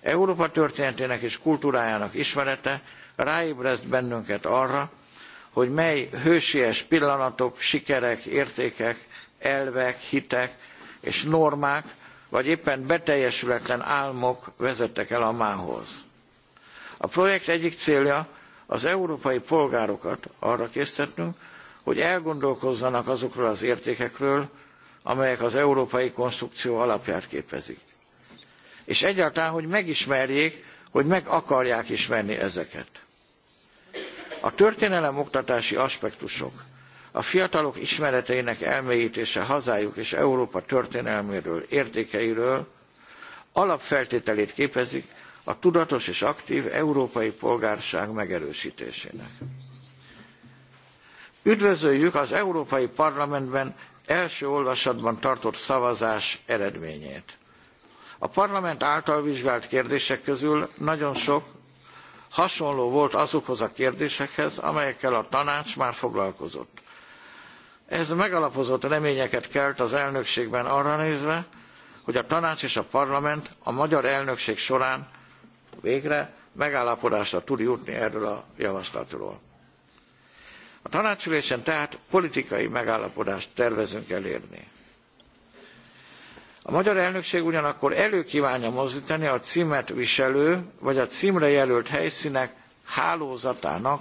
[SPEAKER 1] Európa történetének és kultúrájának ismerete ráébreszt bennünket arra, hogy mely hősies pillanatok, sikerek, értékek elvek, hitek és normák, vagy éppen beteljesületlen álmok vezettek el a mához. A projekt egyik célja az európai polgárokat arra késztetnünk, hogy elgondolkozzanak azokról az értékekről, amelyek az európai konstrukció alapját képezik. És egyáltalán, hogy megismerjék, hogy meg akarják ismerni ezeket. A történelem oktatási aspektusok a fiatalok ismereteinek elmélyítése hazájuk és Európa történelméről, értékeiről alapfeltételét képezik a tudatos és aktív európai polgárság megerősítésének. Üdvözöljük az Európai Parlamentben első olvasatban tartott szavazás eredményét. A parlament által vizsgált kérdések közül nagyon sok hasonló volt azokhoz a kérdésekhez, amelyekkel a tanács már foglalkozott. Ez megalapozott reményeket kelt az elnökségben arra nézve, hogy a tanács és a parlament a magyar elnökség során végre megállapodásra tud jutni erről a javaslatról. A tanácsülésen tehát politikai megállapodást tervezünk elérni. A magyar elnökség ugyanakkor előkívánja mozdítani a címet viselő, vagy a címre jelölt helyszínek hálózatának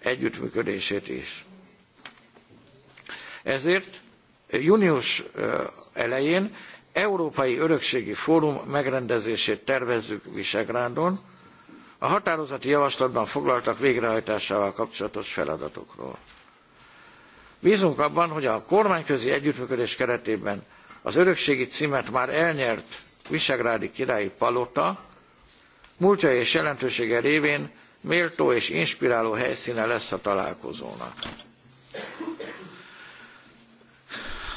[SPEAKER 1] együttműködését is. Ezért eh, június eh, elején Európai Örökségi Fórum megrendezését tervezzük Visegrádon, a határozati javaslatban foglaltak végrehajtásával kapcsolatos feladatokról. Bízunk abban, hogy a kormányközi együttműködés keretében az örökségi címet már elnyert Visegrádi királyi palota, múltja és jelentősége révén méltó és inspiráló helyszíne lesz a találkozónak.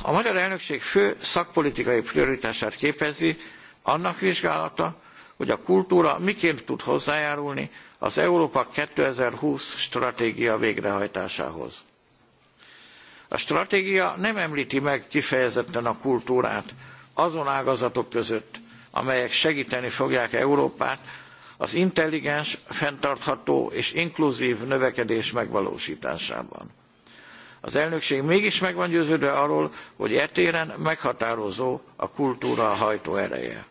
[SPEAKER 1] A magyar elnökség fő szakpolitikai prioritását képezi annak vizsgálata, hogy a kultúra miként tud hozzájárulni az Európa 2020 stratégia végrehajtásához. A stratégia nem említi meg kifejezetten a kultúrát azon ágazatok között, amelyek segíteni fogják Európát az intelligens, fenntartható és inkluzív növekedés megvalósításában. Az elnökség mégis meg van győződve arról, hogy etéren meghatározó a kultúra hajtó ereje.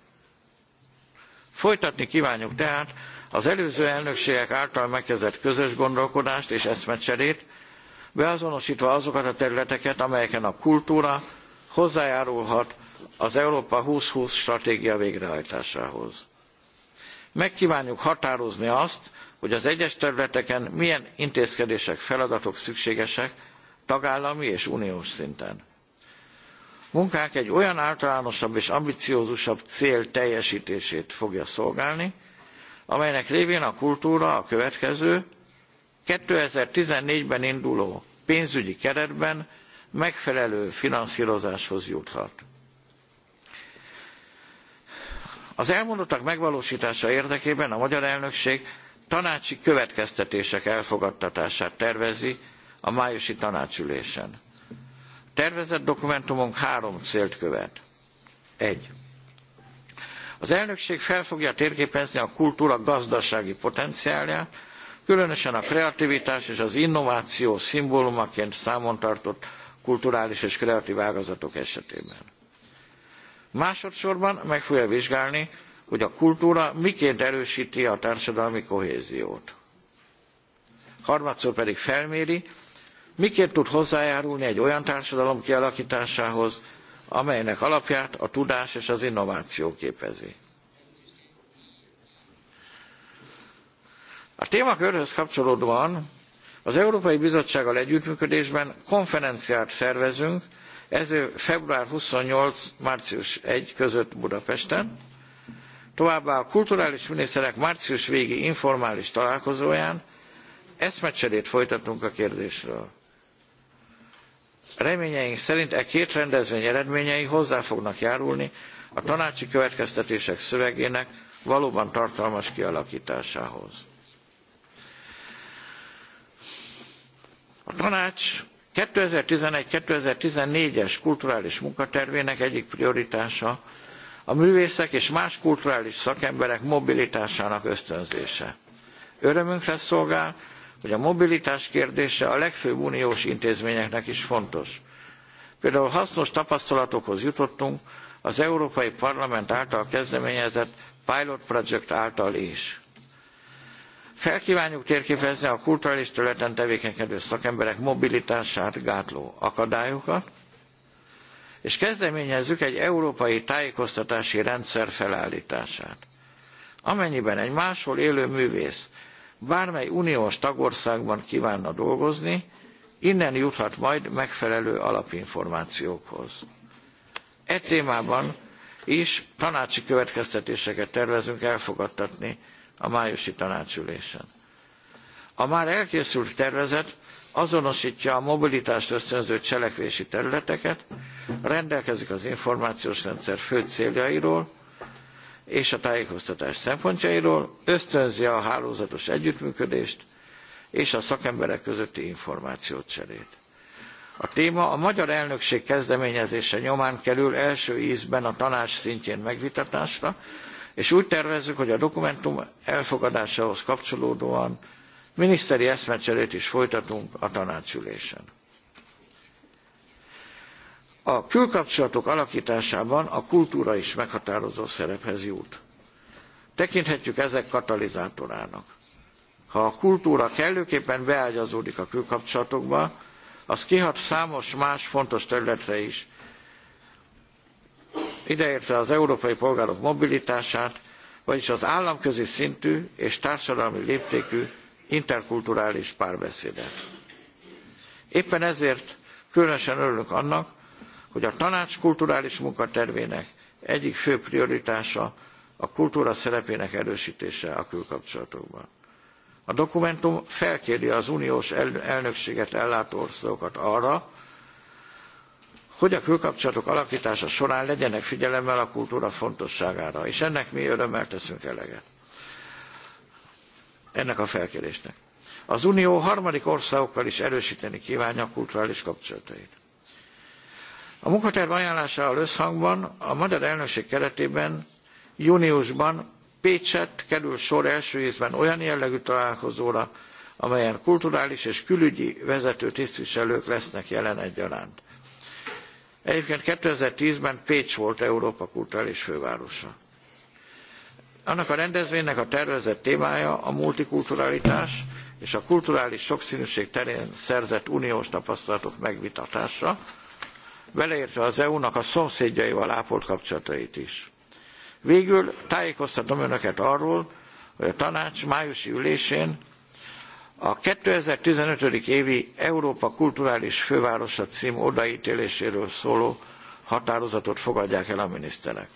[SPEAKER 1] Folytatni kívánjuk tehát az előző elnökségek által megkezdett közös gondolkodást és eszmecserét, beazonosítva azokat a területeket, amelyeken a kultúra hozzájárulhat az Európa 2020 stratégia végrehajtásához. Megkívánjuk határozni azt, hogy az egyes területeken milyen intézkedések, feladatok szükségesek tagállami és uniós szinten. Munkánk egy olyan általánosabb és ambiciózusabb cél teljesítését fogja szolgálni, amelynek révén a kultúra a következő, 2014-ben induló pénzügyi keretben megfelelő finanszírozáshoz juthat. Az elmondottak megvalósítása érdekében a magyar elnökség tanácsi következtetések elfogadtatását tervezi a májusi tanácsülésen. Tervezett dokumentumunk három célt követ. Egy. Az elnökség fel fogja térképezni a kultúra gazdasági potenciálját, különösen a kreativitás és az innováció szimbólumaként számon tartott kulturális és kreatív ágazatok esetében. Másodszorban meg fogja vizsgálni, hogy a kultúra miként erősíti a társadalmi kohéziót. Harmadszor pedig felméri, miként tud hozzájárulni egy olyan társadalom kialakításához, amelynek alapját a tudás és az innováció képezi. A témakörhöz kapcsolódóan az Európai Bizottsággal együttműködésben konferenciát szervezünk, ez február 28. március 1 között Budapesten, továbbá a kulturális miniszterek március végi informális találkozóján eszmecserét folytatunk a kérdésről. Reményeink szerint e két rendezvény eredményei hozzá fognak járulni a tanácsi következtetések szövegének valóban tartalmas kialakításához. A tanács 2011-2014-es kulturális munkatervének egyik prioritása a művészek és más kulturális szakemberek mobilitásának ösztönzése. Örömünkre szolgál, hogy a mobilitás kérdése a legfőbb uniós intézményeknek is fontos. Például hasznos tapasztalatokhoz jutottunk az Európai Parlament által kezdeményezett Pilot Project által is. Felkívánjuk térképezni a kulturális területen tevékenykedő szakemberek mobilitását gátló akadályokat, és kezdeményezzük egy európai tájékoztatási rendszer felállítását. Amennyiben egy máshol élő művész bármely uniós tagországban kívánna dolgozni, innen juthat majd megfelelő alapinformációkhoz. E témában is tanácsi következtetéseket tervezünk elfogadtatni a májusi tanácsülésen. A már elkészült tervezet azonosítja a mobilitást ösztönző cselekvési területeket, rendelkezik az információs rendszer fő céljairól, és a tájékoztatás szempontjairól, ösztönzi a hálózatos együttműködést és a szakemberek közötti információt cserét. A téma a magyar elnökség kezdeményezése nyomán kerül első ízben a tanács szintjén megvitatásra, és úgy tervezzük, hogy a dokumentum elfogadásához kapcsolódóan miniszteri eszmecserét is folytatunk a tanácsülésen. A külkapcsolatok alakításában a kultúra is meghatározó szerephez jut. Tekinthetjük ezek katalizátorának. Ha a kultúra kellőképpen beágyazódik a külkapcsolatokba, az kihat számos más fontos területre is. Ideértve az európai polgárok mobilitását, vagyis az államközi szintű és társadalmi léptékű interkulturális párbeszédet. Éppen ezért különösen örülök annak, hogy a tanács kulturális munkatervének egyik fő prioritása a kultúra szerepének erősítése a külkapcsolatokban. A dokumentum felkéri az uniós elnökséget ellátó országokat arra, hogy a külkapcsolatok alakítása során legyenek figyelemmel a kultúra fontosságára, és ennek mi örömmel teszünk eleget. Ennek a felkérésnek. Az Unió harmadik országokkal is erősíteni kívánja a kulturális kapcsolatait. A munkaterv ajánlásával összhangban a magyar elnökség keretében júniusban Pécsett kerül sor első ízben olyan jellegű találkozóra, amelyen kulturális és külügyi vezető tisztviselők lesznek jelen egyaránt. Egyébként 2010-ben Pécs volt Európa kulturális fővárosa. Annak a rendezvénynek a tervezett témája a multikulturalitás és a kulturális sokszínűség terén szerzett uniós tapasztalatok megvitatása, beleértve az EU-nak a szomszédjaival ápolt kapcsolatait is. Végül tájékoztatom Önöket arról, hogy a tanács májusi ülésén a 2015. évi Európa Kulturális Fővárosa cím odaítéléséről szóló határozatot fogadják el a miniszterek.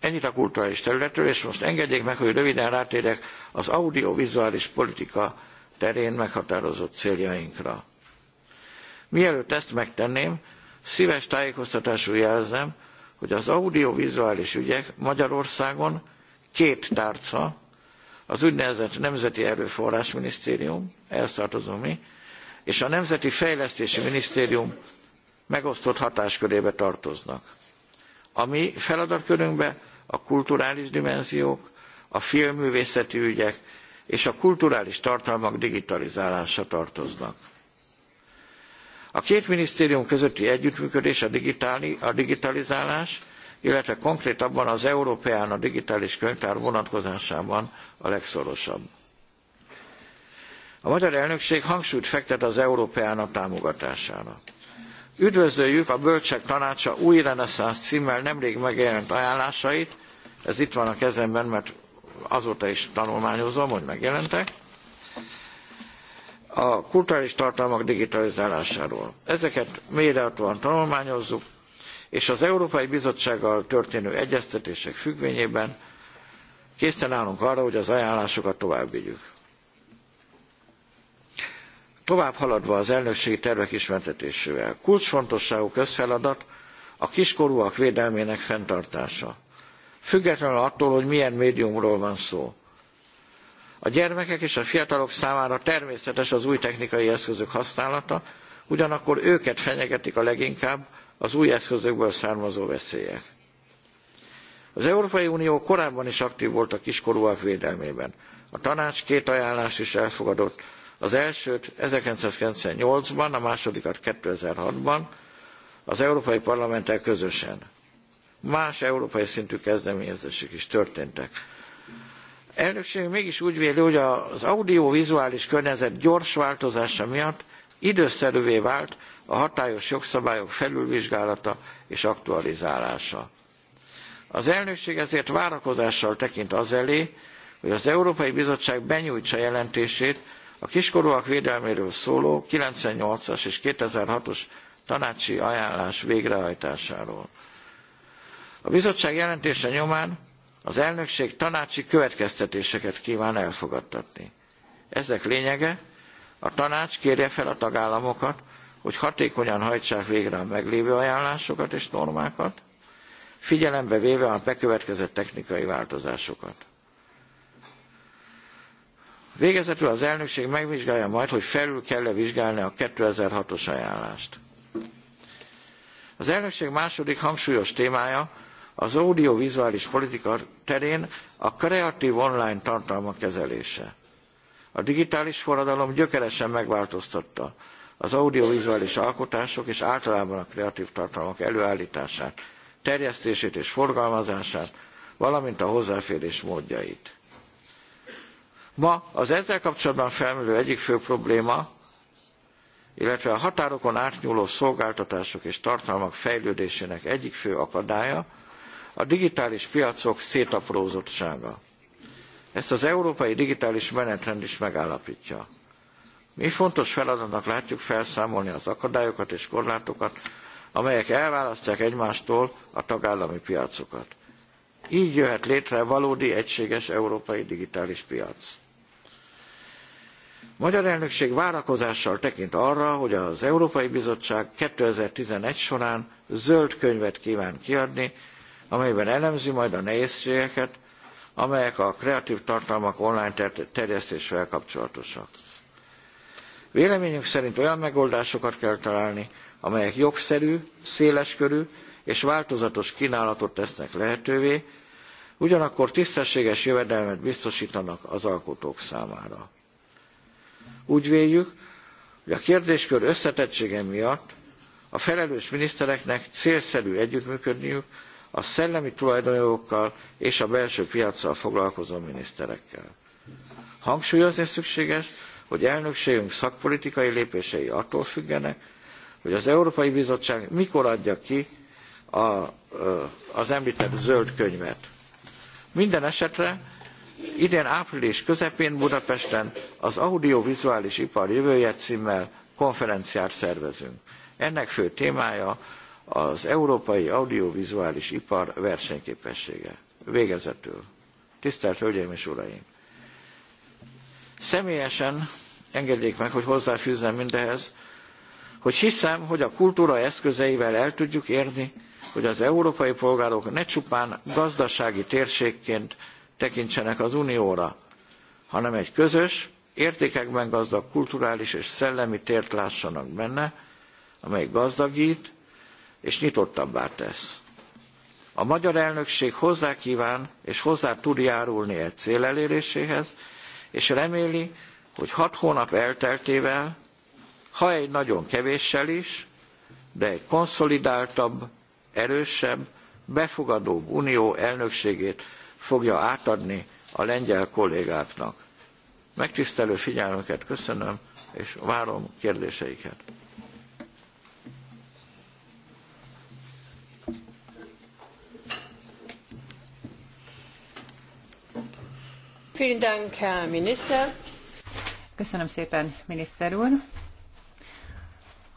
[SPEAKER 1] Ennyit a kulturális területről, és most engedjék meg, hogy röviden rátérjek az audiovizuális politika terén meghatározott céljainkra. Mielőtt ezt megtenném, szíves tájékoztatásul jelzem, hogy az audiovizuális ügyek Magyarországon két tárca, az úgynevezett Nemzeti Erőforrás Minisztérium, ehhez tartozom mi, és a Nemzeti Fejlesztési Minisztérium megosztott hatáskörébe tartoznak. A mi feladatkörünkbe a kulturális dimenziók, a filmművészeti ügyek és a kulturális tartalmak digitalizálása tartoznak. A két minisztérium közötti együttműködés a, a digitalizálás, illetve konkrétabban az Európeán a digitális könyvtár vonatkozásában a legszorosabb. A magyar elnökség hangsúlyt fektet az Európeának támogatására. Üdvözöljük a Bölcsek Tanácsa új reneszánsz címmel nemrég megjelent ajánlásait, ez itt van a kezemben, mert azóta is tanulmányozom, hogy megjelentek, a kulturális tartalmak digitalizálásáról. Ezeket mélyrehatóan tanulmányozzuk, és az Európai Bizottsággal történő egyeztetések függvényében készen állunk arra, hogy az ajánlásokat tovább vigyük. Tovább haladva az elnökségi tervek ismertetésével. Kulcsfontosságú közfeladat a kiskorúak védelmének fenntartása. Függetlenül attól, hogy milyen médiumról van szó a gyermekek és a fiatalok számára természetes az új technikai eszközök használata, ugyanakkor őket fenyegetik a leginkább az új eszközökből származó veszélyek. Az Európai Unió korábban is aktív volt a kiskorúak védelmében. A tanács két ajánlást is elfogadott, az elsőt 1998-ban, a másodikat 2006-ban, az Európai Parlamenttel közösen. Más európai szintű kezdeményezések is történtek elnökség mégis úgy véli, hogy az audiovizuális környezet gyors változása miatt időszerűvé vált a hatályos jogszabályok felülvizsgálata és aktualizálása. Az elnökség ezért várakozással tekint az elé, hogy az Európai Bizottság benyújtsa jelentését a kiskorúak védelméről szóló 98-as és 2006-os tanácsi ajánlás végrehajtásáról. A bizottság jelentése nyomán az elnökség tanácsi következtetéseket kíván elfogadtatni. Ezek lényege, a tanács kérje fel a tagállamokat, hogy hatékonyan hajtsák végre a meglévő ajánlásokat és normákat, figyelembe véve a bekövetkezett technikai változásokat. Végezetül az elnökség megvizsgálja majd, hogy felül kell-e vizsgálni a 2006-os ajánlást. Az elnökség második hangsúlyos témája az audiovizuális politika terén a kreatív online tartalmak kezelése. A digitális forradalom gyökeresen megváltoztatta az audiovizuális alkotások és általában a kreatív tartalmak előállítását, terjesztését és forgalmazását, valamint a hozzáférés módjait. Ma az ezzel kapcsolatban felmerülő egyik fő probléma, illetve a határokon átnyúló szolgáltatások és tartalmak fejlődésének egyik fő akadálya, a digitális piacok szétaprózottsága. Ezt az európai digitális menetrend is megállapítja. Mi fontos feladatnak látjuk felszámolni az akadályokat és korlátokat, amelyek elválasztják egymástól a tagállami piacokat. Így jöhet létre valódi egységes európai digitális piac. Magyar elnökség várakozással tekint arra, hogy az Európai Bizottság 2011 során zöld könyvet kíván kiadni amelyben elemzi majd a nehézségeket, amelyek a kreatív tartalmak online ter- terjesztésével kapcsolatosak. Véleményünk szerint olyan megoldásokat kell találni, amelyek jogszerű, széleskörű és változatos kínálatot tesznek lehetővé, ugyanakkor tisztességes jövedelmet biztosítanak az alkotók számára. Úgy véljük, hogy a kérdéskör összetettsége miatt a felelős minisztereknek célszerű együttműködniük a szellemi tulajdonjogokkal és a belső piaccal foglalkozó miniszterekkel. Hangsúlyozni szükséges, hogy elnökségünk szakpolitikai lépései attól függenek, hogy az Európai Bizottság mikor adja ki a, az említett zöld könyvet. Minden esetre idén április közepén Budapesten az audiovizuális ipar jövője címmel konferenciát szervezünk. Ennek fő témája az európai audiovizuális ipar versenyképessége. Végezetül. Tisztelt Hölgyeim és Uraim! Személyesen engedjék meg, hogy hozzáfűzzem mindehez, hogy hiszem, hogy a kultúra eszközeivel el tudjuk érni, hogy az európai polgárok ne csupán gazdasági térségként tekintsenek az unióra, hanem egy közös, értékekben gazdag kulturális és szellemi tért lássanak benne, amely gazdagít, és nyitottabbá tesz. A magyar elnökség hozzá kíván és hozzá tud járulni egy cél eléréséhez, és reméli, hogy hat hónap elteltével, ha egy nagyon kevéssel is, de egy konszolidáltabb, erősebb, befogadóbb unió elnökségét fogja átadni a lengyel kollégáknak. Megtisztelő figyelmüket köszönöm, és várom kérdéseiket.
[SPEAKER 4] Köszönöm szépen, miniszter úr.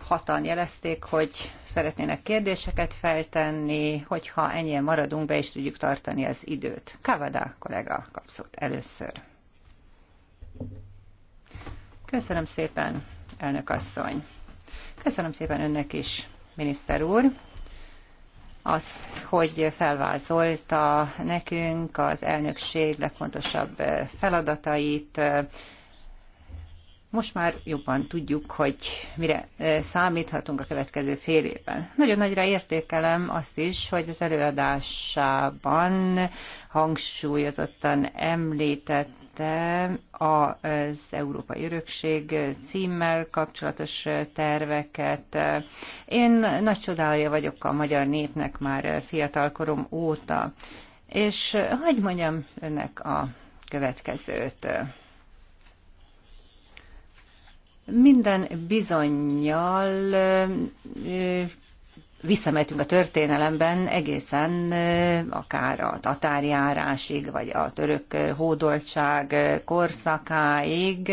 [SPEAKER 4] Hatan jelezték, hogy szeretnének kérdéseket feltenni, hogyha ennyien maradunk, be is tudjuk tartani az időt. Kavada kollega kapszott először. Köszönöm szépen, elnök asszony. Köszönöm szépen önnek is, miniszter úr azt, hogy felvázolta nekünk az elnökség legfontosabb feladatait. Most már jobban tudjuk, hogy mire számíthatunk a következő fél évben. Nagyon nagyra értékelem azt is, hogy az előadásában hangsúlyozottan említett említette az Európai Örökség címmel kapcsolatos terveket. Én nagy csodálja vagyok a magyar népnek már fiatalkorom óta. És hagyd mondjam önnek a következőt. Minden bizonyal visszamehetünk a történelemben egészen akár a tatárjárásig, vagy a török hódoltság korszakáig,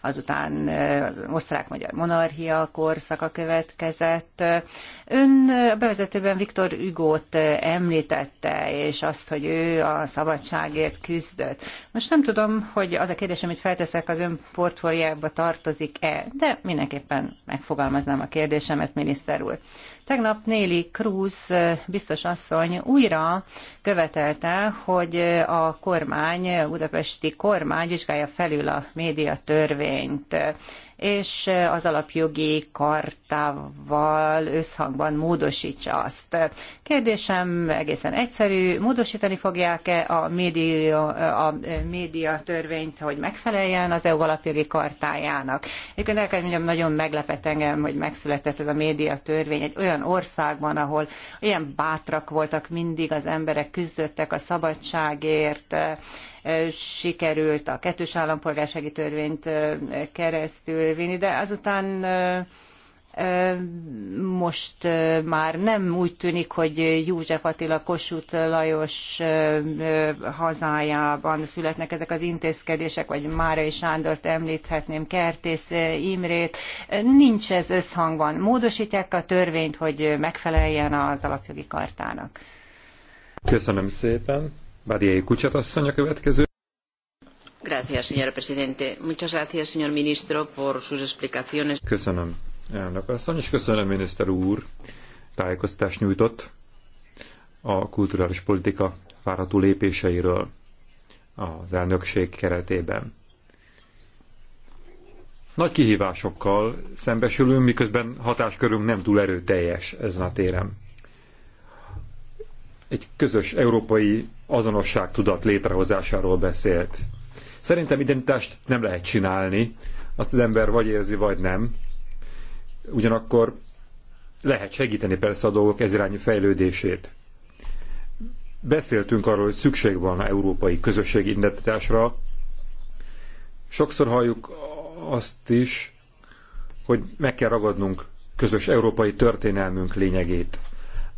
[SPEAKER 4] azután az osztrák-magyar monarchia korszaka következett, Ön a bevezetőben Viktor Ügót említette, és azt, hogy ő a szabadságért küzdött. Most nem tudom, hogy az a kérdés, amit felteszek, az ön portfóliába tartozik-e, de mindenképpen megfogalmaznám a kérdésemet, miniszter úr. Tegnap Néli Cruz biztos asszony újra követelte, hogy a kormány, a budapesti kormány vizsgálja felül a médiatörvényt és eh, az alapjogi kartával összhangban módosítsa azt. Kérdésem egészen egyszerű, módosítani fogják-e a média, a eh, média törvényt, hogy megfeleljen az EU alapjogi kartájának? Egyébként el kell mondjam, nagyon meglepett engem, hogy megszületett ez a média törvény egy olyan országban, ahol ilyen bátrak voltak mindig az emberek, küzdöttek a szabadságért, eh, sikerült a kettős állampolgársági törvényt keresztül vinni, de azután most már nem úgy tűnik, hogy József Attila Kossuth Lajos hazájában születnek ezek az intézkedések, vagy Márai Sándort említhetném, Kertész Imrét. Nincs ez összhangban. Módosítják a törvényt, hogy megfeleljen az alapjogi kartának.
[SPEAKER 2] Köszönöm szépen. Bádiai Kucsatasszony a következő.
[SPEAKER 7] Gracias, señor presidente. Muchas gracias, señor ministro, por sus explicaciones.
[SPEAKER 2] Köszönöm, elnök asszony, és köszönöm, miniszter úr. Tájékoztatást nyújtott a kulturális politika várható lépéseiről az elnökség keretében. Nagy kihívásokkal szembesülünk, miközben hatáskörünk nem túl erőteljes ezen a téren. Egy közös európai azonosságtudat létrehozásáról beszélt. Szerintem identitást nem lehet csinálni, azt az ember vagy érzi, vagy nem. Ugyanakkor lehet segíteni persze a dolgok ezirányú fejlődését. Beszéltünk arról, hogy szükség van a európai közösségi identitásra. Sokszor halljuk azt is, hogy meg kell ragadnunk közös európai történelmünk lényegét.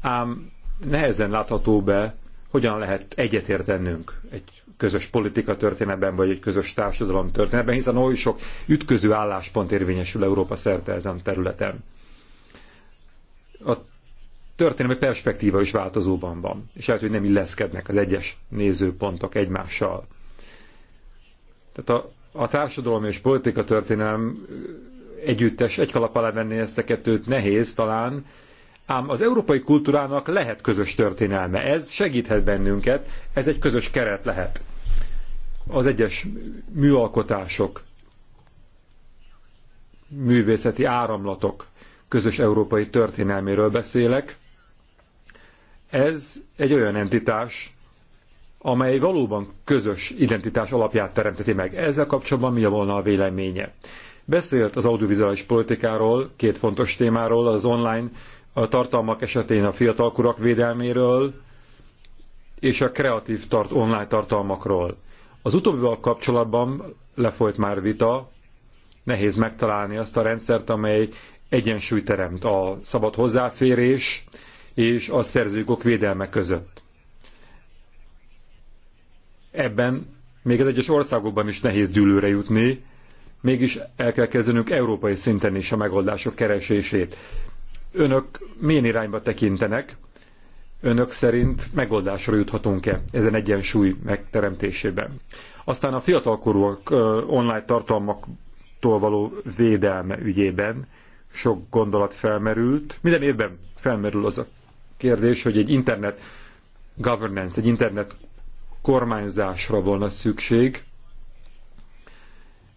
[SPEAKER 2] Ám nehezen látható be, hogyan lehet egyetértenünk egy közös politika történetben, vagy egy közös társadalom történetben, hiszen oly sok ütköző álláspont érvényesül Európa szerte ezen területen. A történelmi perspektíva is változóban van, és lehet, hogy nem illeszkednek az egyes nézőpontok egymással. Tehát a, a társadalom és politika történelem együttes, egy kalap alá venni ezt a kettőt nehéz talán, Ám az európai kultúrának lehet közös történelme. Ez segíthet bennünket, ez egy közös keret lehet. Az egyes műalkotások, művészeti áramlatok közös európai történelméről beszélek. Ez egy olyan entitás, amely valóban közös identitás alapját teremteti meg. Ezzel kapcsolatban mi a volna a véleménye? Beszélt az audiovizuális politikáról, két fontos témáról, az online a tartalmak esetén a fiatalkurak védelméről, és a kreatív tart, online tartalmakról. Az utóbbival kapcsolatban lefolyt már vita, nehéz megtalálni azt a rendszert, amely egyensúly teremt a szabad hozzáférés és a szerzőkok védelme között. Ebben még az egyes országokban is nehéz dűlőre jutni, mégis el kell kezdenünk európai szinten is a megoldások keresését önök milyen irányba tekintenek, önök szerint megoldásra juthatunk-e ezen egyensúly megteremtésében. Aztán a fiatalkorúak online tartalmaktól való védelme ügyében sok gondolat felmerült. Minden évben felmerül az a kérdés, hogy egy internet governance, egy internet kormányzásra volna szükség.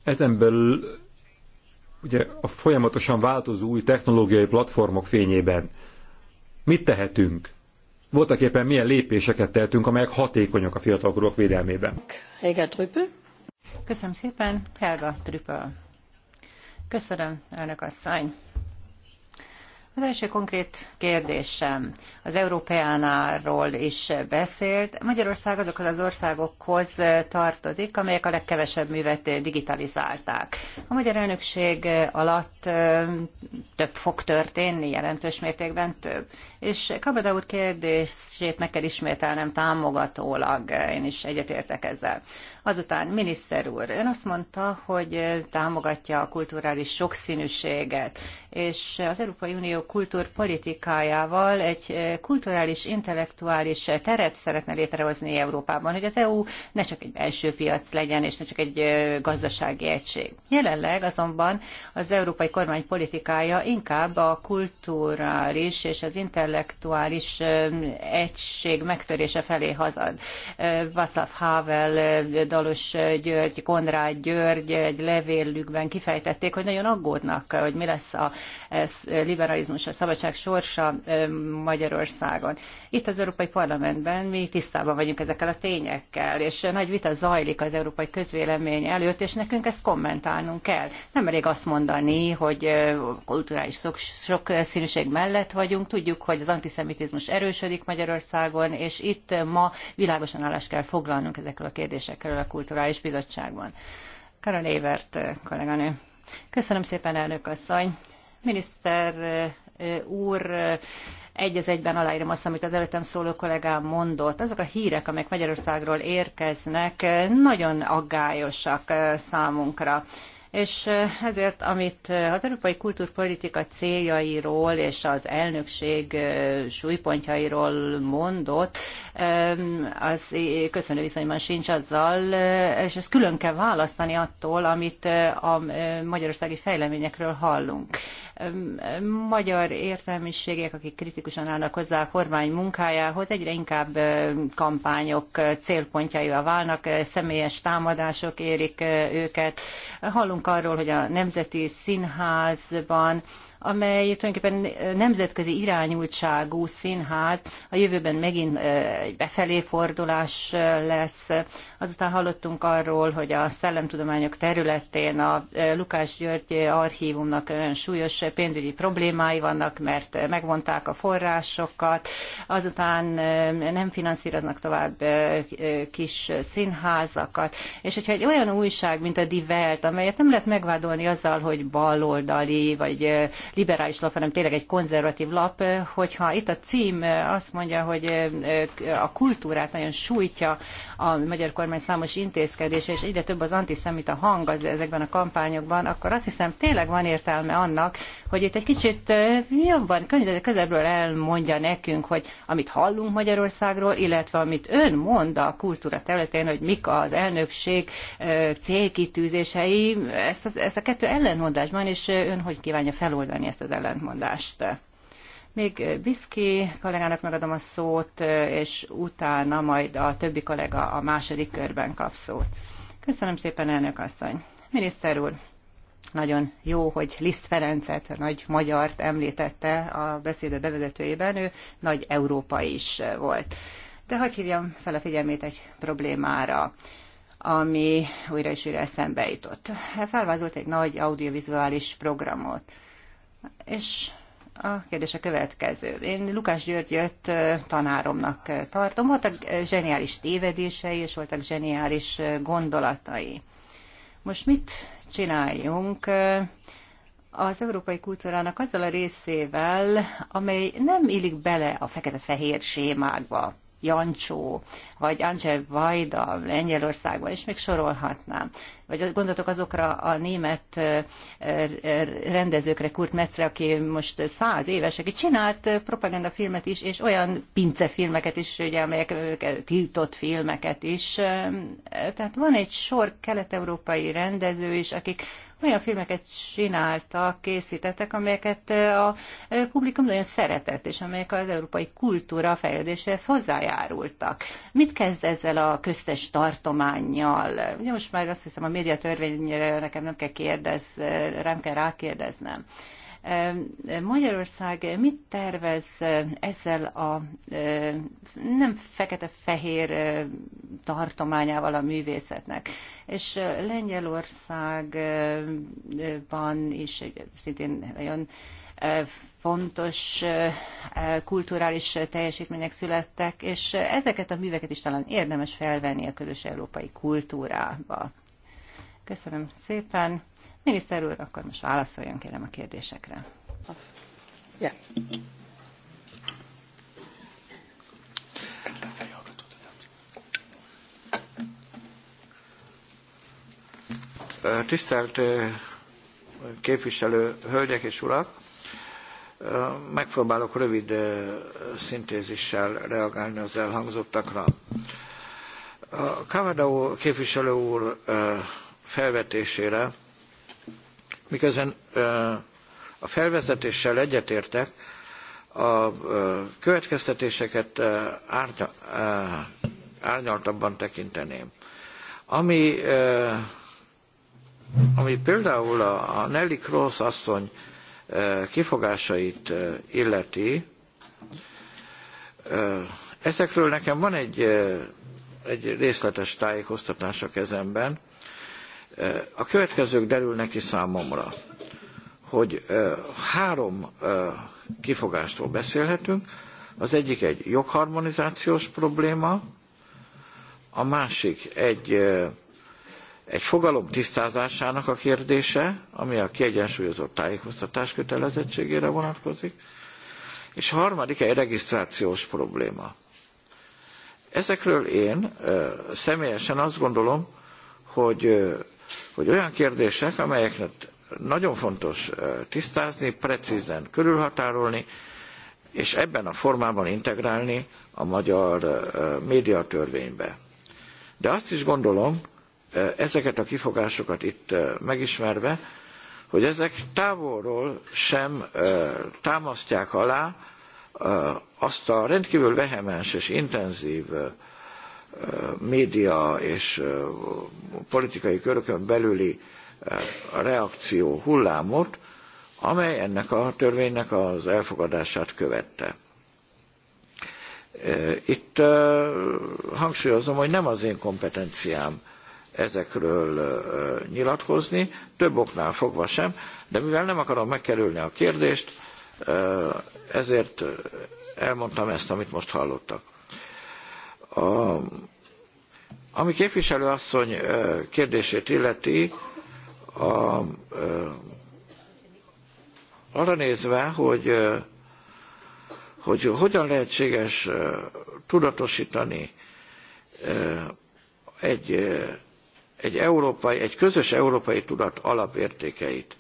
[SPEAKER 2] Ezen belül ugye a folyamatosan változó új technológiai platformok fényében mit tehetünk? Voltak éppen milyen lépéseket tehetünk, amelyek hatékonyak a fiatalkorok védelmében?
[SPEAKER 4] Helga Trüppel. Köszönöm szépen, Helga Trüppel. Köszönöm, elnök asszony. Az első konkrét kérdésem az Európeánáról is beszélt. Magyarország azokhoz az országokhoz tartozik, amelyek a legkevesebb művet digitalizálták. A magyar elnökség alatt több fog történni, jelentős mértékben több. És Kabada úr kérdését meg kell ismételnem támogatólag, én is egyetértek ezzel. Azután miniszter úr, ön azt mondta, hogy támogatja a kulturális sokszínűséget, és az Európai Unió politikájával egy eh, kulturális, intellektuális eh, teret szeretne létrehozni Európában, hogy az EU ne csak egy belső piac legyen, és ne csak egy eh, gazdasági egység. Jelenleg azonban az európai kormány politikája inkább a kulturális és az intellektuális egység megtörése felé hazad. Václav Havel, Dalos György, Konrád György egy levélükben kifejtették, hogy nagyon aggódnak, hogy mi lesz a liberalizmus és a szabadság sorsa Magyarországon. Itt az Európai Parlamentben mi tisztában vagyunk ezekkel a tényekkel, és nagy vita zajlik az európai közvélemény előtt, és nekünk ezt kommentálnunk kell. Nem elég azt mondani, hogy kulturális sok, sok színűség mellett vagyunk, tudjuk, hogy az antiszemitizmus erősödik Magyarországon, és itt ma világosan állás kell foglalnunk ezekről a kérdésekről a Kulturális Bizottságban. Karol Évert kolléganő. Köszönöm szépen, elnök asszony. Miniszter úr, egy az egyben aláírom azt, amit az előttem szóló kollégám mondott. Azok a hírek, amelyek Magyarországról érkeznek, nagyon aggályosak számunkra és ezért, amit az európai kultúrpolitika céljairól és az elnökség súlypontjairól mondott, az köszönő viszonyban sincs azzal, és ezt külön kell választani attól, amit a magyarországi fejleményekről hallunk magyar értelmiségek, akik kritikusan állnak hozzá a kormány munkájához, egyre inkább kampányok célpontjaira válnak, személyes támadások érik őket. Hallunk arról, hogy a Nemzeti Színházban amely tulajdonképpen nemzetközi irányultságú színház, a jövőben megint egy befelé fordulás lesz. Azután hallottunk arról, hogy a szellemtudományok területén a Lukás György archívumnak súlyos pénzügyi problémái vannak, mert megvonták a forrásokat, azután nem finanszíroznak tovább kis színházakat, és hogyha egy olyan újság, mint a Die Welt, amelyet nem lehet megvádolni azzal, hogy baloldali, vagy liberális lap, hanem tényleg egy konzervatív lap, eh, hogyha itt a cím eh, azt mondja, hogy eh, a kultúrát nagyon sújtja a magyar kormány számos intézkedése, és egyre több az antiszemita hang az ezekben a kampányokban, akkor azt hiszem tényleg van értelme annak, hogy itt egy kicsit jobban, közelről elmondja nekünk, hogy amit hallunk Magyarországról, illetve amit ön mond a kultúra területén, hogy mik az elnökség célkitűzései, ezt, ezt a kettő ellenmondásban, és ön hogy kívánja feloldani kezelni ezt az ellentmondást. Még Biszki kollégának megadom a szót, és utána majd a többi kollega a második körben kap szót. Köszönöm szépen, elnök asszony. Miniszter úr, nagyon jó, hogy Liszt Ferencet, nagy magyart említette a beszéde bevezetőjében, ő nagy Európa is volt. De hagyj hívjam fel a figyelmét egy problémára ami újra és újra eszembe jutott. Felvázolt egy nagy audiovizuális programot és a kérdés a következő. Én Lukás Györgyöt tanáromnak tartom. Voltak zseniális tévedései, és voltak zseniális gondolatai. Most mit csináljunk az európai kultúrának azzal a részével, amely nem illik bele a fekete-fehér sémákba? Jancsó, vagy Angel Vajda Lengyelországban, és még sorolhatnám. Vagy gondoltok azokra a német rendezőkre, Kurt Metzre, aki most száz éves, aki csinált propagandafilmet is, és olyan pincefilmeket is, ugye, amelyek tiltott filmeket is. Tehát van egy sor kelet-európai rendező is, akik olyan filmeket csináltak, készítettek, amelyeket a publikum nagyon szeretett, és amelyek az európai kultúra fejlődéséhez hozzájárultak. Mit kezd ezzel a köztes tartományjal? Ugye most már azt hiszem a médiatörvényre nekem nem kell kérdez, nem kell rákérdeznem. Magyarország mit tervez ezzel a nem fekete-fehér tartományával a művészetnek? És Lengyelországban is szintén nagyon fontos kulturális teljesítmények születtek, és ezeket a műveket is talán érdemes felvenni a közös európai kultúrába. Köszönöm szépen! Miniszter úr, akkor most válaszoljon kérem a kérdésekre.
[SPEAKER 2] Ja.
[SPEAKER 1] Tisztelt képviselő hölgyek és urak! Megpróbálok rövid szintézissel reagálni az elhangzottakra. A Kavada képviselő úr felvetésére Miközben a felvezetéssel egyetértek, a következtetéseket árnyaltabban tekinteném. Ami, ami például a Nelly Cross asszony kifogásait illeti, ezekről nekem van egy, egy részletes tájékoztatás a kezemben, a következők derülnek ki számomra, hogy három kifogástól beszélhetünk. Az egyik egy jogharmonizációs probléma, a másik egy, egy fogalom tisztázásának a kérdése, ami a kiegyensúlyozott tájékoztatás kötelezettségére vonatkozik, és harmadik egy regisztrációs probléma. Ezekről én személyesen azt gondolom, hogy hogy olyan kérdések, amelyeket nagyon fontos tisztázni, precízen körülhatárolni, és ebben a formában integrálni a magyar médiatörvénybe. De azt is gondolom, ezeket a kifogásokat itt megismerve, hogy ezek távolról sem támasztják alá azt a rendkívül vehemens és intenzív média és politikai körökön belüli reakció hullámot, amely ennek a törvénynek az elfogadását követte. Itt hangsúlyozom, hogy nem az én kompetenciám ezekről nyilatkozni, több oknál fogva sem, de mivel nem akarom megkerülni a kérdést, ezért elmondtam ezt, amit most hallottak. A, ami képviselő asszony kérdését illeti, a, arra nézve, hogy, hogy hogyan lehetséges tudatosítani egy, egy, európai, egy közös európai tudat alapértékeit,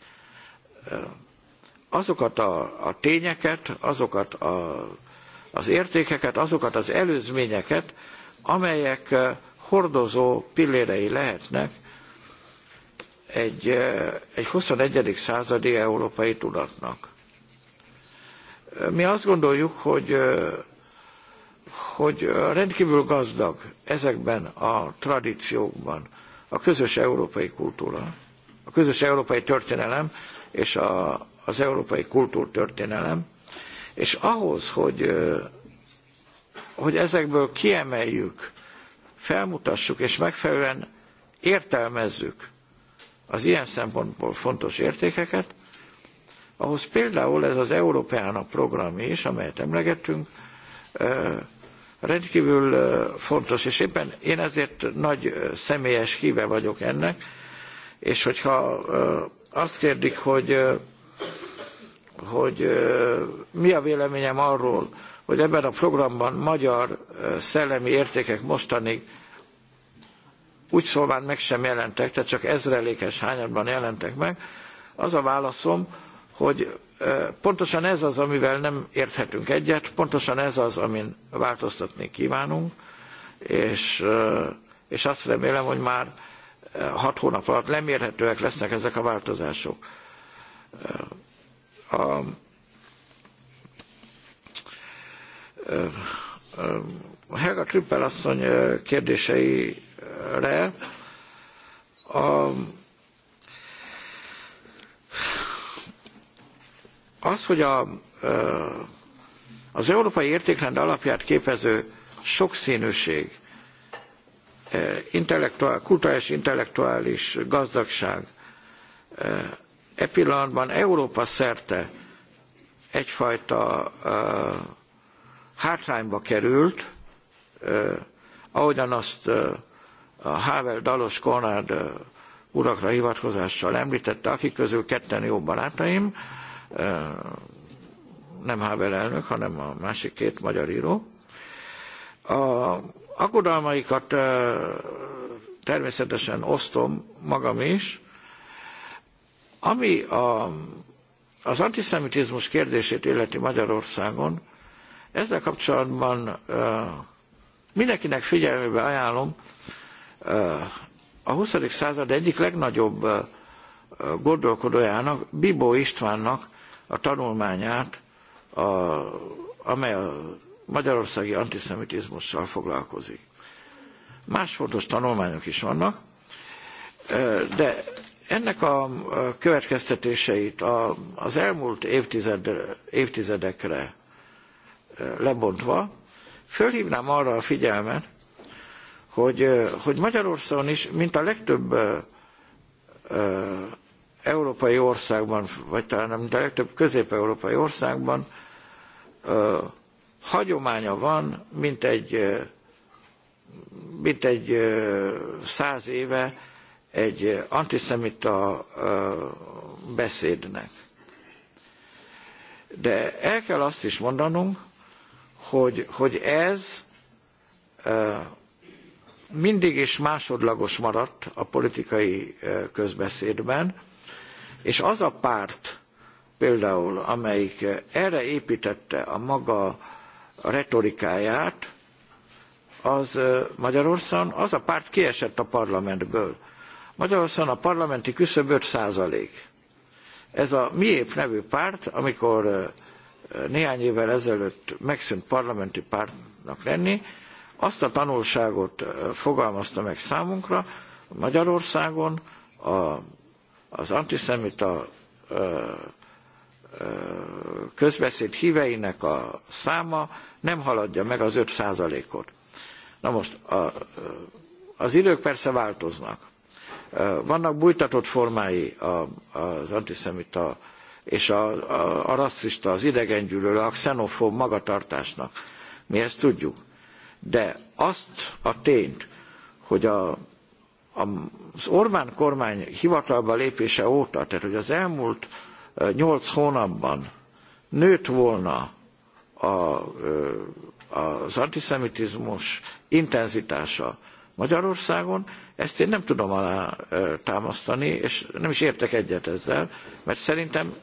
[SPEAKER 1] azokat a, a tényeket, azokat a az értékeket, azokat az előzményeket, amelyek eh, hordozó pillérei lehetnek egy, eh, egy 21. századi európai tudatnak. Mi azt gondoljuk, hogy, eh, hogy rendkívül gazdag ezekben a tradíciókban a közös európai kultúra, a közös európai történelem és a, az európai kultúrtörténelem, és ahhoz, hogy, hogy ezekből kiemeljük, felmutassuk és megfelelően értelmezzük az ilyen szempontból fontos értékeket, ahhoz például ez az Európeának program is, amelyet emlegettünk, rendkívül fontos, és éppen én ezért nagy személyes híve vagyok ennek, és hogyha azt kérdik, hogy hogy mi a véleményem arról, hogy ebben a programban magyar szellemi értékek mostanig úgy szólván meg sem jelentek, tehát csak ezrelékes hányadban jelentek meg, az a válaszom, hogy pontosan ez az, amivel nem érthetünk egyet, pontosan ez az, amin változtatni kívánunk, és, és azt remélem, hogy már hat hónap alatt lemérhetőek lesznek ezek a változások. A Helga Trüppel asszony kérdéseire a, az, hogy a, az európai értékrend alapját képező sokszínűség, intellektuál, kulturális, intellektuális gazdagság e pillanatban Európa szerte egyfajta uh, hátrányba került, uh, ahogyan azt uh, a Havel Dalos Konrád uh, urakra hivatkozással említette, akik közül ketten jó barátaim, uh, nem Havel elnök, hanem a másik két magyar író. A aggodalmaikat uh, természetesen osztom magam is, ami a, az antiszemitizmus kérdését illeti Magyarországon, ezzel kapcsolatban mindenkinek figyelmébe ajánlom a 20. század egyik legnagyobb gondolkodójának, Bibó Istvánnak a tanulmányát, a, amely a magyarországi antiszemitizmussal foglalkozik. Más fontos tanulmányok is vannak, de ennek a következtetéseit az elmúlt évtized, évtizedekre e, lebontva fölhívnám arra a figyelmet, hogy, e, hogy Magyarországon is, mint a legtöbb e, európai országban, vagy talán mint a legtöbb közép-európai országban hagyománya van, mint egy, mint egy száz éve, egy eh, antiszemita eh, beszédnek. De el kell azt is mondanunk, hogy, hogy ez eh, mindig is másodlagos maradt a politikai közbeszédben, és az a párt például, amelyik erre építette a maga retorikáját, az Magyarországon, az a párt kiesett a parlamentből. Magyarországon a parlamenti küszöb 5 százalék. Ez a Miép nevű párt, amikor néhány évvel ezelőtt megszűnt parlamenti pártnak lenni, azt a tanulságot fogalmazta meg számunkra, Magyarországon a, az antiszemita közbeszéd híveinek a száma nem haladja meg az 5%-ot. Na most a, az idők persze változnak. Vannak bújtatott formái az antiszemita és a, a, a rasszista, az idegengyűlölő, a xenofób magatartásnak. Mi ezt tudjuk. De azt a tényt, hogy a, az Orbán kormány hivatalba lépése óta, tehát hogy az elmúlt nyolc hónapban nőtt volna a, az antiszemitizmus intenzitása, Magyarországon ezt én nem tudom alá támasztani, és nem is értek egyet ezzel, mert szerintem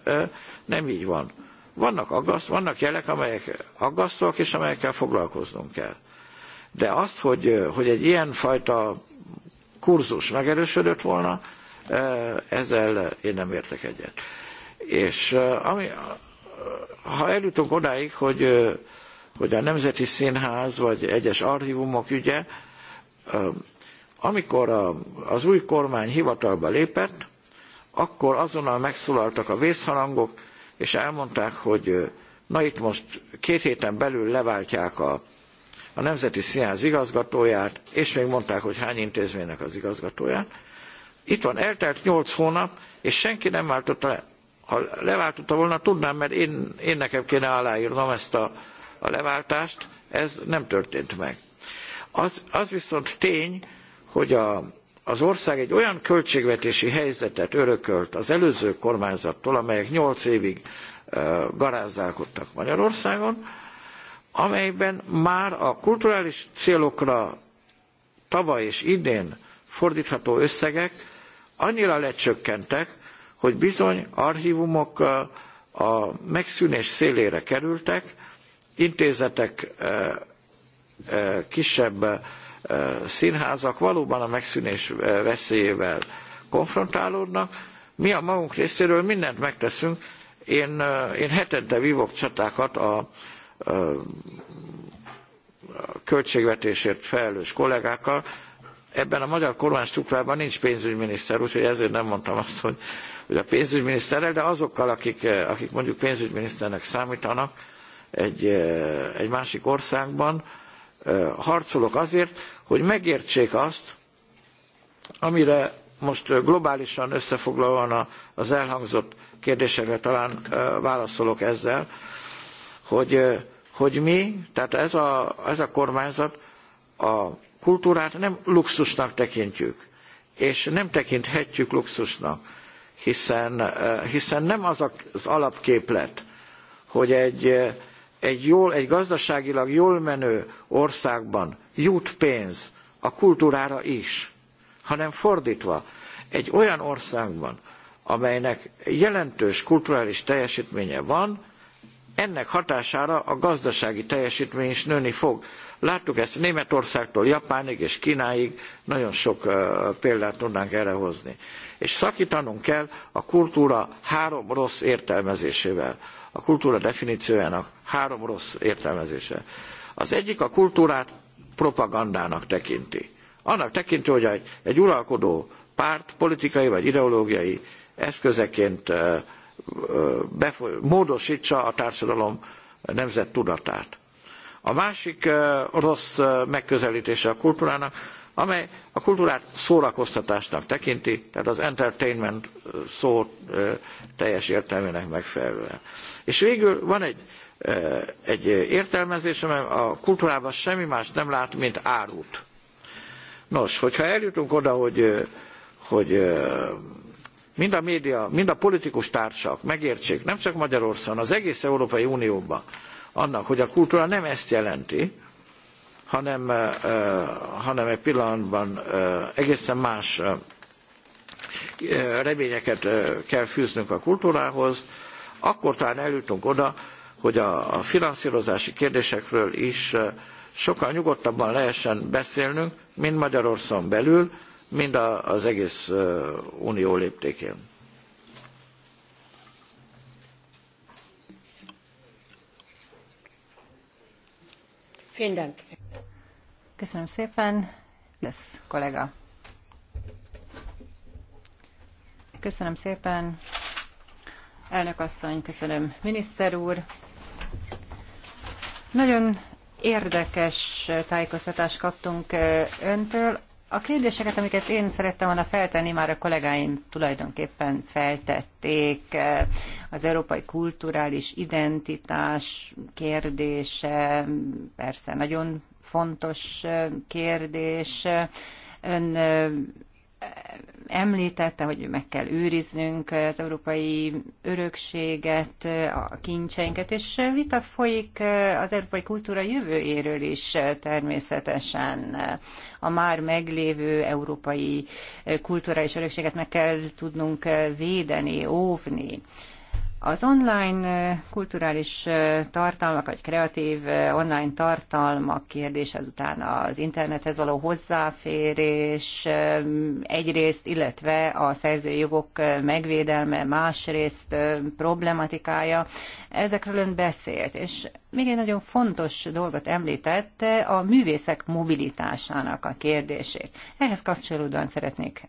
[SPEAKER 1] nem így van. Vannak, aggaszt, vannak jelek, amelyek aggasztóak, és amelyekkel foglalkoznunk kell. De azt, hogy, hogy egy ilyen fajta kurzus megerősödött volna, ezzel én nem értek egyet. És ami, ha eljutunk odáig, hogy, hogy a Nemzeti Színház vagy egyes archívumok ügye, amikor a, az új kormány hivatalba lépett, akkor azonnal megszólaltak a vészharangok, és elmondták, hogy na itt most két héten belül leváltják a, a Nemzeti Színház igazgatóját, és még mondták, hogy hány intézménynek az igazgatóját. Itt van, eltelt nyolc hónap, és senki nem váltotta le. Ha leváltotta volna, tudnám, mert én, én nekem kéne aláírnom ezt a, a leváltást, ez nem történt meg. Az, az viszont tény, hogy a, az ország egy olyan költségvetési helyzetet örökölt az előző kormányzattól, amelyek nyolc évig garázdálkodtak Magyarországon, amelyben már a kulturális célokra tavaly és idén fordítható összegek annyira lecsökkentek, hogy bizony archívumok a megszűnés szélére kerültek, intézetek kisebb színházak valóban a megszűnés veszélyével konfrontálódnak. Mi a magunk részéről mindent megteszünk. Én, én hetente vívok csatákat a, a, a költségvetésért felelős kollégákkal. Ebben a magyar kormánystruktúrában nincs pénzügyminiszter, úgyhogy ezért nem mondtam azt, hogy, hogy a pénzügyminiszterrel, de azokkal, akik, akik mondjuk pénzügyminiszternek számítanak egy, egy másik országban, harcolok azért, hogy megértsék azt, amire most globálisan összefoglalóan az elhangzott kérdésekre talán válaszolok ezzel, hogy, hogy mi, tehát ez a, ez a kormányzat a kultúrát nem luxusnak tekintjük, és nem tekinthetjük luxusnak, hiszen, hiszen nem az az alapképlet, hogy egy egy, jól, egy gazdaságilag jól menő országban jut pénz a kultúrára is, hanem fordítva, egy olyan országban, amelynek jelentős kulturális teljesítménye van, ennek hatására a gazdasági teljesítmény is nőni fog. Láttuk ezt Németországtól Japánig és Kínáig, nagyon sok példát tudnánk erre hozni. És szakítanunk kell a kultúra három rossz értelmezésével, a kultúra definíciójának három rossz értelmezése. Az egyik a kultúrát propagandának tekinti. Annak tekinti, hogy egy, egy uralkodó párt politikai vagy ideológiai eszközeként befo- módosítsa a társadalom nemzet tudatát. A másik rossz megközelítése a kultúrának, amely a kultúrát szórakoztatásnak tekinti, tehát az entertainment szó teljes értelmének megfelelően. És végül van egy, egy értelmezés, amely a kultúrában semmi más nem lát, mint árut. Nos, hogyha eljutunk oda, hogy, hogy mind a média, mind a politikus társak megértsék, nem csak Magyarországon, az egész Európai Unióban, annak, hogy a kultúra nem ezt jelenti, hanem, hanem egy pillanatban egészen más reményeket kell fűznünk a kultúrához, akkor talán eljutunk oda, hogy a finanszírozási kérdésekről is sokkal nyugodtabban lehessen beszélnünk, mind Magyarországon belül, mind az egész unió léptékén.
[SPEAKER 4] Köszönöm szépen. Lesz kollega. Köszönöm szépen. Elnök asszony, köszönöm miniszter úr. Nagyon érdekes tájékoztatást kaptunk öntől a kérdéseket, amiket én szerettem volna feltenni, már a kollégáim tulajdonképpen feltették. Az európai kulturális identitás kérdése, persze nagyon fontos kérdés. Ön említette, hogy meg kell őriznünk az európai örökséget, a kincseinket, és vita folyik az európai kultúra jövőjéről is természetesen. A már meglévő európai kultúra és örökséget meg kell tudnunk védeni, óvni. Az online kulturális tartalmak, vagy kreatív online tartalmak kérdése után az internethez való hozzáférés egyrészt, illetve a szerzői jogok megvédelme másrészt problematikája. Ezekről ön beszélt, és még egy nagyon fontos dolgot említette, a művészek mobilitásának a kérdését. Ehhez kapcsolódóan szeretnék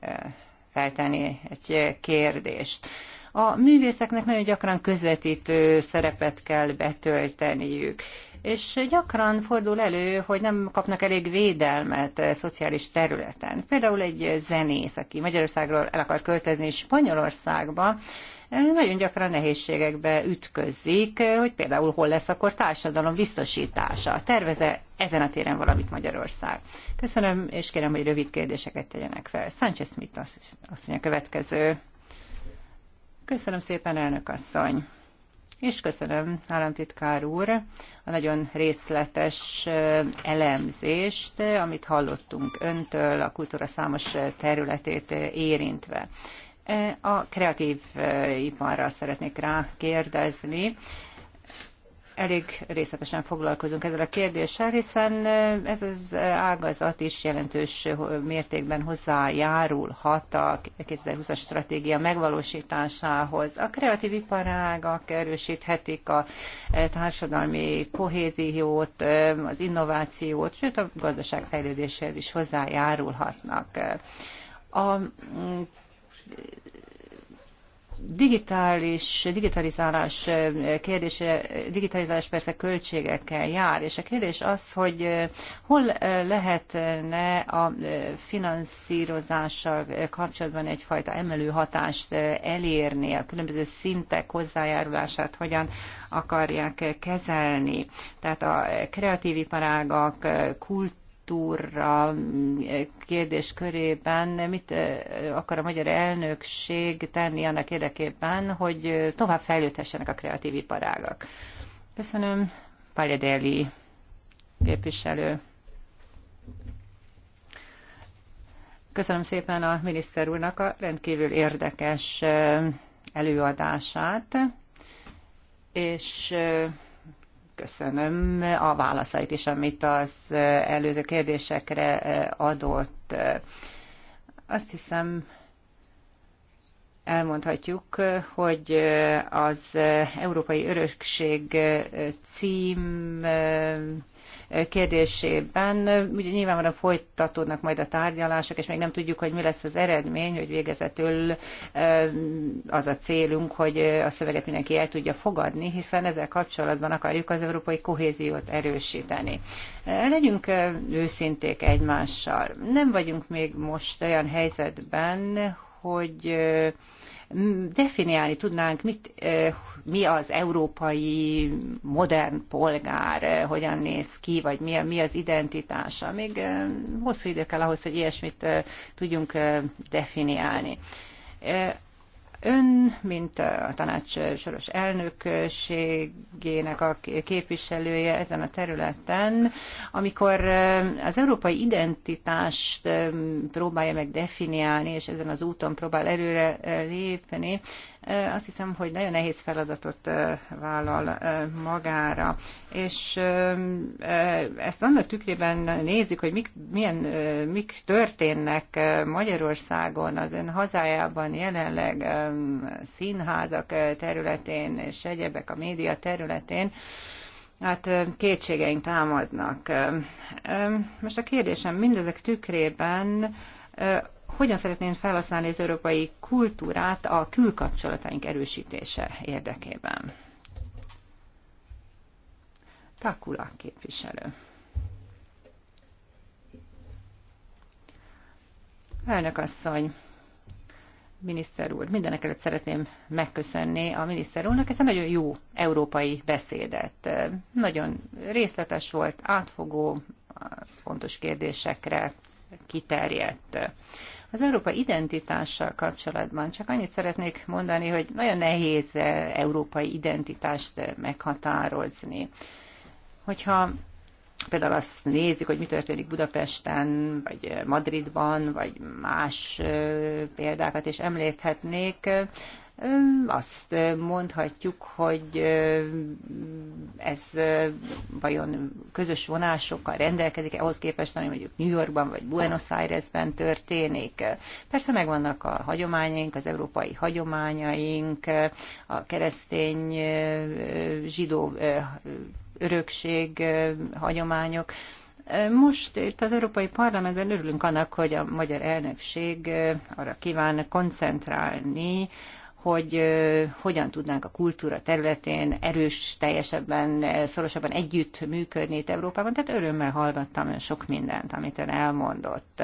[SPEAKER 4] feltenni egy kérdést. A művészeknek nagyon gyakran közvetítő szerepet kell betölteniük és gyakran fordul elő, hogy nem kapnak elég védelmet e, szociális területen. Például egy zenész, aki Magyarországról el akar költözni Spanyolországba, e, nagyon gyakran nehézségekbe ütközik, e, hogy például hol lesz akkor társadalom biztosítása. Terveze ezen a téren valamit Magyarország. Köszönöm, és kérem, hogy rövid kérdéseket tegyenek fel. Sánchez mit azt, azt mondja, következő. Köszönöm szépen, elnök asszony. És köszönöm, államtitkár úr, a nagyon részletes elemzést, amit hallottunk öntől, a kultúra számos területét érintve. E, a kreatív iparra szeretnék rá kérdezni elég részletesen foglalkozunk ezzel a kérdéssel, hiszen ez az ágazat is jelentős mértékben hozzájárulhat a 2020-as stratégia megvalósításához. A kreatív iparágak erősíthetik a társadalmi kohéziót, az innovációt, sőt a gazdaság fejlődéséhez is hozzájárulhatnak. A digitális, digitalizálás eh, kérdése, digitalizálás persze költségekkel jár, és a kérdés az, hogy eh, hol eh, lehetne a finanszírozással kapcsolatban egyfajta emelő hatást elérni, a különböző szintek hozzájárulását hogyan akarják kezelni. Tehát a kreatív iparágak, kult kultúra mm, eh, kérdés körében eh, mit eh, akar a magyar elnökség tenni annak érdekében, hogy tovább fejlődhessenek a kreatív iparágak. Köszönöm, pályadéli képviselő. Köszönöm szépen a miniszter úrnak a rendkívül érdekes előadását, és Köszönöm a válaszait is, amit az előző kérdésekre e, adott. Azt hiszem, elmondhatjuk, hogy az Európai Örökség cím kérdésében. Ugye nyilvánvalóan folytatódnak majd a tárgyalások, és még nem tudjuk, hogy mi lesz az eredmény, hogy végezetül az a célunk, hogy a szöveget mindenki el tudja fogadni, hiszen ezzel kapcsolatban akarjuk az európai kohéziót erősíteni. Legyünk őszinték egymással. Nem vagyunk még most olyan helyzetben, hogy definiálni tudnánk, mit, mi az európai modern polgár, hogyan néz ki, vagy mi, mi az identitása. Még hosszú idő kell ahhoz, hogy ilyesmit tudjunk definiálni. Ön, mint a tanács soros elnökségének a képviselője ezen a területen, amikor az európai identitást próbálja meg definiálni, és ezen az úton próbál előre lépni, azt hiszem, hogy nagyon nehéz feladatot vállal magára. És ezt annak tükrében nézzük, hogy mik, milyen, mik történnek Magyarországon, az ön hazájában jelenleg színházak területén és egyebek a média területén. Hát kétségeink támadnak. Most a kérdésem mindezek tükrében hogyan szeretnénk felhasználni az európai kultúrát a külkapcsolataink erősítése érdekében. Takula képviselő. Elnök asszony, miniszter úr, mindenek előtt szeretném megköszönni a miniszter úrnak ezt a nagyon jó európai beszédet. Nagyon részletes volt, átfogó, fontos kérdésekre kiterjedt. Az Európa identitással kapcsolatban csak annyit szeretnék mondani, hogy nagyon nehéz eh, európai identitást eh, meghatározni. Hogyha például azt nézzük, hogy mi történik Budapesten, vagy eh, Madridban, vagy más példákat is említhetnék, azt mondhatjuk, hogy ez vajon közös vonásokkal rendelkezik ahhoz képest, ami mondjuk New Yorkban vagy Buenos Airesben történik. Persze megvannak a hagyományaink, az európai hagyományaink, a keresztény zsidó örökség hagyományok, most itt az Európai Parlamentben örülünk annak, hogy a magyar elnökség arra kíván koncentrálni, hogy hogyan tudnánk a kultúra területén erős, teljesebben, szorosabban együtt működni itt Európában. Tehát örömmel hallgattam sok mindent, amit ön elmondott.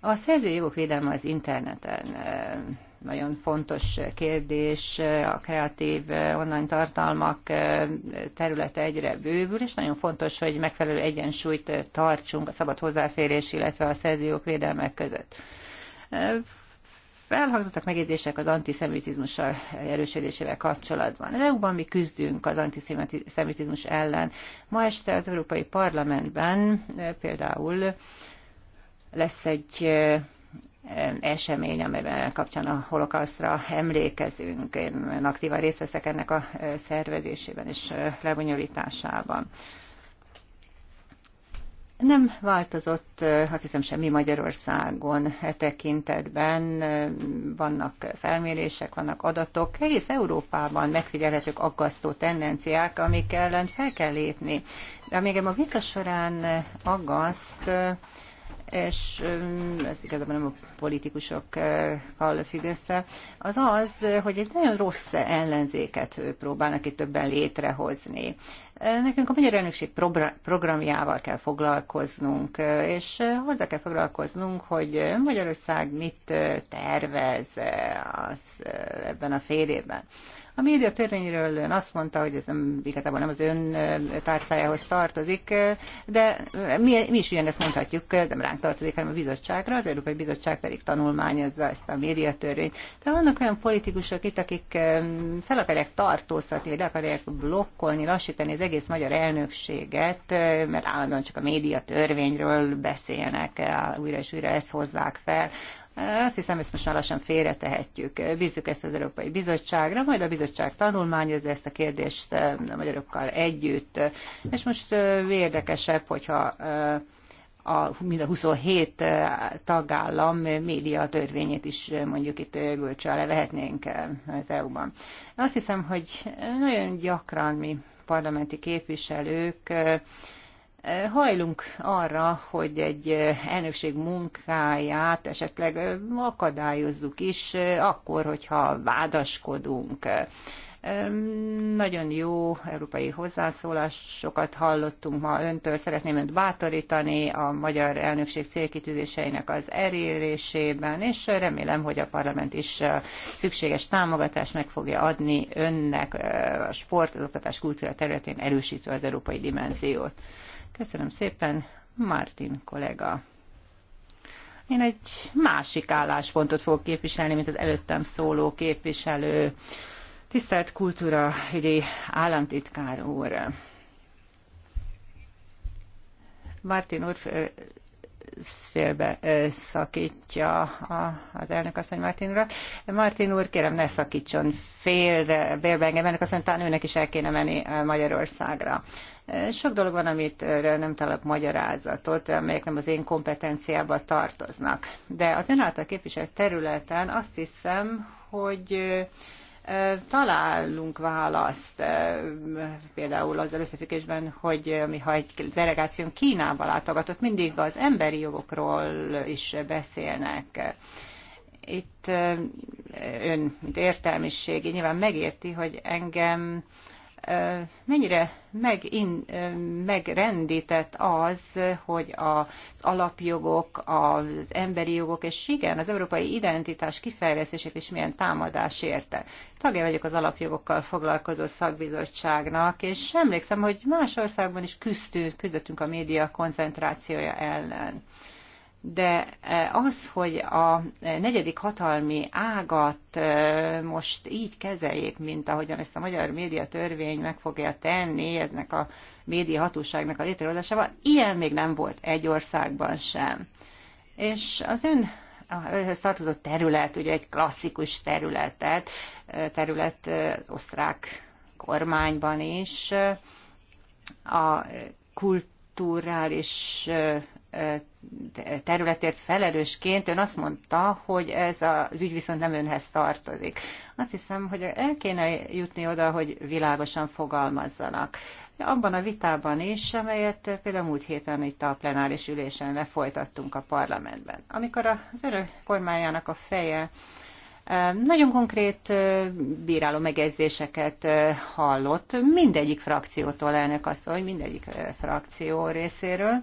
[SPEAKER 4] A szerzői jogok védelme az interneten nagyon fontos kérdés, a kreatív online tartalmak területe egyre bővül, és nagyon fontos, hogy megfelelő egyensúlyt tartsunk a szabad hozzáférés, illetve a szerzőjog védelmek között. Felhangzottak megjegyzések az antiszemitizmussal erősödésével kapcsolatban. Az EU-ban mi küzdünk az antiszemitizmus ellen. Ma este az Európai Parlamentben eh, például eh, lesz egy eh, esemény, amelyben kapcsán a holokausztra emlékezünk. Én aktívan részt veszek ennek a szervezésében és lebonyolításában. Nem változott, azt hiszem, semmi Magyarországon tekintetben. Vannak felmérések, vannak adatok. Egész Európában megfigyelhetők aggasztó tendenciák, amik ellen fel kell lépni. De amíg a vita során aggaszt, és ez igazából nem a politikusokkal függ össze, az az, hogy egy nagyon rossz ellenzéket próbálnak itt többen létrehozni. Nekünk a Magyar Elnökség programjával kell foglalkoznunk, és hozzá kell foglalkoznunk, hogy Magyarország mit tervez az, ebben a fél évben. A média törvényről ön azt mondta, hogy ez nem, igazából nem az ön tárcájához tartozik, de mi, mi is ugyanezt mondhatjuk, nem ránk tartozik, hanem a bizottságra, az Európai Bizottság pedig tanulmányozza ezt a médiatörvényt. Tehát vannak olyan politikusok itt, akik fel akarják tartóztatni, vagy le akarják blokkolni, lassítani az egész magyar elnökséget, mert állandóan csak a médiatörvényről beszélnek, újra és újra ezt hozzák fel. Azt hiszem, ezt most már lassan félretehetjük. Bízzuk ezt az Európai Bizottságra, majd a bizottság tanulmányozza ezt a kérdést eh, a magyarokkal együtt. És most eh, érdekesebb, hogyha eh, a, mind a 27 tagállam média törvényét is mondjuk itt gölcsön alá vehetnénk az EU-ban. Azt hiszem, hogy nagyon gyakran mi parlamenti képviselők hajlunk arra, hogy egy elnökség munkáját esetleg akadályozzuk is, akkor, hogyha vádaskodunk. Nagyon jó európai hozzászólásokat hallottunk ma öntől. Szeretném önt bátorítani a magyar elnökség célkitűzéseinek az elérésében, és remélem, hogy a parlament is szükséges támogatást meg fogja adni önnek a sport, az oktatás kultúra területén erősítve az európai dimenziót. Köszönöm szépen, Martin kollega. Én egy másik álláspontot fogok képviselni, mint az előttem szóló képviselő. Tisztelt Kultúra ügyi államtitkár úr! Martin úr félbe szakítja az elnök asszony Martinra. Martin úr, kérem, ne szakítson félre, félbe engem, ennek azt mondta, őnek is el kéne menni Magyarországra. Sok dolog van, amit nem találok magyarázatot, amelyek nem az én kompetenciába tartoznak. De az ön által képviselt területen azt hiszem, hogy találunk választ, például az összefüggésben, hogy ha egy delegáción Kínába látogatott, mindig az emberi jogokról is beszélnek. Itt ön, mint értelmiségi, nyilván megérti, hogy engem mennyire megin, megrendített az, hogy az alapjogok, az emberi jogok, és igen, az európai identitás kifejlesztését is milyen támadás érte. Tagja vagyok az alapjogokkal foglalkozó szakbizottságnak, és emlékszem, hogy más országban is küzdtünk, küzdöttünk a média koncentrációja ellen de eh, az, hogy a eh, negyedik hatalmi ágat eh, most így kezeljék, mint ahogyan ezt a magyar törvény meg fogja tenni, eznek a média hatóságnak a létrehozásával, ilyen még nem volt egy országban sem. És az ön Őhöz tartozó terület, ugye egy klasszikus területet, terület az osztrák kormányban is, a kulturális területért felelősként ön azt mondta, hogy ez az ügy viszont nem önhez tartozik. Azt hiszem, hogy el kéne jutni oda, hogy világosan fogalmazzanak. Abban a vitában is, amelyet például múlt héten itt a plenáris ülésen lefolytattunk a parlamentben. Amikor az örök kormányának a feje nagyon konkrét bíráló megjegyzéseket hallott mindegyik frakciótól, elnök asszony, mindegyik frakció részéről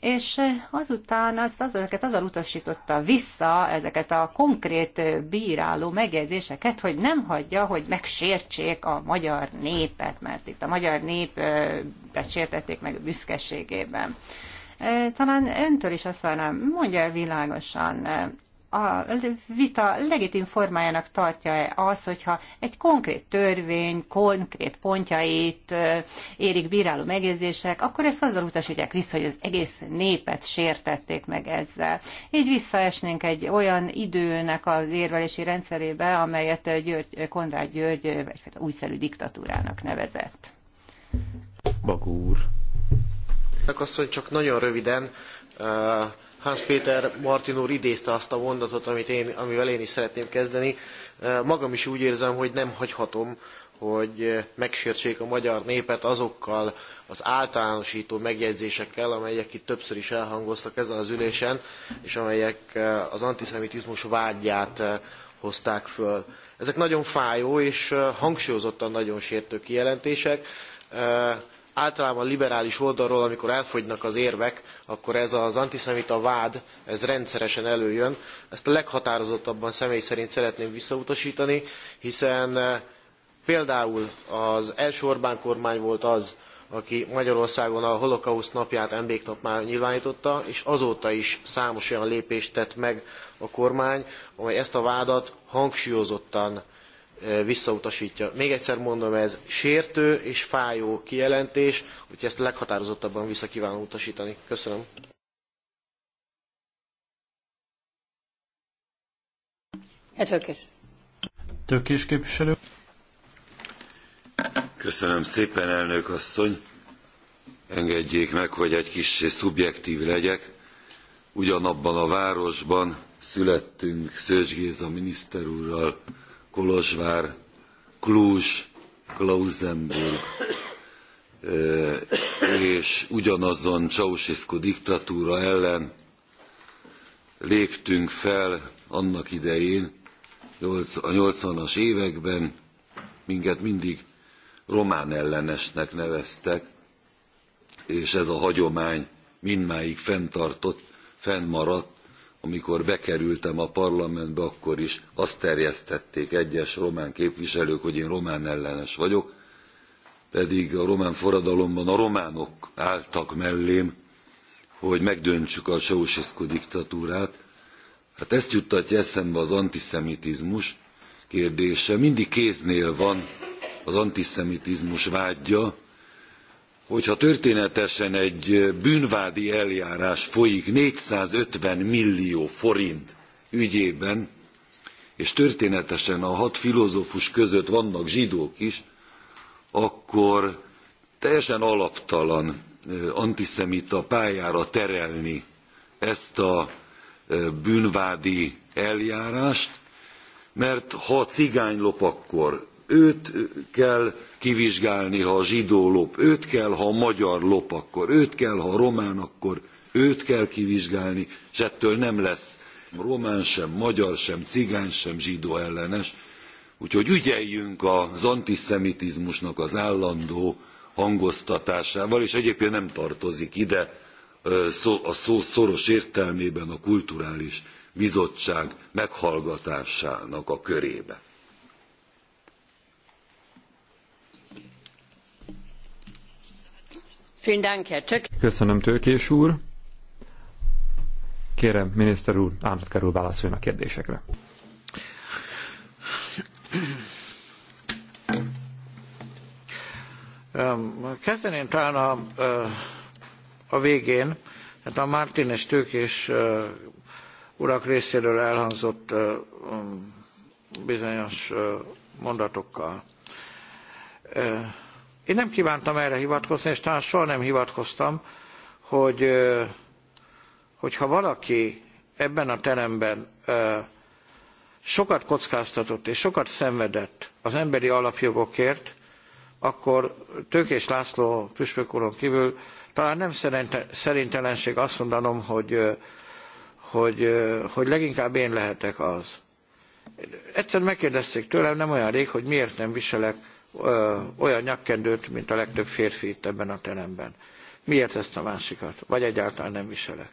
[SPEAKER 4] és eh, azután azt, az ezeket azzal utasította vissza ezeket a konkrét eh, bíráló megjegyzéseket, hogy nem hagyja, hogy megsértsék a magyar népet, mert itt a magyar nép eh, sértették meg a büszkeségében. Talán öntől is azt mondanám, mondja világosan, a vita legitim formájának tartja-e az, hogyha egy konkrét törvény, konkrét pontjait érik bíráló megjegyzések, akkor ezt azzal utasítják vissza, hogy az egész népet sértették meg ezzel. Így visszaesnénk egy olyan időnek az érvelési rendszerébe, amelyet György, Kondrát György egyfajta újszerű diktatúrának nevezett.
[SPEAKER 1] Bagúr.
[SPEAKER 8] Azt, hogy csak nagyon röviden uh Hans Péter Martin úr idézte azt a mondatot, amit én, amivel én is szeretném kezdeni. Magam is úgy érzem, hogy nem hagyhatom, hogy megsértsék a magyar népet azokkal az általánosító megjegyzésekkel, amelyek itt többször is elhangoztak ezen az ülésen, és amelyek az antiszemitizmus vágyát hozták föl. Ezek nagyon fájó és hangsúlyozottan nagyon sértő kijelentések általában liberális oldalról, amikor elfogynak az érvek, akkor ez az antiszemita vád, ez rendszeresen előjön. Ezt a leghatározottabban személy szerint szeretném visszautasítani, hiszen eh, például az első Orbán kormány volt az, aki Magyarországon a holokauszt napját emléknapnál nyilvánította, és azóta is számos olyan lépést tett meg a kormány, amely ezt a vádat hangsúlyozottan visszautasítja. Még egyszer mondom, ez sértő és fájó kijelentés, úgyhogy ezt leghatározottabban vissza kívánom utasítani. Köszönöm.
[SPEAKER 4] Tökés.
[SPEAKER 5] Tökés képviselő.
[SPEAKER 6] Köszönöm szépen, elnök asszony. Engedjék meg, hogy egy kis szubjektív legyek. Ugyanabban a városban születtünk Szőcs Géza miniszter úrral Kolozsvár, Klúzs, Klausenburg, és ugyanazon Ceausescu diktatúra ellen léptünk fel annak idején, a 80-as években, minket mindig román ellenesnek neveztek, és ez a hagyomány mindmáig fenntartott, fennmaradt, amikor bekerültem a parlamentbe, akkor is azt terjesztették egyes román képviselők, hogy én román ellenes vagyok, pedig a román forradalomban a románok álltak mellém, hogy megdöntsük a Ceausescu diktatúrát. Hát ezt juttatja eszembe az antiszemitizmus kérdése. Mindig kéznél van az antiszemitizmus vágya, hogyha történetesen egy bűnvádi eljárás folyik 450 millió forint ügyében, és történetesen a hat filozófus között vannak zsidók is, akkor teljesen alaptalan antiszemita pályára terelni ezt a bűnvádi eljárást, mert ha cigány lop, akkor őt kell kivizsgálni, ha a zsidó lop, őt kell, ha a magyar lop, akkor őt kell, ha a román, akkor őt kell kivizsgálni, és ettől nem lesz román sem, magyar sem, cigány sem zsidó ellenes. Úgyhogy ügyeljünk az antiszemitizmusnak az állandó hangoztatásával, és egyébként nem tartozik ide a szó szoros értelmében a kulturális bizottság meghallgatásának a körébe.
[SPEAKER 2] Köszönöm, Tőkés úr. Kérem, miniszter úr, államtitkár úr válaszoljon a kérdésekre.
[SPEAKER 1] Kezdeném talán a, a végén, hát a Mártin és Tőkés urak részéről elhangzott bizonyos mondatokkal. Én nem kívántam erre hivatkozni, és talán soha nem hivatkoztam, hogy hogyha valaki ebben a teremben sokat kockáztatott és sokat szenvedett az emberi alapjogokért, akkor Tőkés László püspök úron kívül talán nem szerintelenség azt mondanom, hogy, hogy, hogy leginkább én lehetek az. Egyszer megkérdezték tőlem, nem olyan rég, hogy miért nem viselek olyan nyakkendőt, mint a legtöbb férfi itt ebben a teremben. Miért ezt a másikat? Vagy egyáltalán nem viselek.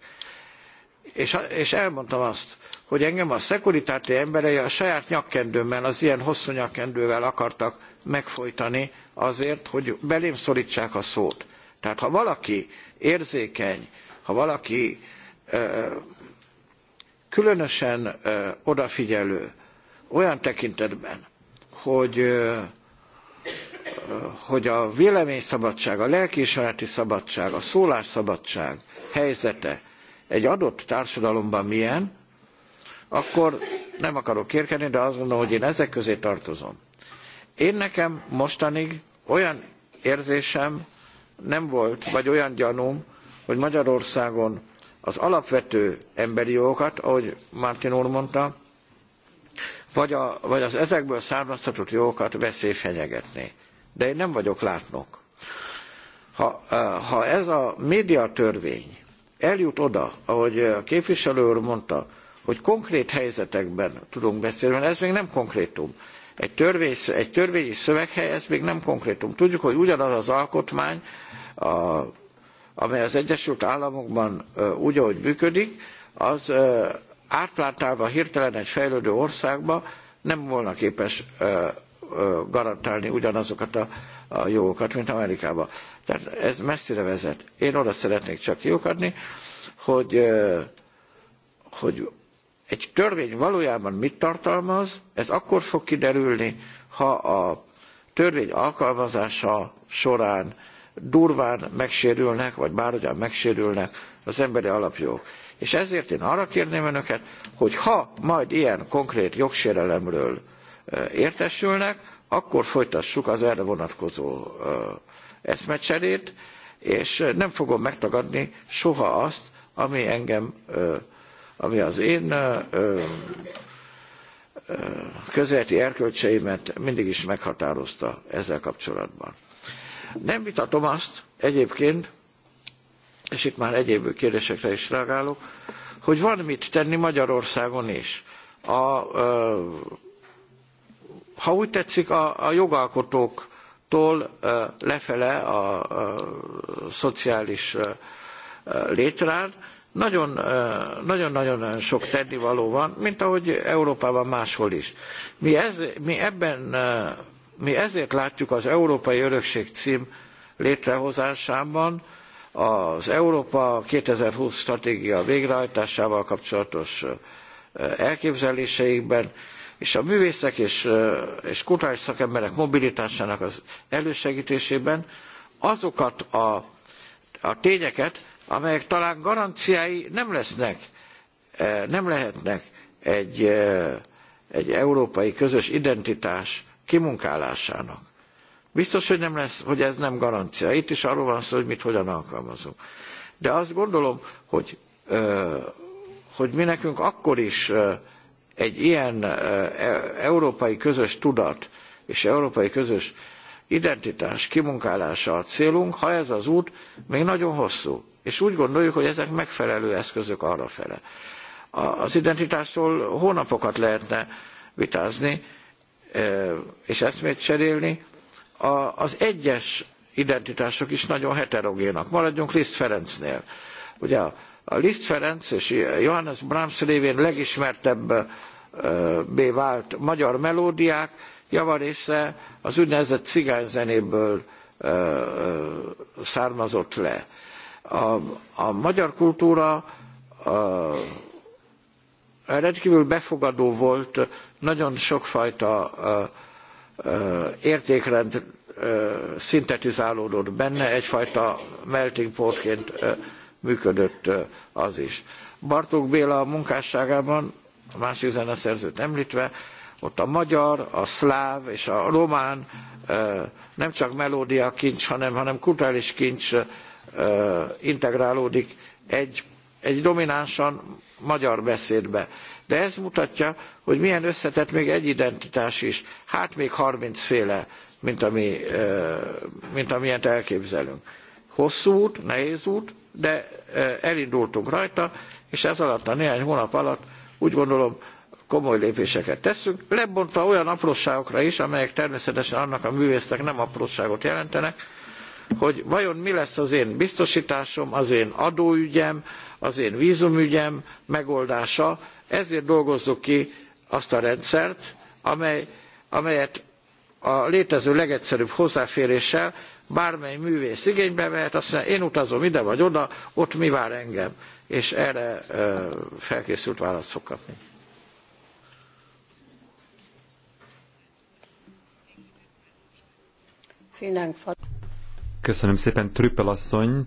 [SPEAKER 1] És, és elmondtam azt, hogy engem a szekuritáti emberei a saját nyakkendőmmel, az ilyen hosszú nyakkendővel akartak megfojtani azért, hogy belém szorítsák a szót. Tehát ha valaki érzékeny, ha valaki ö, különösen ö, odafigyelő olyan tekintetben, hogy ö, hogy a véleményszabadság, a lelkiismereti szabadság, a szólásszabadság helyzete egy adott társadalomban milyen, akkor nem akarok kérkedni, de azt gondolom, hogy én ezek közé tartozom. Én nekem mostanig olyan érzésem nem volt, vagy olyan gyanúm, hogy Magyarországon az alapvető emberi jogokat, ahogy Martin úr mondta, vagy, a, vagy az ezekből származtatott jogokat veszély fenyegetné de én nem vagyok látnok. Ha, ha ez a médiatörvény eljut oda, ahogy a képviselő úr mondta, hogy konkrét helyzetekben tudunk beszélni, mert ez még nem konkrétum. Egy, törvény, egy törvényi szöveghely, ez még nem konkrétum. Tudjuk, hogy ugyanaz az alkotmány, a, amely az Egyesült Államokban úgy, ahogy működik, az átplátálva hirtelen egy fejlődő országba nem volna képes garantálni ugyanazokat a, a jogokat, mint Amerikában. Tehát ez messzire vezet. Én oda szeretnék csak kiukadni, hogy, hogy egy törvény valójában mit tartalmaz, ez akkor fog kiderülni, ha a törvény alkalmazása során durván megsérülnek, vagy bárhogyan megsérülnek az emberi alapjogok. És ezért én arra kérném önöket, hogy ha majd ilyen konkrét jogsérelemről értesülnek, akkor folytassuk az erre vonatkozó eszmecserét, és nem fogom megtagadni soha azt, ami engem, ami az én közéleti erkölcseimet mindig is meghatározta ezzel kapcsolatban. Nem vitatom azt egyébként, és itt már egyéb kérdésekre is reagálok, hogy van mit tenni Magyarországon is. A ha úgy tetszik, a, a jogalkotóktól lefele a, a szociális létrán nagyon-nagyon sok tennivaló van, mint ahogy Európában máshol is. Mi, ez, mi, ebben, mi ezért látjuk az Európai Örökség cím létrehozásában, az Európa 2020 stratégia végrehajtásával kapcsolatos elképzeléseikben, és a művészek és, és kulturális szakemberek mobilitásának az elősegítésében azokat a, a tényeket, amelyek talán garanciái nem lesznek, nem lehetnek egy, egy európai közös identitás kimunkálásának. Biztos, hogy, nem lesz, hogy ez nem garancia. Itt is arról van szó, hogy mit hogyan alkalmazunk. De azt gondolom, hogy, hogy mi nekünk akkor is egy ilyen e, európai közös tudat és európai közös identitás kimunkálása a célunk, ha ez az út még nagyon hosszú, és úgy gondoljuk, hogy ezek megfelelő eszközök arrafele. Az identitásról hónapokat lehetne vitázni, és eszmét cserélni. Az egyes identitások is nagyon heterogénak. Maradjunk Liszt Ferencnél. Ugye a Liszt Ferenc és Johannes Brahms révén legismertebbé vált magyar melódiák javarésze az úgynevezett cigányzenéből származott le. A, a magyar kultúra a, rendkívül befogadó volt nagyon sokfajta értékrend szintetizálódott benne, egyfajta melting potként működött az is. Bartók Béla a munkásságában, a másik zeneszerzőt említve, ott a magyar, a szláv és a román nem csak melódia kincs, hanem, hanem kulturális kincs integrálódik egy, egy dominánsan magyar beszédbe. De ez mutatja, hogy milyen összetett még egy identitás is. Hát még 30 féle, mint, ami, mint amilyet elképzelünk. Hosszú út, nehéz út, de elindultunk rajta, és ez alatt a néhány hónap alatt úgy gondolom komoly lépéseket teszünk, lebontva olyan apróságokra is, amelyek természetesen annak a művésznek nem apróságot jelentenek, hogy vajon mi lesz az én biztosításom, az én adóügyem, az én vízumügyem megoldása, ezért dolgozzuk ki azt a rendszert, amely, amelyet a létező legegyszerűbb hozzáféréssel bármely művész igénybe vehet, azt mondja, én utazom ide vagy oda, ott mi vár engem. És erre felkészült választ fog kapni.
[SPEAKER 2] Köszönöm szépen, Trüppel asszony.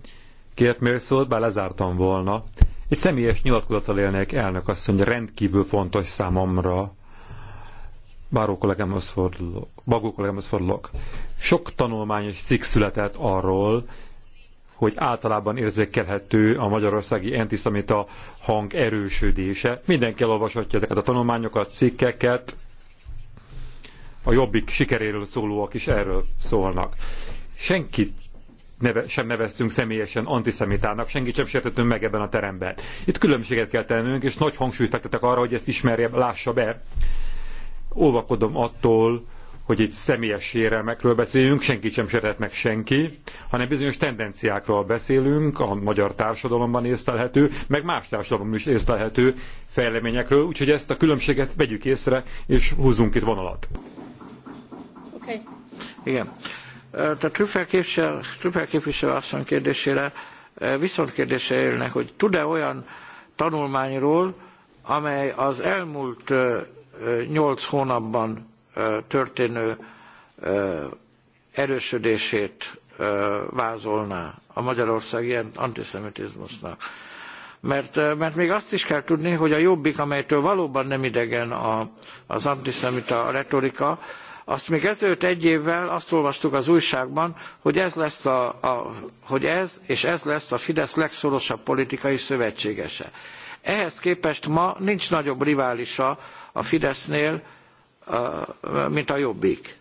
[SPEAKER 2] Kért szólt, bár lezártam volna. Egy személyes nyilatkozattal élnék elnök asszony, rendkívül fontos számomra Báró kollégámhoz fordulok, Bagó kollégámhoz fordulok. Sok tanulmányos cikk született arról, hogy általában érzékelhető a magyarországi antiszemita hang erősödése. Mindenki olvashatja ezeket a tanulmányokat, cikkeket. A jobbik sikeréről szólóak is erről szólnak. Senkit neve, sem neveztünk személyesen antiszemitának, senki sem sértettünk meg ebben a teremben. Itt különbséget kell tennünk, és nagy hangsúlyt fektetek arra, hogy ezt ismerje, lássa be óvakodom attól, hogy itt személyes sérelmekről beszéljünk, senki sem sérhet meg senki, hanem bizonyos tendenciákról beszélünk, a magyar társadalomban észlelhető, meg más társadalomban is észlelhető fejleményekről, úgyhogy ezt a különbséget vegyük észre, és húzzunk itt vonalat.
[SPEAKER 1] Okay. Igen. Tehát képviselő, Trüffel képviselő asszony kérdésére viszont kérdése élnek, hogy tud-e olyan tanulmányról, amely az elmúlt nyolc hónapban történő erősödését vázolná a Magyarország ilyen antiszemitizmusnak. Mert, mert még azt is kell tudni, hogy a jobbik, amelytől valóban nem idegen a, az antiszemita retorika, azt még ezelőtt egy évvel azt olvastuk az újságban, hogy ez, lesz a, a, hogy ez és ez lesz a Fidesz legszorosabb politikai szövetségese. Ehhez képest ma nincs nagyobb riválisa a Fidesznél, mint a Jobbik.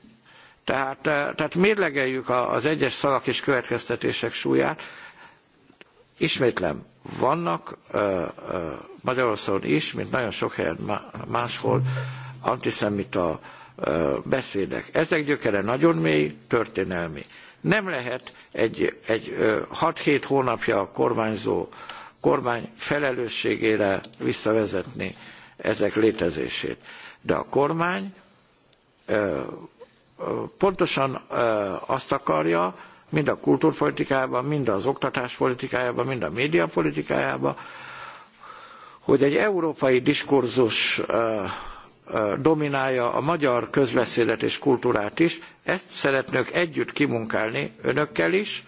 [SPEAKER 1] Tehát, tehát mérlegeljük az egyes szavak és következtetések súlyát. Ismétlem, vannak Magyarországon is, mint nagyon sok helyen máshol, antiszemita beszédek. Ezek gyökere nagyon mély, történelmi. Nem lehet egy, egy 6-7 hónapja kormányzó kormány felelősségére visszavezetni ezek létezését. De a kormány pontosan azt akarja, mind a kultúrpolitikájában, mind az oktatáspolitikájában, mind a médiapolitikájában, hogy egy európai diskurzus dominálja a magyar közbeszédet és kultúrát is, ezt szeretnök együtt kimunkálni önökkel is,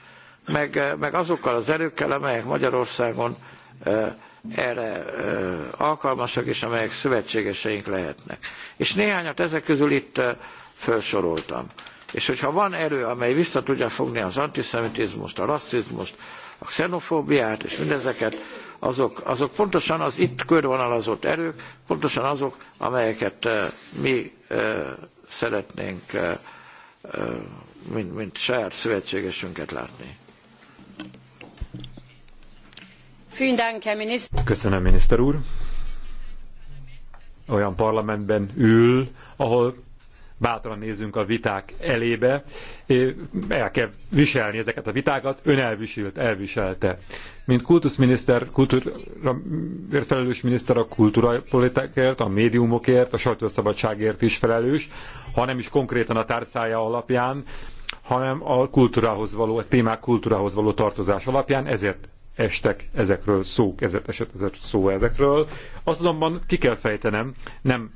[SPEAKER 1] meg, eh, meg azokkal az erőkkel, amelyek Magyarországon eh, erre eh, alkalmasak, és amelyek szövetségeseink lehetnek. És néhányat ezek közül itt felsoroltam. És hogyha van erő, amely vissza tudja fogni az antiszemitizmust, a rasszizmust, a xenofóbiát és mindezeket, azok, azok pontosan az itt körvonalazott erők, pontosan azok, amelyeket mi szeretnénk, mint, mint saját szövetségesünket látni.
[SPEAKER 2] Köszönöm, miniszter úr. Olyan parlamentben ül, ahol bátran nézünk a viták elébe, el kell viselni ezeket a vitákat, ön elviselt, elviselte. Mint kultuszminiszter, kultúra, felelős miniszter a kultúrapolitikáért, a médiumokért, a sajtószabadságért is felelős, ha nem is konkrétan a tárcája alapján, hanem a kultúrához való, a témák kultúrához való tartozás alapján, ezért estek ezekről szó, ezet eset ezek szó ezekről. Azt azonban ki kell fejtenem, nem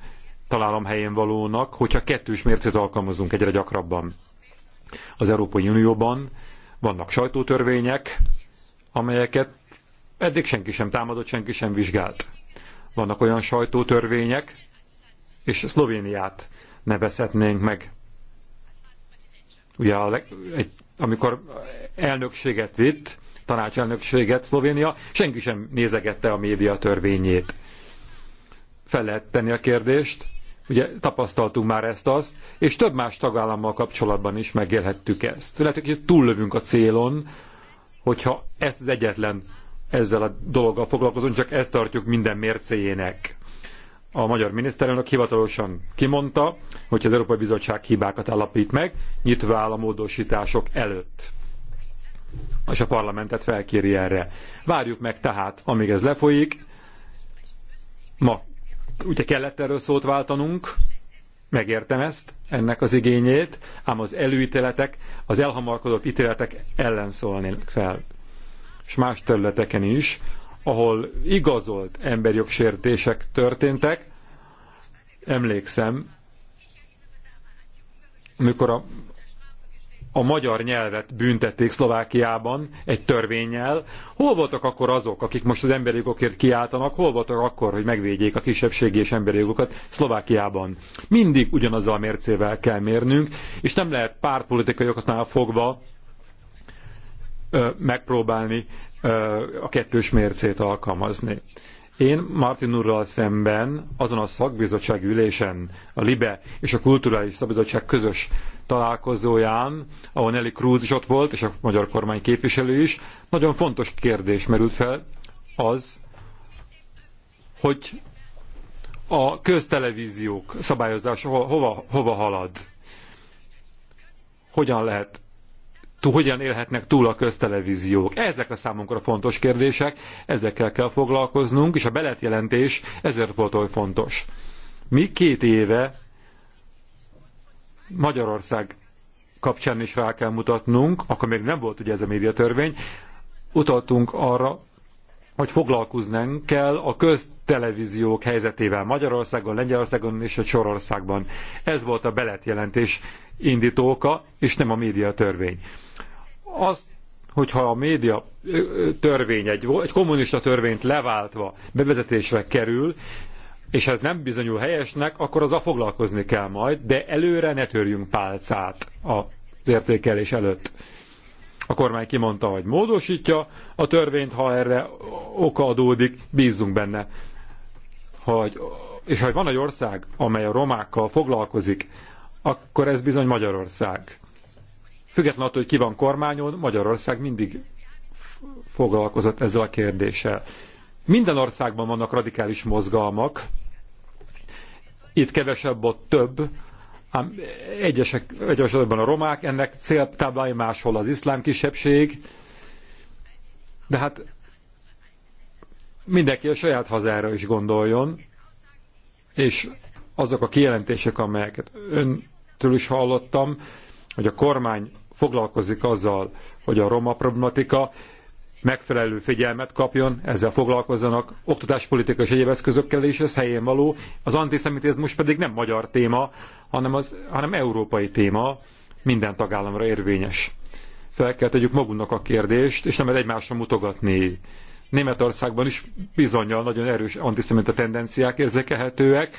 [SPEAKER 2] találom helyén valónak, hogyha kettős mércét alkalmazunk egyre gyakrabban. Az Európai Unióban vannak sajtótörvények, amelyeket eddig senki sem támadott, senki sem vizsgált. Vannak olyan sajtótörvények, és Szlovéniát nevezhetnénk meg. Ugye a leg, egy, amikor elnökséget vitt, tanácselnökséget Szlovénia, senki sem nézegette a média törvényét. Fel lehet tenni a kérdést, ugye tapasztaltunk már ezt azt, és több más tagállammal kapcsolatban is megélhettük ezt. Lehet, hogy túllövünk a célon, hogyha ezt az egyetlen ezzel a dologgal foglalkozunk, csak ezt tartjuk minden mércéjének. A magyar miniszterelnök hivatalosan kimondta, hogy az Európai Bizottság hibákat állapít meg, nyitva áll a módosítások előtt és a parlamentet felkéri erre. Várjuk meg tehát, amíg ez lefolyik. Ma ugye kellett erről szót váltanunk, megértem ezt, ennek az igényét, ám az előítéletek, az elhamarkodott ítéletek ellen szólnének fel. És más területeken is, ahol igazolt emberjogsértések történtek, emlékszem, amikor a a magyar nyelvet büntették Szlovákiában egy törvényel. Hol voltak akkor azok, akik most az emberi jogokért kiáltanak, hol voltak akkor, hogy megvédjék a kisebbségi és emberi jogokat Szlovákiában? Mindig ugyanazzal a mércével kell mérnünk, és nem lehet pártpolitikai okoknál fogva ö, megpróbálni ö, a kettős mércét alkalmazni. Én Martin úrral szemben azon a szakbizottság ülésen, a LIBE és a Kulturális Szabizottság közös találkozóján, ahol Nelly Cruz is ott volt, és a magyar kormány képviselő is, nagyon fontos kérdés merült fel, az, hogy a köztelevíziók szabályozása hova, hova halad? Hogyan lehet túl, hogyan élhetnek túl a köztelevíziók. Ezek a számunkra fontos kérdések, ezekkel kell foglalkoznunk, és a beletjelentés ezért volt oly fontos. Mi két éve Magyarország kapcsán is rá kell mutatnunk, akkor még nem volt ugye ez a médiatörvény, utaltunk arra, hogy foglalkoznánk kell a köztelevíziók helyzetével Magyarországon, Lengyelországon és a Sorországban. Ez volt a beletjelentés indítóka, és nem a média törvény. Azt hogyha a média törvény, egy, egy kommunista törvényt leváltva bevezetésre kerül, és ez nem bizonyul helyesnek, akkor azzal foglalkozni kell majd, de előre ne törjünk pálcát az értékelés előtt. A kormány kimondta, hogy módosítja a törvényt, ha erre oka adódik, bízzunk benne. Hogy, és ha van egy ország, amely a romákkal foglalkozik, akkor ez bizony Magyarország. Függetlenül attól, hogy ki van kormányon, Magyarország mindig foglalkozott ezzel a kérdéssel. Minden országban vannak radikális mozgalmak, itt kevesebb, ott több, Ám egyesek, egyes a romák, ennek céltáblái máshol az iszlám kisebbség, de hát mindenki a saját hazára is gondoljon, és azok a kijelentések, amelyeket öntől is hallottam, hogy a kormány foglalkozik azzal, hogy a roma problematika megfelelő figyelmet kapjon, ezzel foglalkozzanak oktatáspolitikai és egyéb eszközökkel, és ez helyén való. Az antiszemitizmus pedig nem magyar téma, hanem, az, hanem európai téma, minden tagállamra érvényes. Fel kell tegyük magunknak a kérdést, és nem egy egymásra mutogatni. Németországban is bizonyal nagyon erős antiszemita tendenciák érzékelhetőek.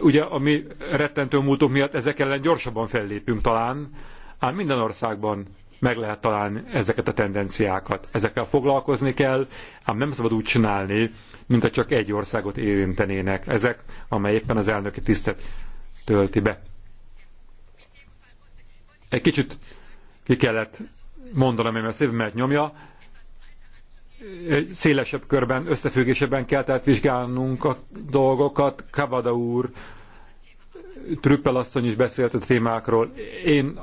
[SPEAKER 2] Ugye a mi rettentő múltunk miatt ezek ellen gyorsabban fellépünk talán, ám minden országban meg lehet találni ezeket a tendenciákat. Ezekkel foglalkozni kell, ám nem szabad úgy csinálni, mint a csak egy országot érintenének ezek, amely éppen az elnöki tisztet tölti be. Egy kicsit ki kellett mondanom, mert mert nyomja, szélesebb körben, összefüggésében kell tehát vizsgálnunk a dolgokat. Kavada úr, Trüppel asszony is beszélt a témákról. Én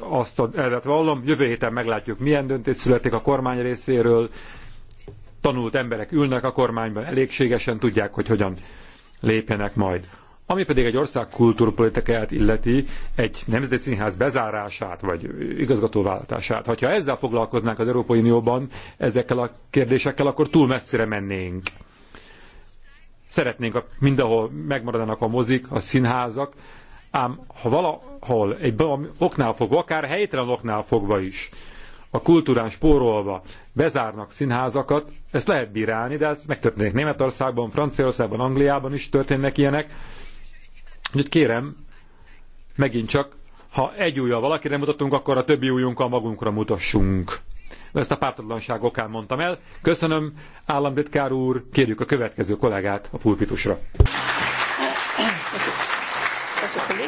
[SPEAKER 2] azt a elvet vallom, jövő héten meglátjuk, milyen döntés születik a kormány részéről, tanult emberek ülnek a kormányban, elégségesen tudják, hogy hogyan lépjenek majd. Ami pedig egy ország kultúrpolitikáját illeti, egy nemzeti színház bezárását, vagy igazgatóváltását. Ha ezzel foglalkoznánk az Európai Unióban, ezekkel a kérdésekkel, akkor túl messzire mennénk. Szeretnénk, mindenhol megmaradnak a mozik, a színházak, Ám ha valahol egy oknál fogva, akár helytelen oknál fogva is, a kultúrán spórolva bezárnak színházakat, ezt lehet bírálni, de ez megtörténik Németországban, Franciaországban, Angliában is történnek ilyenek. Úgyhogy kérem, megint csak, ha egy ujjal valakire mutatunk, akkor a többi ujjunkkal magunkra mutassunk. Ezt a pártatlanság okán mondtam el. Köszönöm, államtitkár úr, kérjük a következő kollégát a pulpitusra.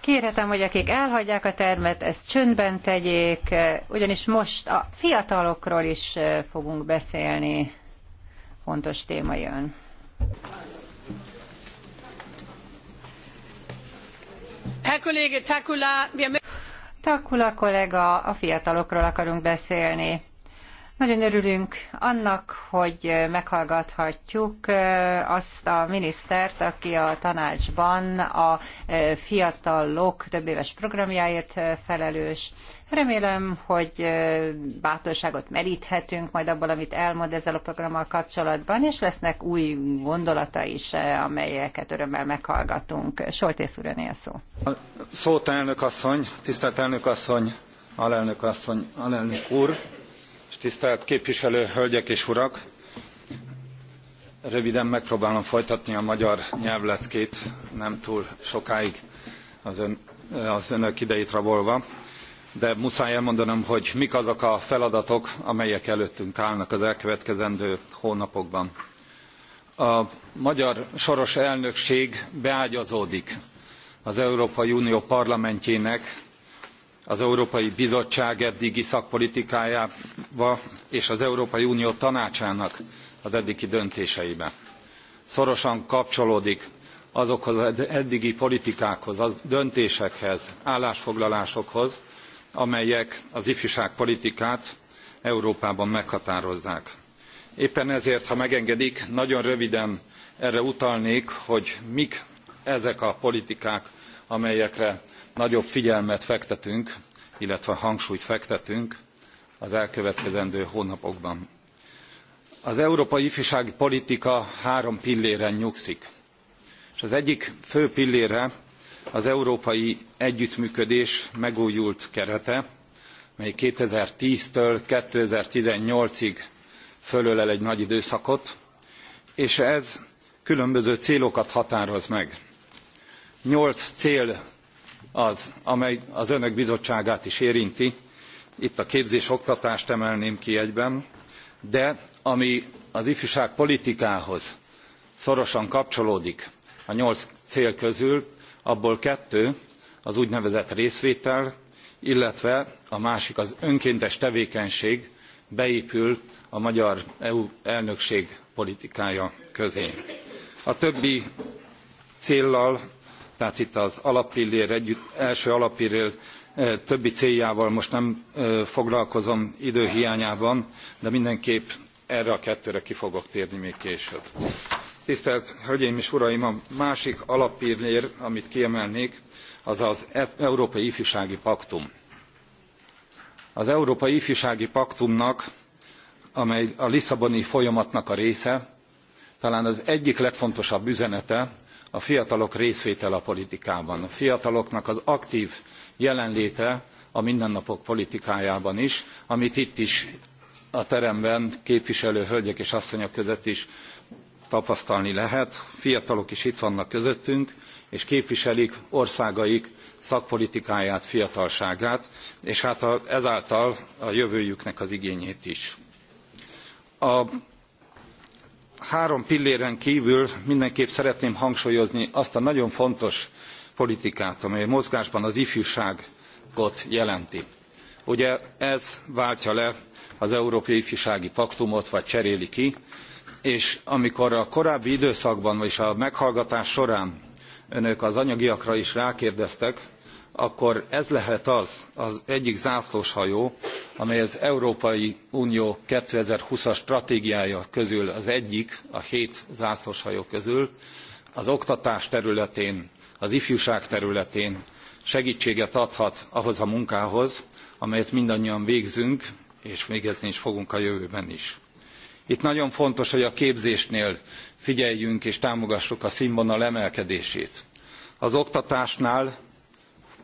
[SPEAKER 4] Kérhetem, hogy akik elhagyják a termet, ezt csöndben tegyék, ugyanis most a fiatalokról is fogunk beszélni. Fontos téma jön. Herr Kollege Takula, Takula kollega, a fiatalokról akarunk beszélni. Nagyon örülünk annak, hogy meghallgathatjuk azt a minisztert, aki a tanácsban a fiatalok több éves programjáért felelős. Remélem, hogy bátorságot meríthetünk majd abból, amit elmond ezzel a programmal kapcsolatban, és lesznek új gondolata is, amelyeket örömmel meghallgatunk. Soltész úr, önél szó.
[SPEAKER 9] Szót elnök asszony, tisztelt elnök asszony, alelnök asszony, alelnök úr tisztelt képviselő hölgyek és urak! Röviden megpróbálom folytatni a magyar nyelvleckét, nem túl sokáig az, ön, az önök idejét rabolva, de muszáj elmondanom, hogy mik azok a feladatok, amelyek előttünk állnak az elkövetkezendő hónapokban. A magyar soros elnökség beágyazódik az Európai Unió parlamentjének az Európai Bizottság eddigi szakpolitikájába és az Európai Unió tanácsának az eddigi döntéseibe. Szorosan kapcsolódik azokhoz az eddigi politikákhoz, az döntésekhez, állásfoglalásokhoz, amelyek az ifjúságpolitikát Európában meghatározzák. Éppen ezért, ha megengedik, nagyon röviden erre utalnék, hogy mik ezek a politikák, amelyekre nagyobb figyelmet fektetünk, illetve hangsúlyt fektetünk az elkövetkezendő hónapokban. Az európai ifjúsági politika három pilléren nyugszik, és az egyik fő pillére az európai együttműködés megújult kerete, mely 2010-től 2018-ig fölölel egy nagy időszakot, és ez különböző célokat határoz meg. Nyolc cél az, amely az önök bizottságát is érinti. Itt a képzés-oktatást emelném ki egyben, de ami az ifjúság politikához szorosan kapcsolódik a nyolc cél közül, abból kettő az úgynevezett részvétel, illetve a másik az önkéntes tevékenység beépül a magyar EU elnökség politikája közé. A többi céllal tehát itt az alappillér együtt, első alappillér e, többi céljával most nem e, foglalkozom időhiányában, de mindenképp erre a kettőre ki fogok térni még később. Tisztelt Hölgyeim és Uraim, a másik alappillér, amit kiemelnék, az az e-, Európai Ifjúsági Paktum. Az Európai Ifjúsági Paktumnak, amely a Lisszaboni folyamatnak a része, talán az egyik legfontosabb üzenete, a fiatalok részvétele a politikában a fiataloknak az aktv jelenléte a mindennapok politikájában is amit itt is a teremben képviselő hölgyek és asszonyok között is tapasztalni lehet fiatalok is itt vannak közöttünk és képviselik országaik szakpolitikáját fiatalságát és hát ezáltal a jövőjüknek az igényét is. a három pilléren kívül mindenképp szeretném hangsúlyozni azt a nagyon fontos politikát, amely mozgásban az ifjúságot jelenti. Ugye ez váltja le az Európai Ifjúsági Paktumot, vagy cseréli ki, és amikor a korábbi időszakban, vagyis a meghallgatás során önök az anyagiakra is rákérdeztek, akkor ez lehet az az egyik zászlóshajó amely az európai unió two thousand and twenty as stratégiája közül az egyik a hét zászlóshajó közül az oktatás területén az ifjúság területén segtséget adhat ahhoz a munkához amelyet mindannyian végzünk és végezni is fogunk a jövőben is. itt nagyon fontos hogy a képzésnél figyeljünk és támogassuk a sznvonal emelkedését. az oktatásnál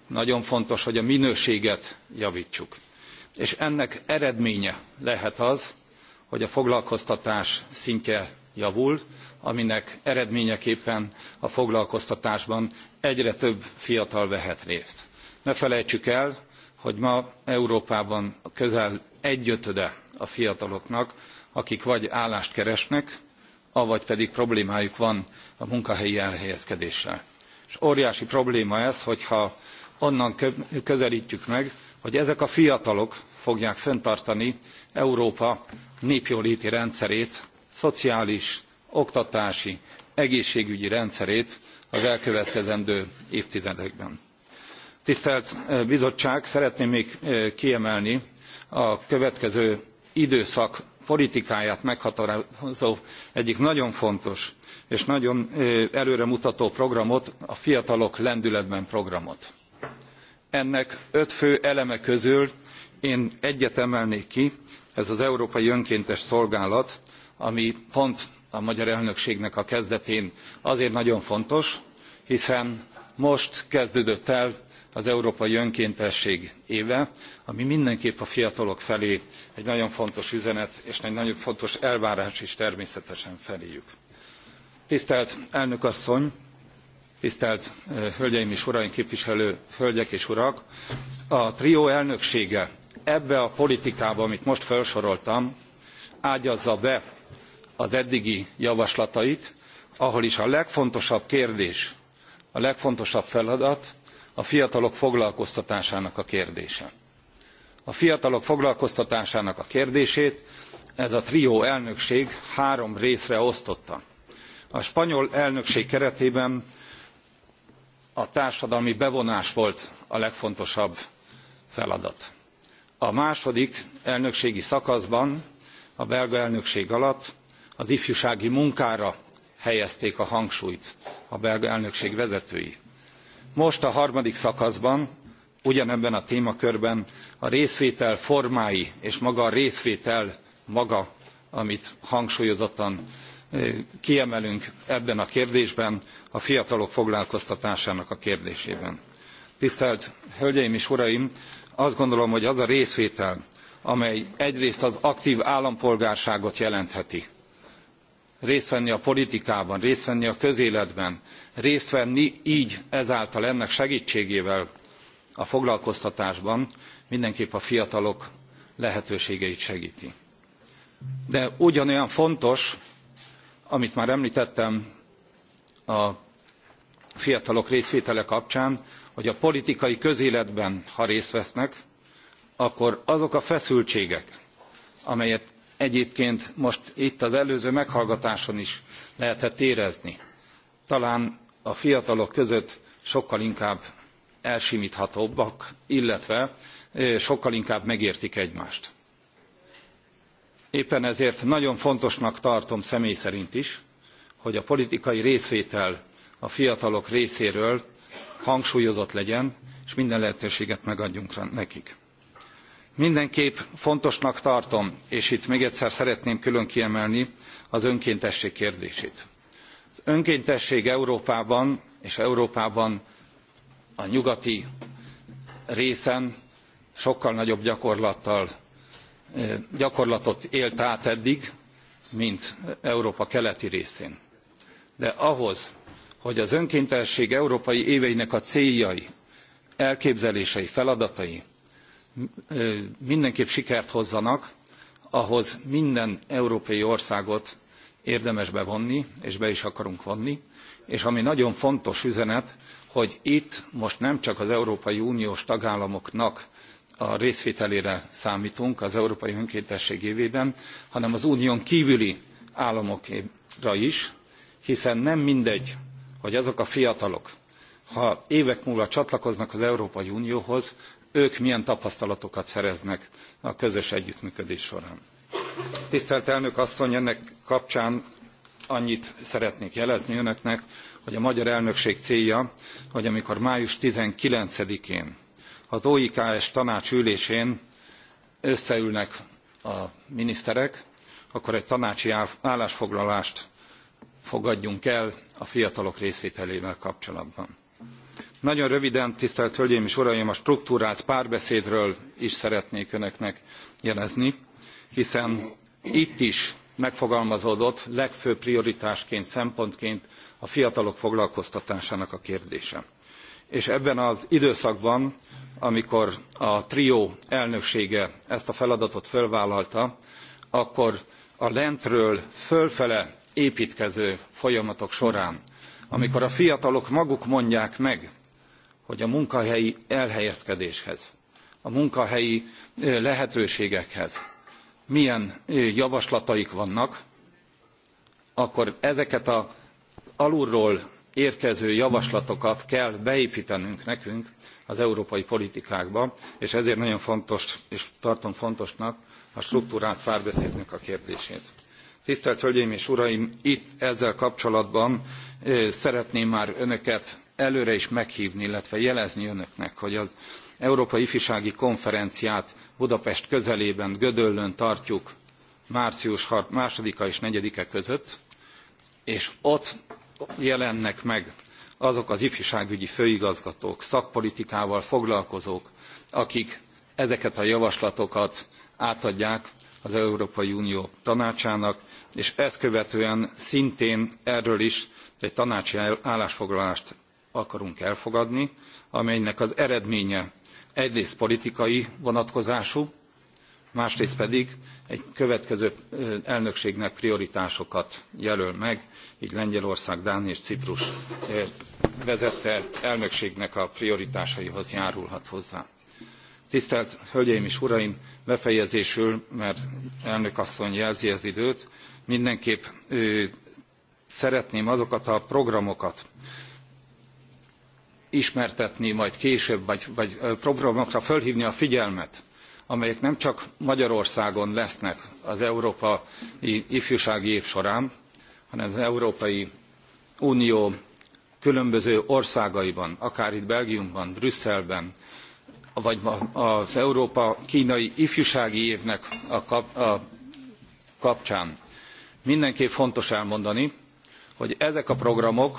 [SPEAKER 9] nagyon fontos, hogy a minőséget javítsuk. És ennek eredménye lehet az, hogy a foglalkoztatás szintje javul, aminek eredményeképpen a foglalkoztatásban egyre több fiatal vehet részt. Ne felejtsük el, hogy ma Európában közel egyötöde a fiataloknak, akik vagy állást keresnek, avagy pedig problémájuk van a munkahelyi elhelyezkedéssel. És óriási probléma ez, hogyha onnan közelítjük meg, hogy ezek a fiatalok fogják fenntartani Európa népjóléti rendszerét, szociális, oktatási, egészségügyi rendszerét az elkövetkezendő évtizedekben. Tisztelt Bizottság, szeretném még kiemelni a következő időszak politikáját meghatározó egyik nagyon fontos és nagyon előremutató programot, a Fiatalok Lendületben programot ennek öt fő eleme közül én egyet emelnék ki ez az európai önkéntes szolgálat ami pont a magyar elnökségnek a kezdetén azért nagyon fontos hiszen most kezdődött el az európai önkéntesség éve ami mindenképp a fiatalok felé egy nagyon fontos üzenet és egy nagyon fontos elvárás is természetesen feléjük. tisztelt elnök asszony! Tisztelt eh, Hölgyeim és Uraim képviselő hölgyek és urak! A trió elnöksége ebbe a politikába, amit most felsoroltam, ágyazza be az eddigi javaslatait, ahol is a legfontosabb kérdés, a legfontosabb feladat a fiatalok foglalkoztatásának a kérdése. A fiatalok foglalkoztatásának a kérdését ez a trió elnökség három részre osztotta. A spanyol elnökség keretében a társadalmi bevonás volt a legfontosabb feladat. a második elnökségi szakaszban a belga elnökség alatt az ifjúsági munkára helyezték a hangsúlyt a belga elnökség vezetői. most a harmadik szakaszban ugyanebben a témakörben a részvétel formái és maga a részvétel maga amit hangsúlyozottan kiemelünk ebben a kérdésben a fiatalok foglalkoztatásának a kérdésében. tisztelt hölgyeim és uraim azt gondolom hogy az a részvétel amely egyrészt az aktv állampolgárságot jelentheti részt venni a politikában részt venni a közéletben részt venni gy ezáltal ennek segtségével a foglalkoztatásban mindenképp a fiatalok lehetőségeit segti. de ugyanolyan fontos amit már említettem a fiatalok részvétele kapcsán, hogy a politikai közéletben, ha részt vesznek, akkor azok a feszültségek, amelyet egyébként most itt az előző meghallgatáson is lehetett érezni, talán a fiatalok között sokkal inkább elsimíthatóbbak, illetve sokkal inkább megértik egymást éppen ezért nagyon fontosnak tartom személy szerint is hogy a politikai részvétel a fiatalok részéről hangsúlyozott legyen és minden lehetőséget megadjunk nekik. mindenképp fontosnak tartom és itt még egyszer szeretném külön kiemelni az önkéntesség kérdését. az önkéntesség európában és európában a nyugati részen sokkal nagyobb gyakorlattal gyakorlatot élt át eddig, mint Európa keleti részén. De ahhoz, hogy az önkéntesség európai éveinek a céljai, elképzelései, feladatai mindenképp sikert hozzanak, ahhoz minden európai országot érdemes bevonni, és be is akarunk vonni, és ami nagyon fontos üzenet, hogy itt most nem csak az Európai Uniós tagállamoknak a részvételére számtunk az európai önkéntesség évében hanem az unión kvüli államokra is hiszen nem mindegy hogy azok a fiatalok ha évek múlva csatlakoznak az európai unióhoz ők milyen tapasztalatokat szereznek a közös együttműködés során. tisztelt elnök asszony ennek kapcsán annyit szeretnék jelezni önöknek hogy a magyar elnökség célja hogy amikor május nineteen én ha az oiks tanács ülésén összeülnek a miniszterek akkor egy tanácsi állásfoglalást fogadjunk el a fiatalok részvételével kapcsolatban. nagyon röviden tisztelt hölgyeim és uraim a struktúrált párbeszédről is szeretnék önöknek jelezni hiszen itt is megfogalmazódott legfőbb prioritásként szempontként a fiatalok foglalkoztatásának a kérdése és ebben az időszakban amikor a trió elnöksége ezt a feladatot fölvállalta akkor a lentről fölfele éptkező folyamatok során amikor a fiatalok maguk mondják meg hogy a munkahelyi elhelyezkedéshez a munkahelyi lehetőségekhez milyen javaslataik vannak akkor ezeket az alulról érkező javaslatokat kell beépítenünk nekünk az európai politikákba, és ezért nagyon fontos, és tartom fontosnak a struktúrált párbeszédnek a kérdését. Tisztelt Hölgyeim és Uraim, itt ezzel kapcsolatban szeretném már önöket előre is meghívni, illetve jelezni önöknek, hogy az Európai Ifjúsági Konferenciát Budapest közelében, Gödöllön tartjuk március 2-a és 4-e között, és ott jelennek meg azok az ifjúságügyi főigazgatók, szakpolitikával foglalkozók, akik ezeket a javaslatokat átadják az Európai Unió tanácsának, és ezt követően szintén erről is egy tanácsi állásfoglalást akarunk elfogadni, amelynek az eredménye egyrészt politikai vonatkozású, másrészt pedig egy következő elnökségnek prioritásokat jelöl meg, így Lengyelország, Dánia és Ciprus vezette elnökségnek a prioritásaihoz járulhat hozzá. Tisztelt Hölgyeim és Uraim, befejezésül, mert elnök asszony jelzi az időt, mindenképp ő, szeretném azokat a programokat, ismertetni majd később, vagy, vagy programokra fölhívni a figyelmet, amelyek nem csak Magyarországon lesznek az európai ifjúsági év során, hanem az Európai Unió különböző országaiban, akár itt Belgiumban, Brüsszelben, vagy az Európa-kínai ifjúsági évnek a, kap, a kapcsán. Mindenképp fontos elmondani, hogy ezek a programok,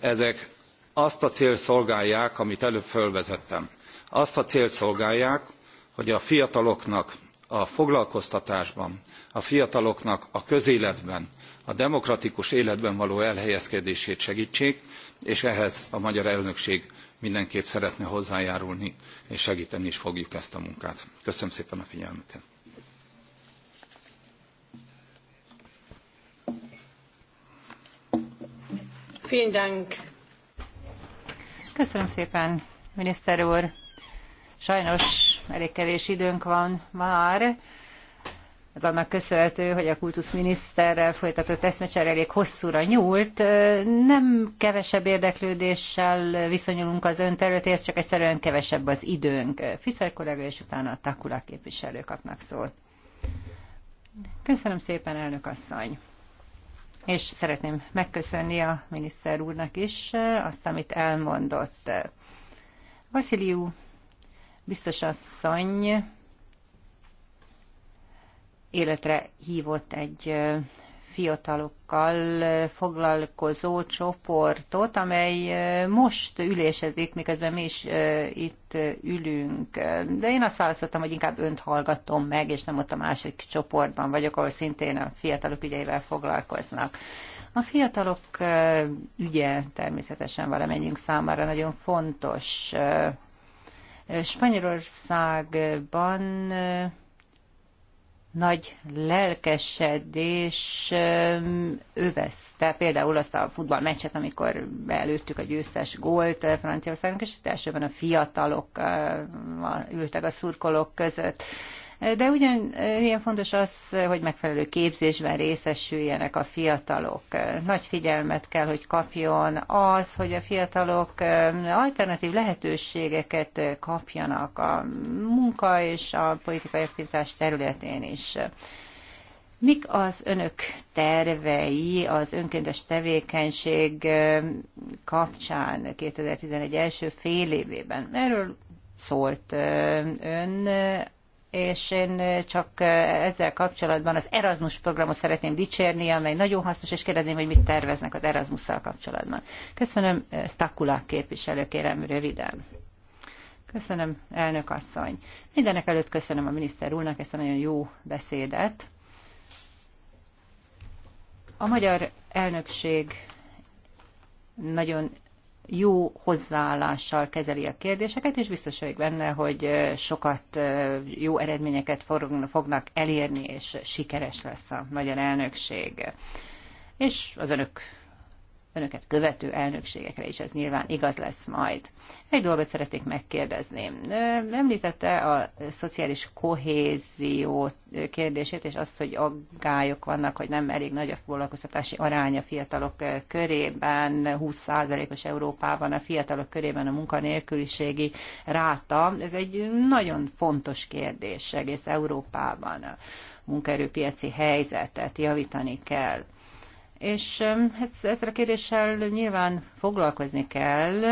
[SPEAKER 9] ezek azt a célt szolgálják, amit előbb fölvezettem. Azt a célt szolgálják, hogy a fiataloknak a foglalkoztatásban, a fiataloknak a közéletben, a demokratikus életben való elhelyezkedését segítsék, és ehhez a magyar elnökség mindenképp szeretne hozzájárulni, és segíteni is fogjuk ezt a munkát. Köszönöm szépen a figyelmüket!
[SPEAKER 4] Köszönöm szépen, miniszter úr! Sajnos elég kevés időnk van már. Ez annak köszönhető, hogy a kultuszminiszterrel folytatott eszmecsere elég hosszúra nyúlt. Nem kevesebb érdeklődéssel viszonyulunk az ön területéhez, csak egyszerűen kevesebb az időnk. Fiszer kollega és utána a Takula képviselő kapnak szót. Köszönöm szépen, elnök asszony! És szeretném megköszönni a miniszter úrnak is azt, amit elmondott. Vasziliu Biztos szany életre hívott egy fiatalokkal foglalkozó csoportot, amely most ülésezik, miközben mi is itt ülünk. De én azt választottam, hogy inkább önt hallgatom meg, és nem ott a másik csoportban vagyok, ahol szintén a fiatalok ügyeivel foglalkoznak. A fiatalok ügye természetesen valamennyiünk számára nagyon fontos Spanyolországban nagy lelkesedés övezte például azt a futballmeccset, amikor előttük a győztes gólt Franciaországnak, és elsőben a fiatalok ültek a szurkolók között de ugyan ilyen fontos az, hogy megfelelő képzésben részesüljenek a fiatalok. Nagy figyelmet kell, hogy kapjon az, hogy a fiatalok alternatív lehetőségeket kapjanak a munka és a politikai aktivitás területén is. Mik az önök tervei az önkéntes tevékenység kapcsán 2011 első fél évében? Erről szólt ön és én csak ezzel kapcsolatban az Erasmus programot szeretném dicsérni, amely nagyon hasznos, és kérdezném, hogy mit terveznek az erasmus Erasmus-szal kapcsolatban. Köszönöm, Takula képviselő, kérem röviden. Köszönöm, elnök asszony. Mindenek előtt köszönöm a miniszter úrnak ezt a nagyon jó beszédet. A magyar elnökség nagyon jó hozzáállással kezeli a kérdéseket, és biztos vagyok benne, hogy sokat jó eredményeket fognak elérni, és sikeres lesz a magyar elnökség. És az önök önöket követő elnökségekre is ez nyilván igaz lesz majd. Egy dolgot szeretnék megkérdezni. Említette a szociális kohézió kérdését, és azt, hogy aggályok vannak, hogy nem elég nagy a foglalkoztatási aránya fiatalok körében, 20%-os Európában a fiatalok körében a munkanélküliségi ráta. Ez egy nagyon fontos kérdés egész Európában. A munkaerőpiaci helyzetet javítani kell és ezzel a kérdéssel nyilván foglalkozni kell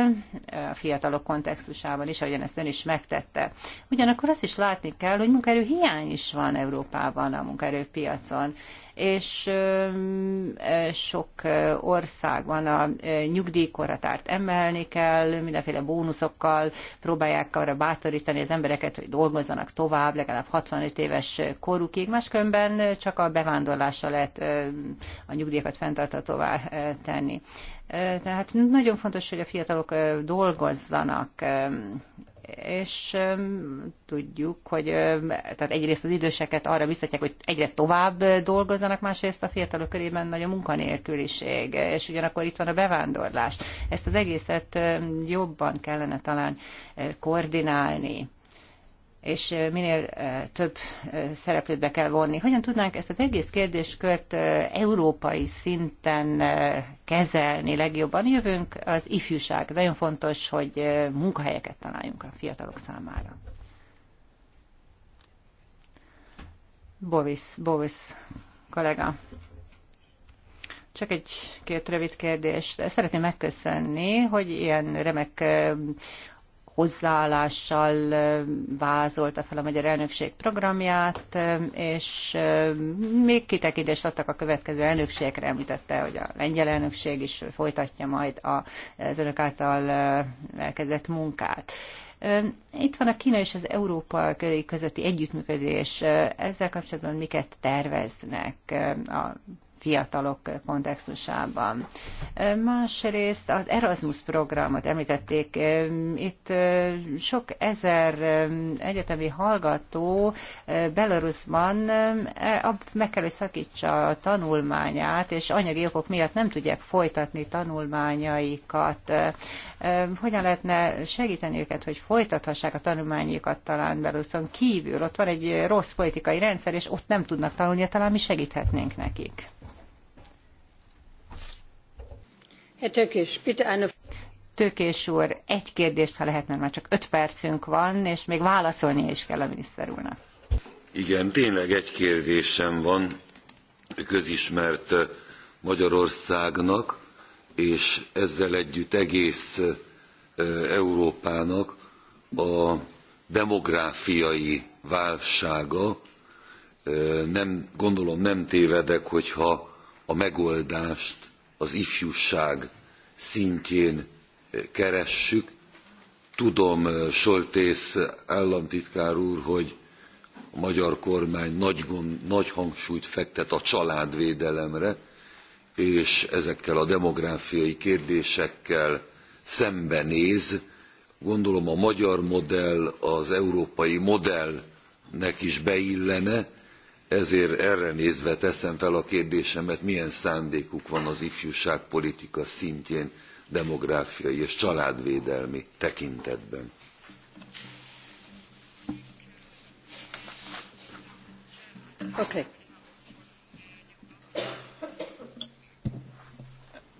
[SPEAKER 4] a fiatalok kontextusában is, ahogyan ezt ön is megtette. Ugyanakkor azt is látni kell, hogy munkaerő hiány is van Európában a munkaerőpiacon és sok országban a nyugdíjkorhatárt emelni kell, mindenféle bónuszokkal próbálják arra bátorítani az embereket, hogy dolgozzanak tovább, legalább 65 éves korukig, máskönben csak a bevándorlással lehet a nyugdíjakat fenntartatóvá tenni. Tehát nagyon fontos, hogy a fiatalok dolgozzanak, és tudjuk, hogy tehát egyrészt az időseket arra biztatják, hogy egyre tovább dolgozzanak, másrészt a fiatalok körében nagy a munkanélküliség, és ugyanakkor itt van a bevándorlás. Ezt az egészet jobban kellene talán koordinálni és minél több szereplőt be kell vonni. Hogyan tudnánk ezt az egész kérdéskört európai szinten kezelni legjobban? Jövünk az ifjúság. Nagyon fontos, hogy munkahelyeket találjunk a fiatalok számára. Bovis, Bovis kollega. Csak egy-két rövid kérdést. Szeretném megköszönni, hogy ilyen remek hozzáállással vázolta fel a magyar elnökség programját, és még kitekintést adtak a következő elnökségekre, említette, hogy a lengyel elnökség is folytatja majd az önök által elkezdett munkát. Itt van a Kína és az Európa közötti együttműködés. Ezzel kapcsolatban miket terveznek a fiatalok kontextusában. Másrészt az Erasmus programot említették. Itt sok ezer egyetemi hallgató Belarusban meg kell, hogy szakítsa a tanulmányát, és anyagi okok miatt nem tudják folytatni tanulmányaikat. Hogyan lehetne segíteni őket, hogy folytathassák a tanulmányaikat talán Belaruson kívül? Ott van egy rossz politikai rendszer, és ott nem tudnak tanulni, talán mi segíthetnénk nekik. Tökés úr, egy kérdést, ha lehet, mert már csak öt percünk van, és még válaszolnia is kell a miniszter úrnak.
[SPEAKER 6] Igen, tényleg egy kérdésem van közismert eh, Magyarországnak, és ezzel együtt egész eh, Európának a demográfiai válsága. Eh, nem, gondolom nem tévedek, hogyha a megoldást az ifjúság szintjén eh, keressük. Tudom, eh, Soltész államtitkár úr, hogy a magyar kormány nagy, gond, nagy hangsúlyt fektet a családvédelemre, és ezekkel a demográfiai kérdésekkel szembenéz. Gondolom a magyar modell az európai modellnek is beillene, ezért erre nézve teszem fel a kérdésemet milyen szándékuk van az ifjúságpolitika szintjén demográfiai és családvédelmi tekintetben.
[SPEAKER 5] Okay.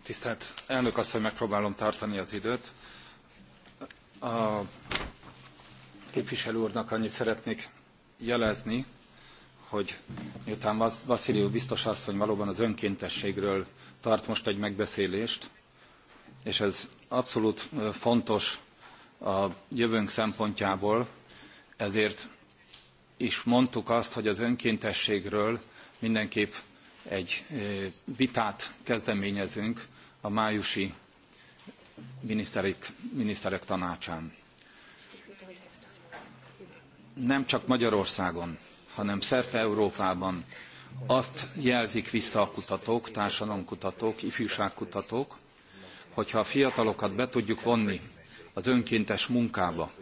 [SPEAKER 9] Tisztelt elnök asszony, megpróbálom tartani az időt. A képviselő úrnak annyit szeretnék jelezni, hogy miután Vasszilió biztos asszony valóban az önkéntességről tart most egy megbeszélést, és ez abszolút fontos a jövőnk szempontjából, ezért is mondtuk azt, hogy az önkéntességről mindenképp egy vitát kezdeményezünk a májusi miniszterek, miniszterek tanácsán. Nem csak Magyarországon, hanem szerte Európában. Azt jelzik vissza a kutatók, társadalomkutatók, ifjúságkutatók, hogyha a fiatalokat be tudjuk vonni az önkéntes munkába,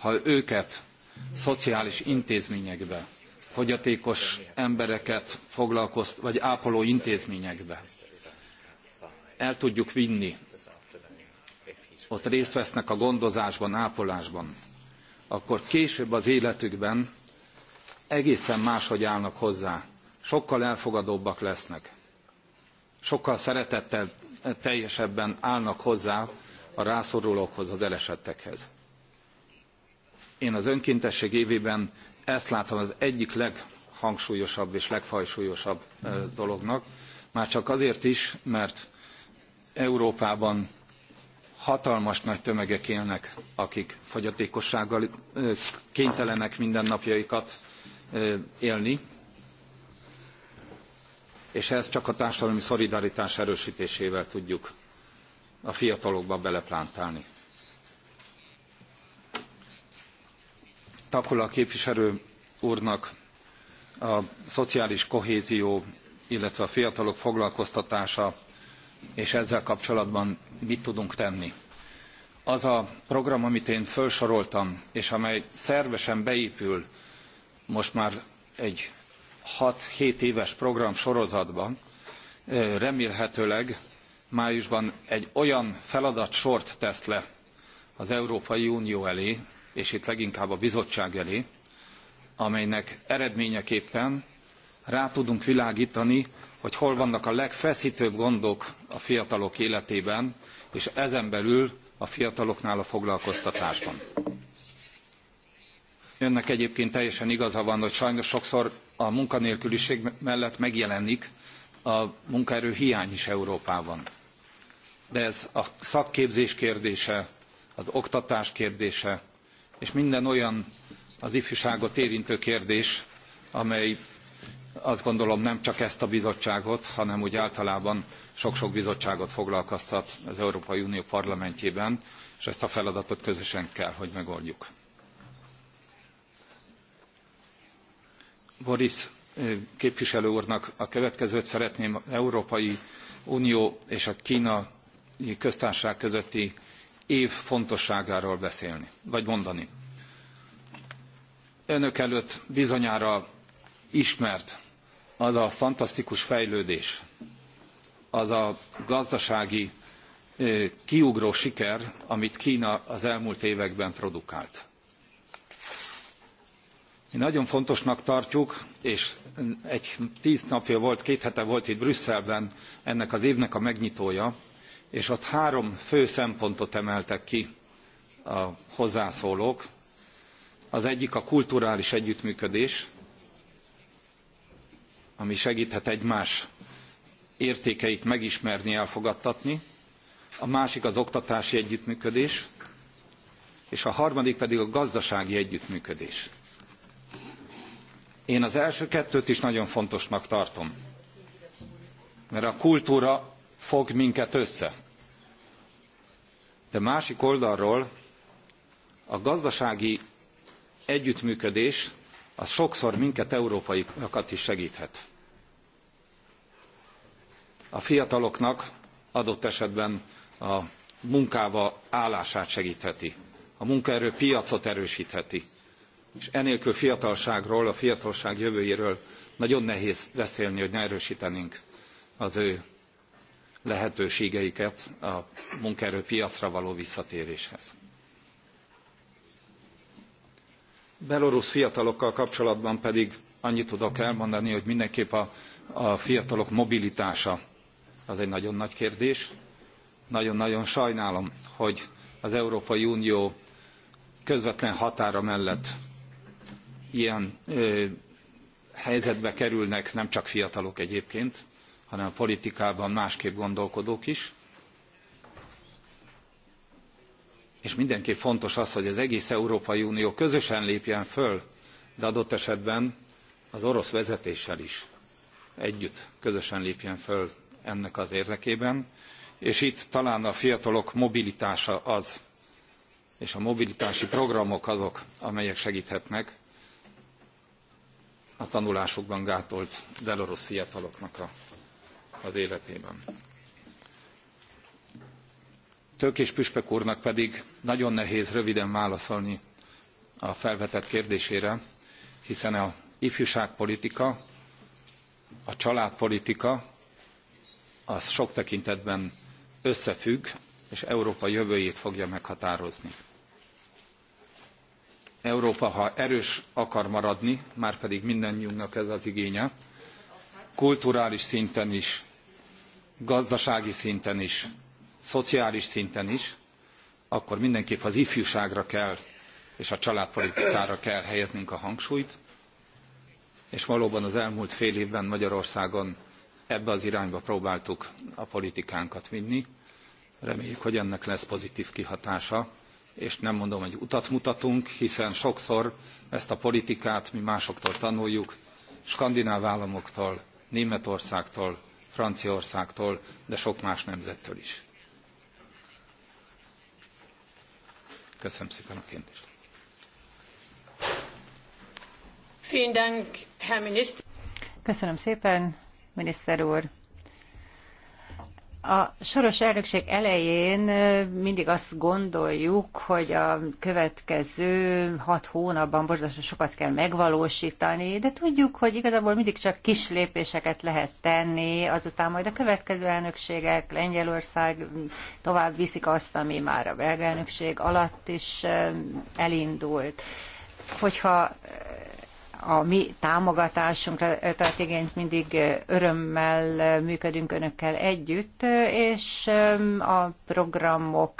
[SPEAKER 9] ha őket szociális intézményekbe, fogyatékos embereket foglalkozt, vagy ápoló intézményekbe el tudjuk vinni, ott részt vesznek a gondozásban, ápolásban, akkor később az életükben egészen máshogy állnak hozzá. Sokkal elfogadóbbak lesznek. Sokkal szeretettel teljesebben állnak hozzá a rászorulókhoz, az elesettekhez. Én az önkéntesség évében ezt látom az egyik leghangsúlyosabb és legfajsúlyosabb dolognak, már csak azért is, mert Európában hatalmas nagy tömegek élnek, akik fogyatékossággal kénytelenek mindennapjaikat élni, és ezt csak a társadalmi szolidaritás erősítésével tudjuk a fiatalokba beleplántálni. Takula képviselő úrnak a szociális kohézió, illetve a fiatalok foglalkoztatása, és ezzel kapcsolatban mit tudunk tenni. Az a program, amit én felsoroltam, és amely szervesen beépül most már egy 6-7 éves program sorozatban remélhetőleg májusban egy olyan feladatsort tesz le az Európai Unió elé, és itt leginkább a bizottság elé, amelynek eredményeképpen rá tudunk világítani, hogy hol vannak a legfeszítőbb gondok a fiatalok életében, és ezen belül a fiataloknál a foglalkoztatásban önnek egyébként teljesen igaza van, hogy sajnos sokszor a munkanélküliség mellett megjelenik a munkaerő hiány is Európában. De ez a szakképzés kérdése, az oktatás kérdése, és minden olyan az ifjúságot érintő kérdés, amely azt gondolom nem csak ezt a bizottságot, hanem úgy általában sok-sok bizottságot foglalkoztat az Európai Unió parlamentjében, és ezt a feladatot közösen kell, hogy megoldjuk. Boris képviselő úrnak a következőt szeretném Európai Unió és a Kína köztársaság közötti év fontosságáról beszélni, vagy mondani. Önök előtt bizonyára ismert az a fantasztikus fejlődés, az a gazdasági kiugró siker, amit Kína az elmúlt években produkált. Mi nagyon fontosnak tartjuk, és egy tíz napja volt, két hete volt itt Brüsszelben ennek az évnek a megnyitója, és ott három fő szempontot emeltek ki a hozzászólók. Az egyik a kulturális együttműködés, ami segíthet egymás értékeit megismerni, elfogadtatni. A másik az oktatási együttműködés, és a harmadik pedig a gazdasági együttműködés. Én az első kettőt is nagyon fontosnak tartom. Mert a kultúra fog minket össze. De másik oldalról a gazdasági együttműködés az sokszor minket európaiakat is segíthet. A fiataloknak adott esetben a munkába állását segítheti, a munkaerő piacot erősítheti és enélkül fiatalságról, a fiatalság jövőjéről nagyon nehéz beszélni, hogy ne erősítenénk az ő lehetőségeiket a munkaerőpiacra való visszatéréshez. Belorusz fiatalokkal kapcsolatban pedig annyit tudok elmondani, hogy mindenképp a, a fiatalok mobilitása az egy nagyon nagy kérdés. Nagyon-nagyon sajnálom, hogy az Európai Unió közvetlen határa mellett ilyen ö, helyzetbe kerülnek nem csak fiatalok egyébként, hanem a politikában másképp gondolkodók is. És mindenképp fontos az, hogy az egész Európai Unió közösen lépjen föl, de adott esetben az orosz vezetéssel is együtt közösen lépjen föl ennek az érdekében, és itt talán a fiatalok mobilitása az, és a mobilitási programok azok, amelyek segíthetnek, a tanulásukban gátolt belorusz fiataloknak a, az életében. Tőkés Püspök úrnak pedig nagyon nehéz röviden válaszolni a felvetett kérdésére, hiszen a ifjúságpolitika, a családpolitika, az sok tekintetben összefügg, és Európa jövőjét fogja meghatározni. Európa, ha erős akar maradni, márpedig mindannyiunknak ez az igénye, kulturális szinten is, gazdasági szinten is, szociális szinten is, akkor mindenképp az ifjúságra kell és a családpolitikára kell helyeznünk a hangsúlyt, és valóban az elmúlt fél évben Magyarországon ebbe az irányba próbáltuk a politikánkat vinni. Reméljük, hogy ennek lesz pozitív kihatása és nem mondom, hogy utat mutatunk, hiszen sokszor ezt a politikát mi másoktól tanuljuk, skandináv államoktól, Németországtól, Franciaországtól, de sok más nemzettől is. Köszönöm szépen a kérdést.
[SPEAKER 4] Köszönöm szépen, miniszter úr. A soros elnökség elején mindig azt gondoljuk, hogy a következő hat hónapban borzasztóan sokat kell megvalósítani, de tudjuk, hogy igazából mindig csak kis lépéseket lehet tenni, azután majd a következő elnökségek, Lengyelország tovább viszik azt, ami már a belga elnökség alatt is elindult. Hogyha a mi támogatásunkra tehát igényt, mindig örömmel működünk önökkel együtt, és a programok,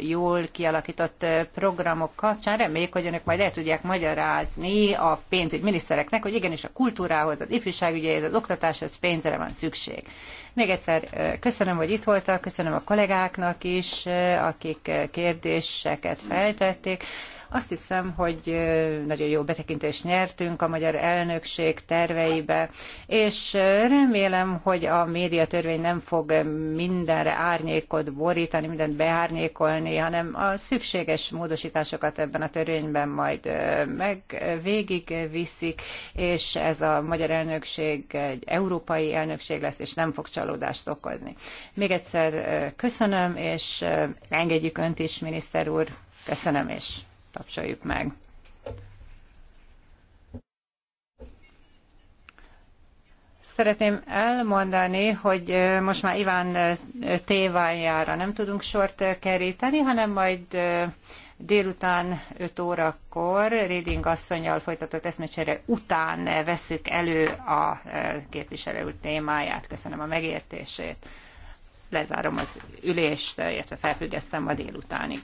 [SPEAKER 4] jól kialakított programok kapcsán reméljük, hogy önök majd el tudják magyarázni a pénzügyminisztereknek, hogy igenis a kultúrához, az ifjúságügyéhez, az oktatáshoz pénzre van szükség. Még egyszer köszönöm, hogy itt voltak, köszönöm a kollégáknak is, akik kérdéseket feltették. Azt hiszem, hogy nagyon jó betekintést nyertünk a magyar elnökség terveibe, és remélem, hogy a médiatörvény nem fog mindenre árnyékot borítani, mindent beárnyékolni, hanem a szükséges módosításokat ebben a törvényben majd meg végig viszik, és ez a magyar elnökség egy európai elnökség lesz, és nem fog csalódást okozni. Még egyszer köszönöm, és engedjük Önt is, miniszter úr, köszönöm és tapsoljuk meg. Szeretném elmondani, hogy most már Iván tévájára nem tudunk sort keríteni, hanem majd délután 5 órakor Réding asszonyjal folytatott eszmecsere után veszük elő a képviselő témáját. Köszönöm a megértését. Lezárom az ülést, illetve felfüggesztem a délutánig.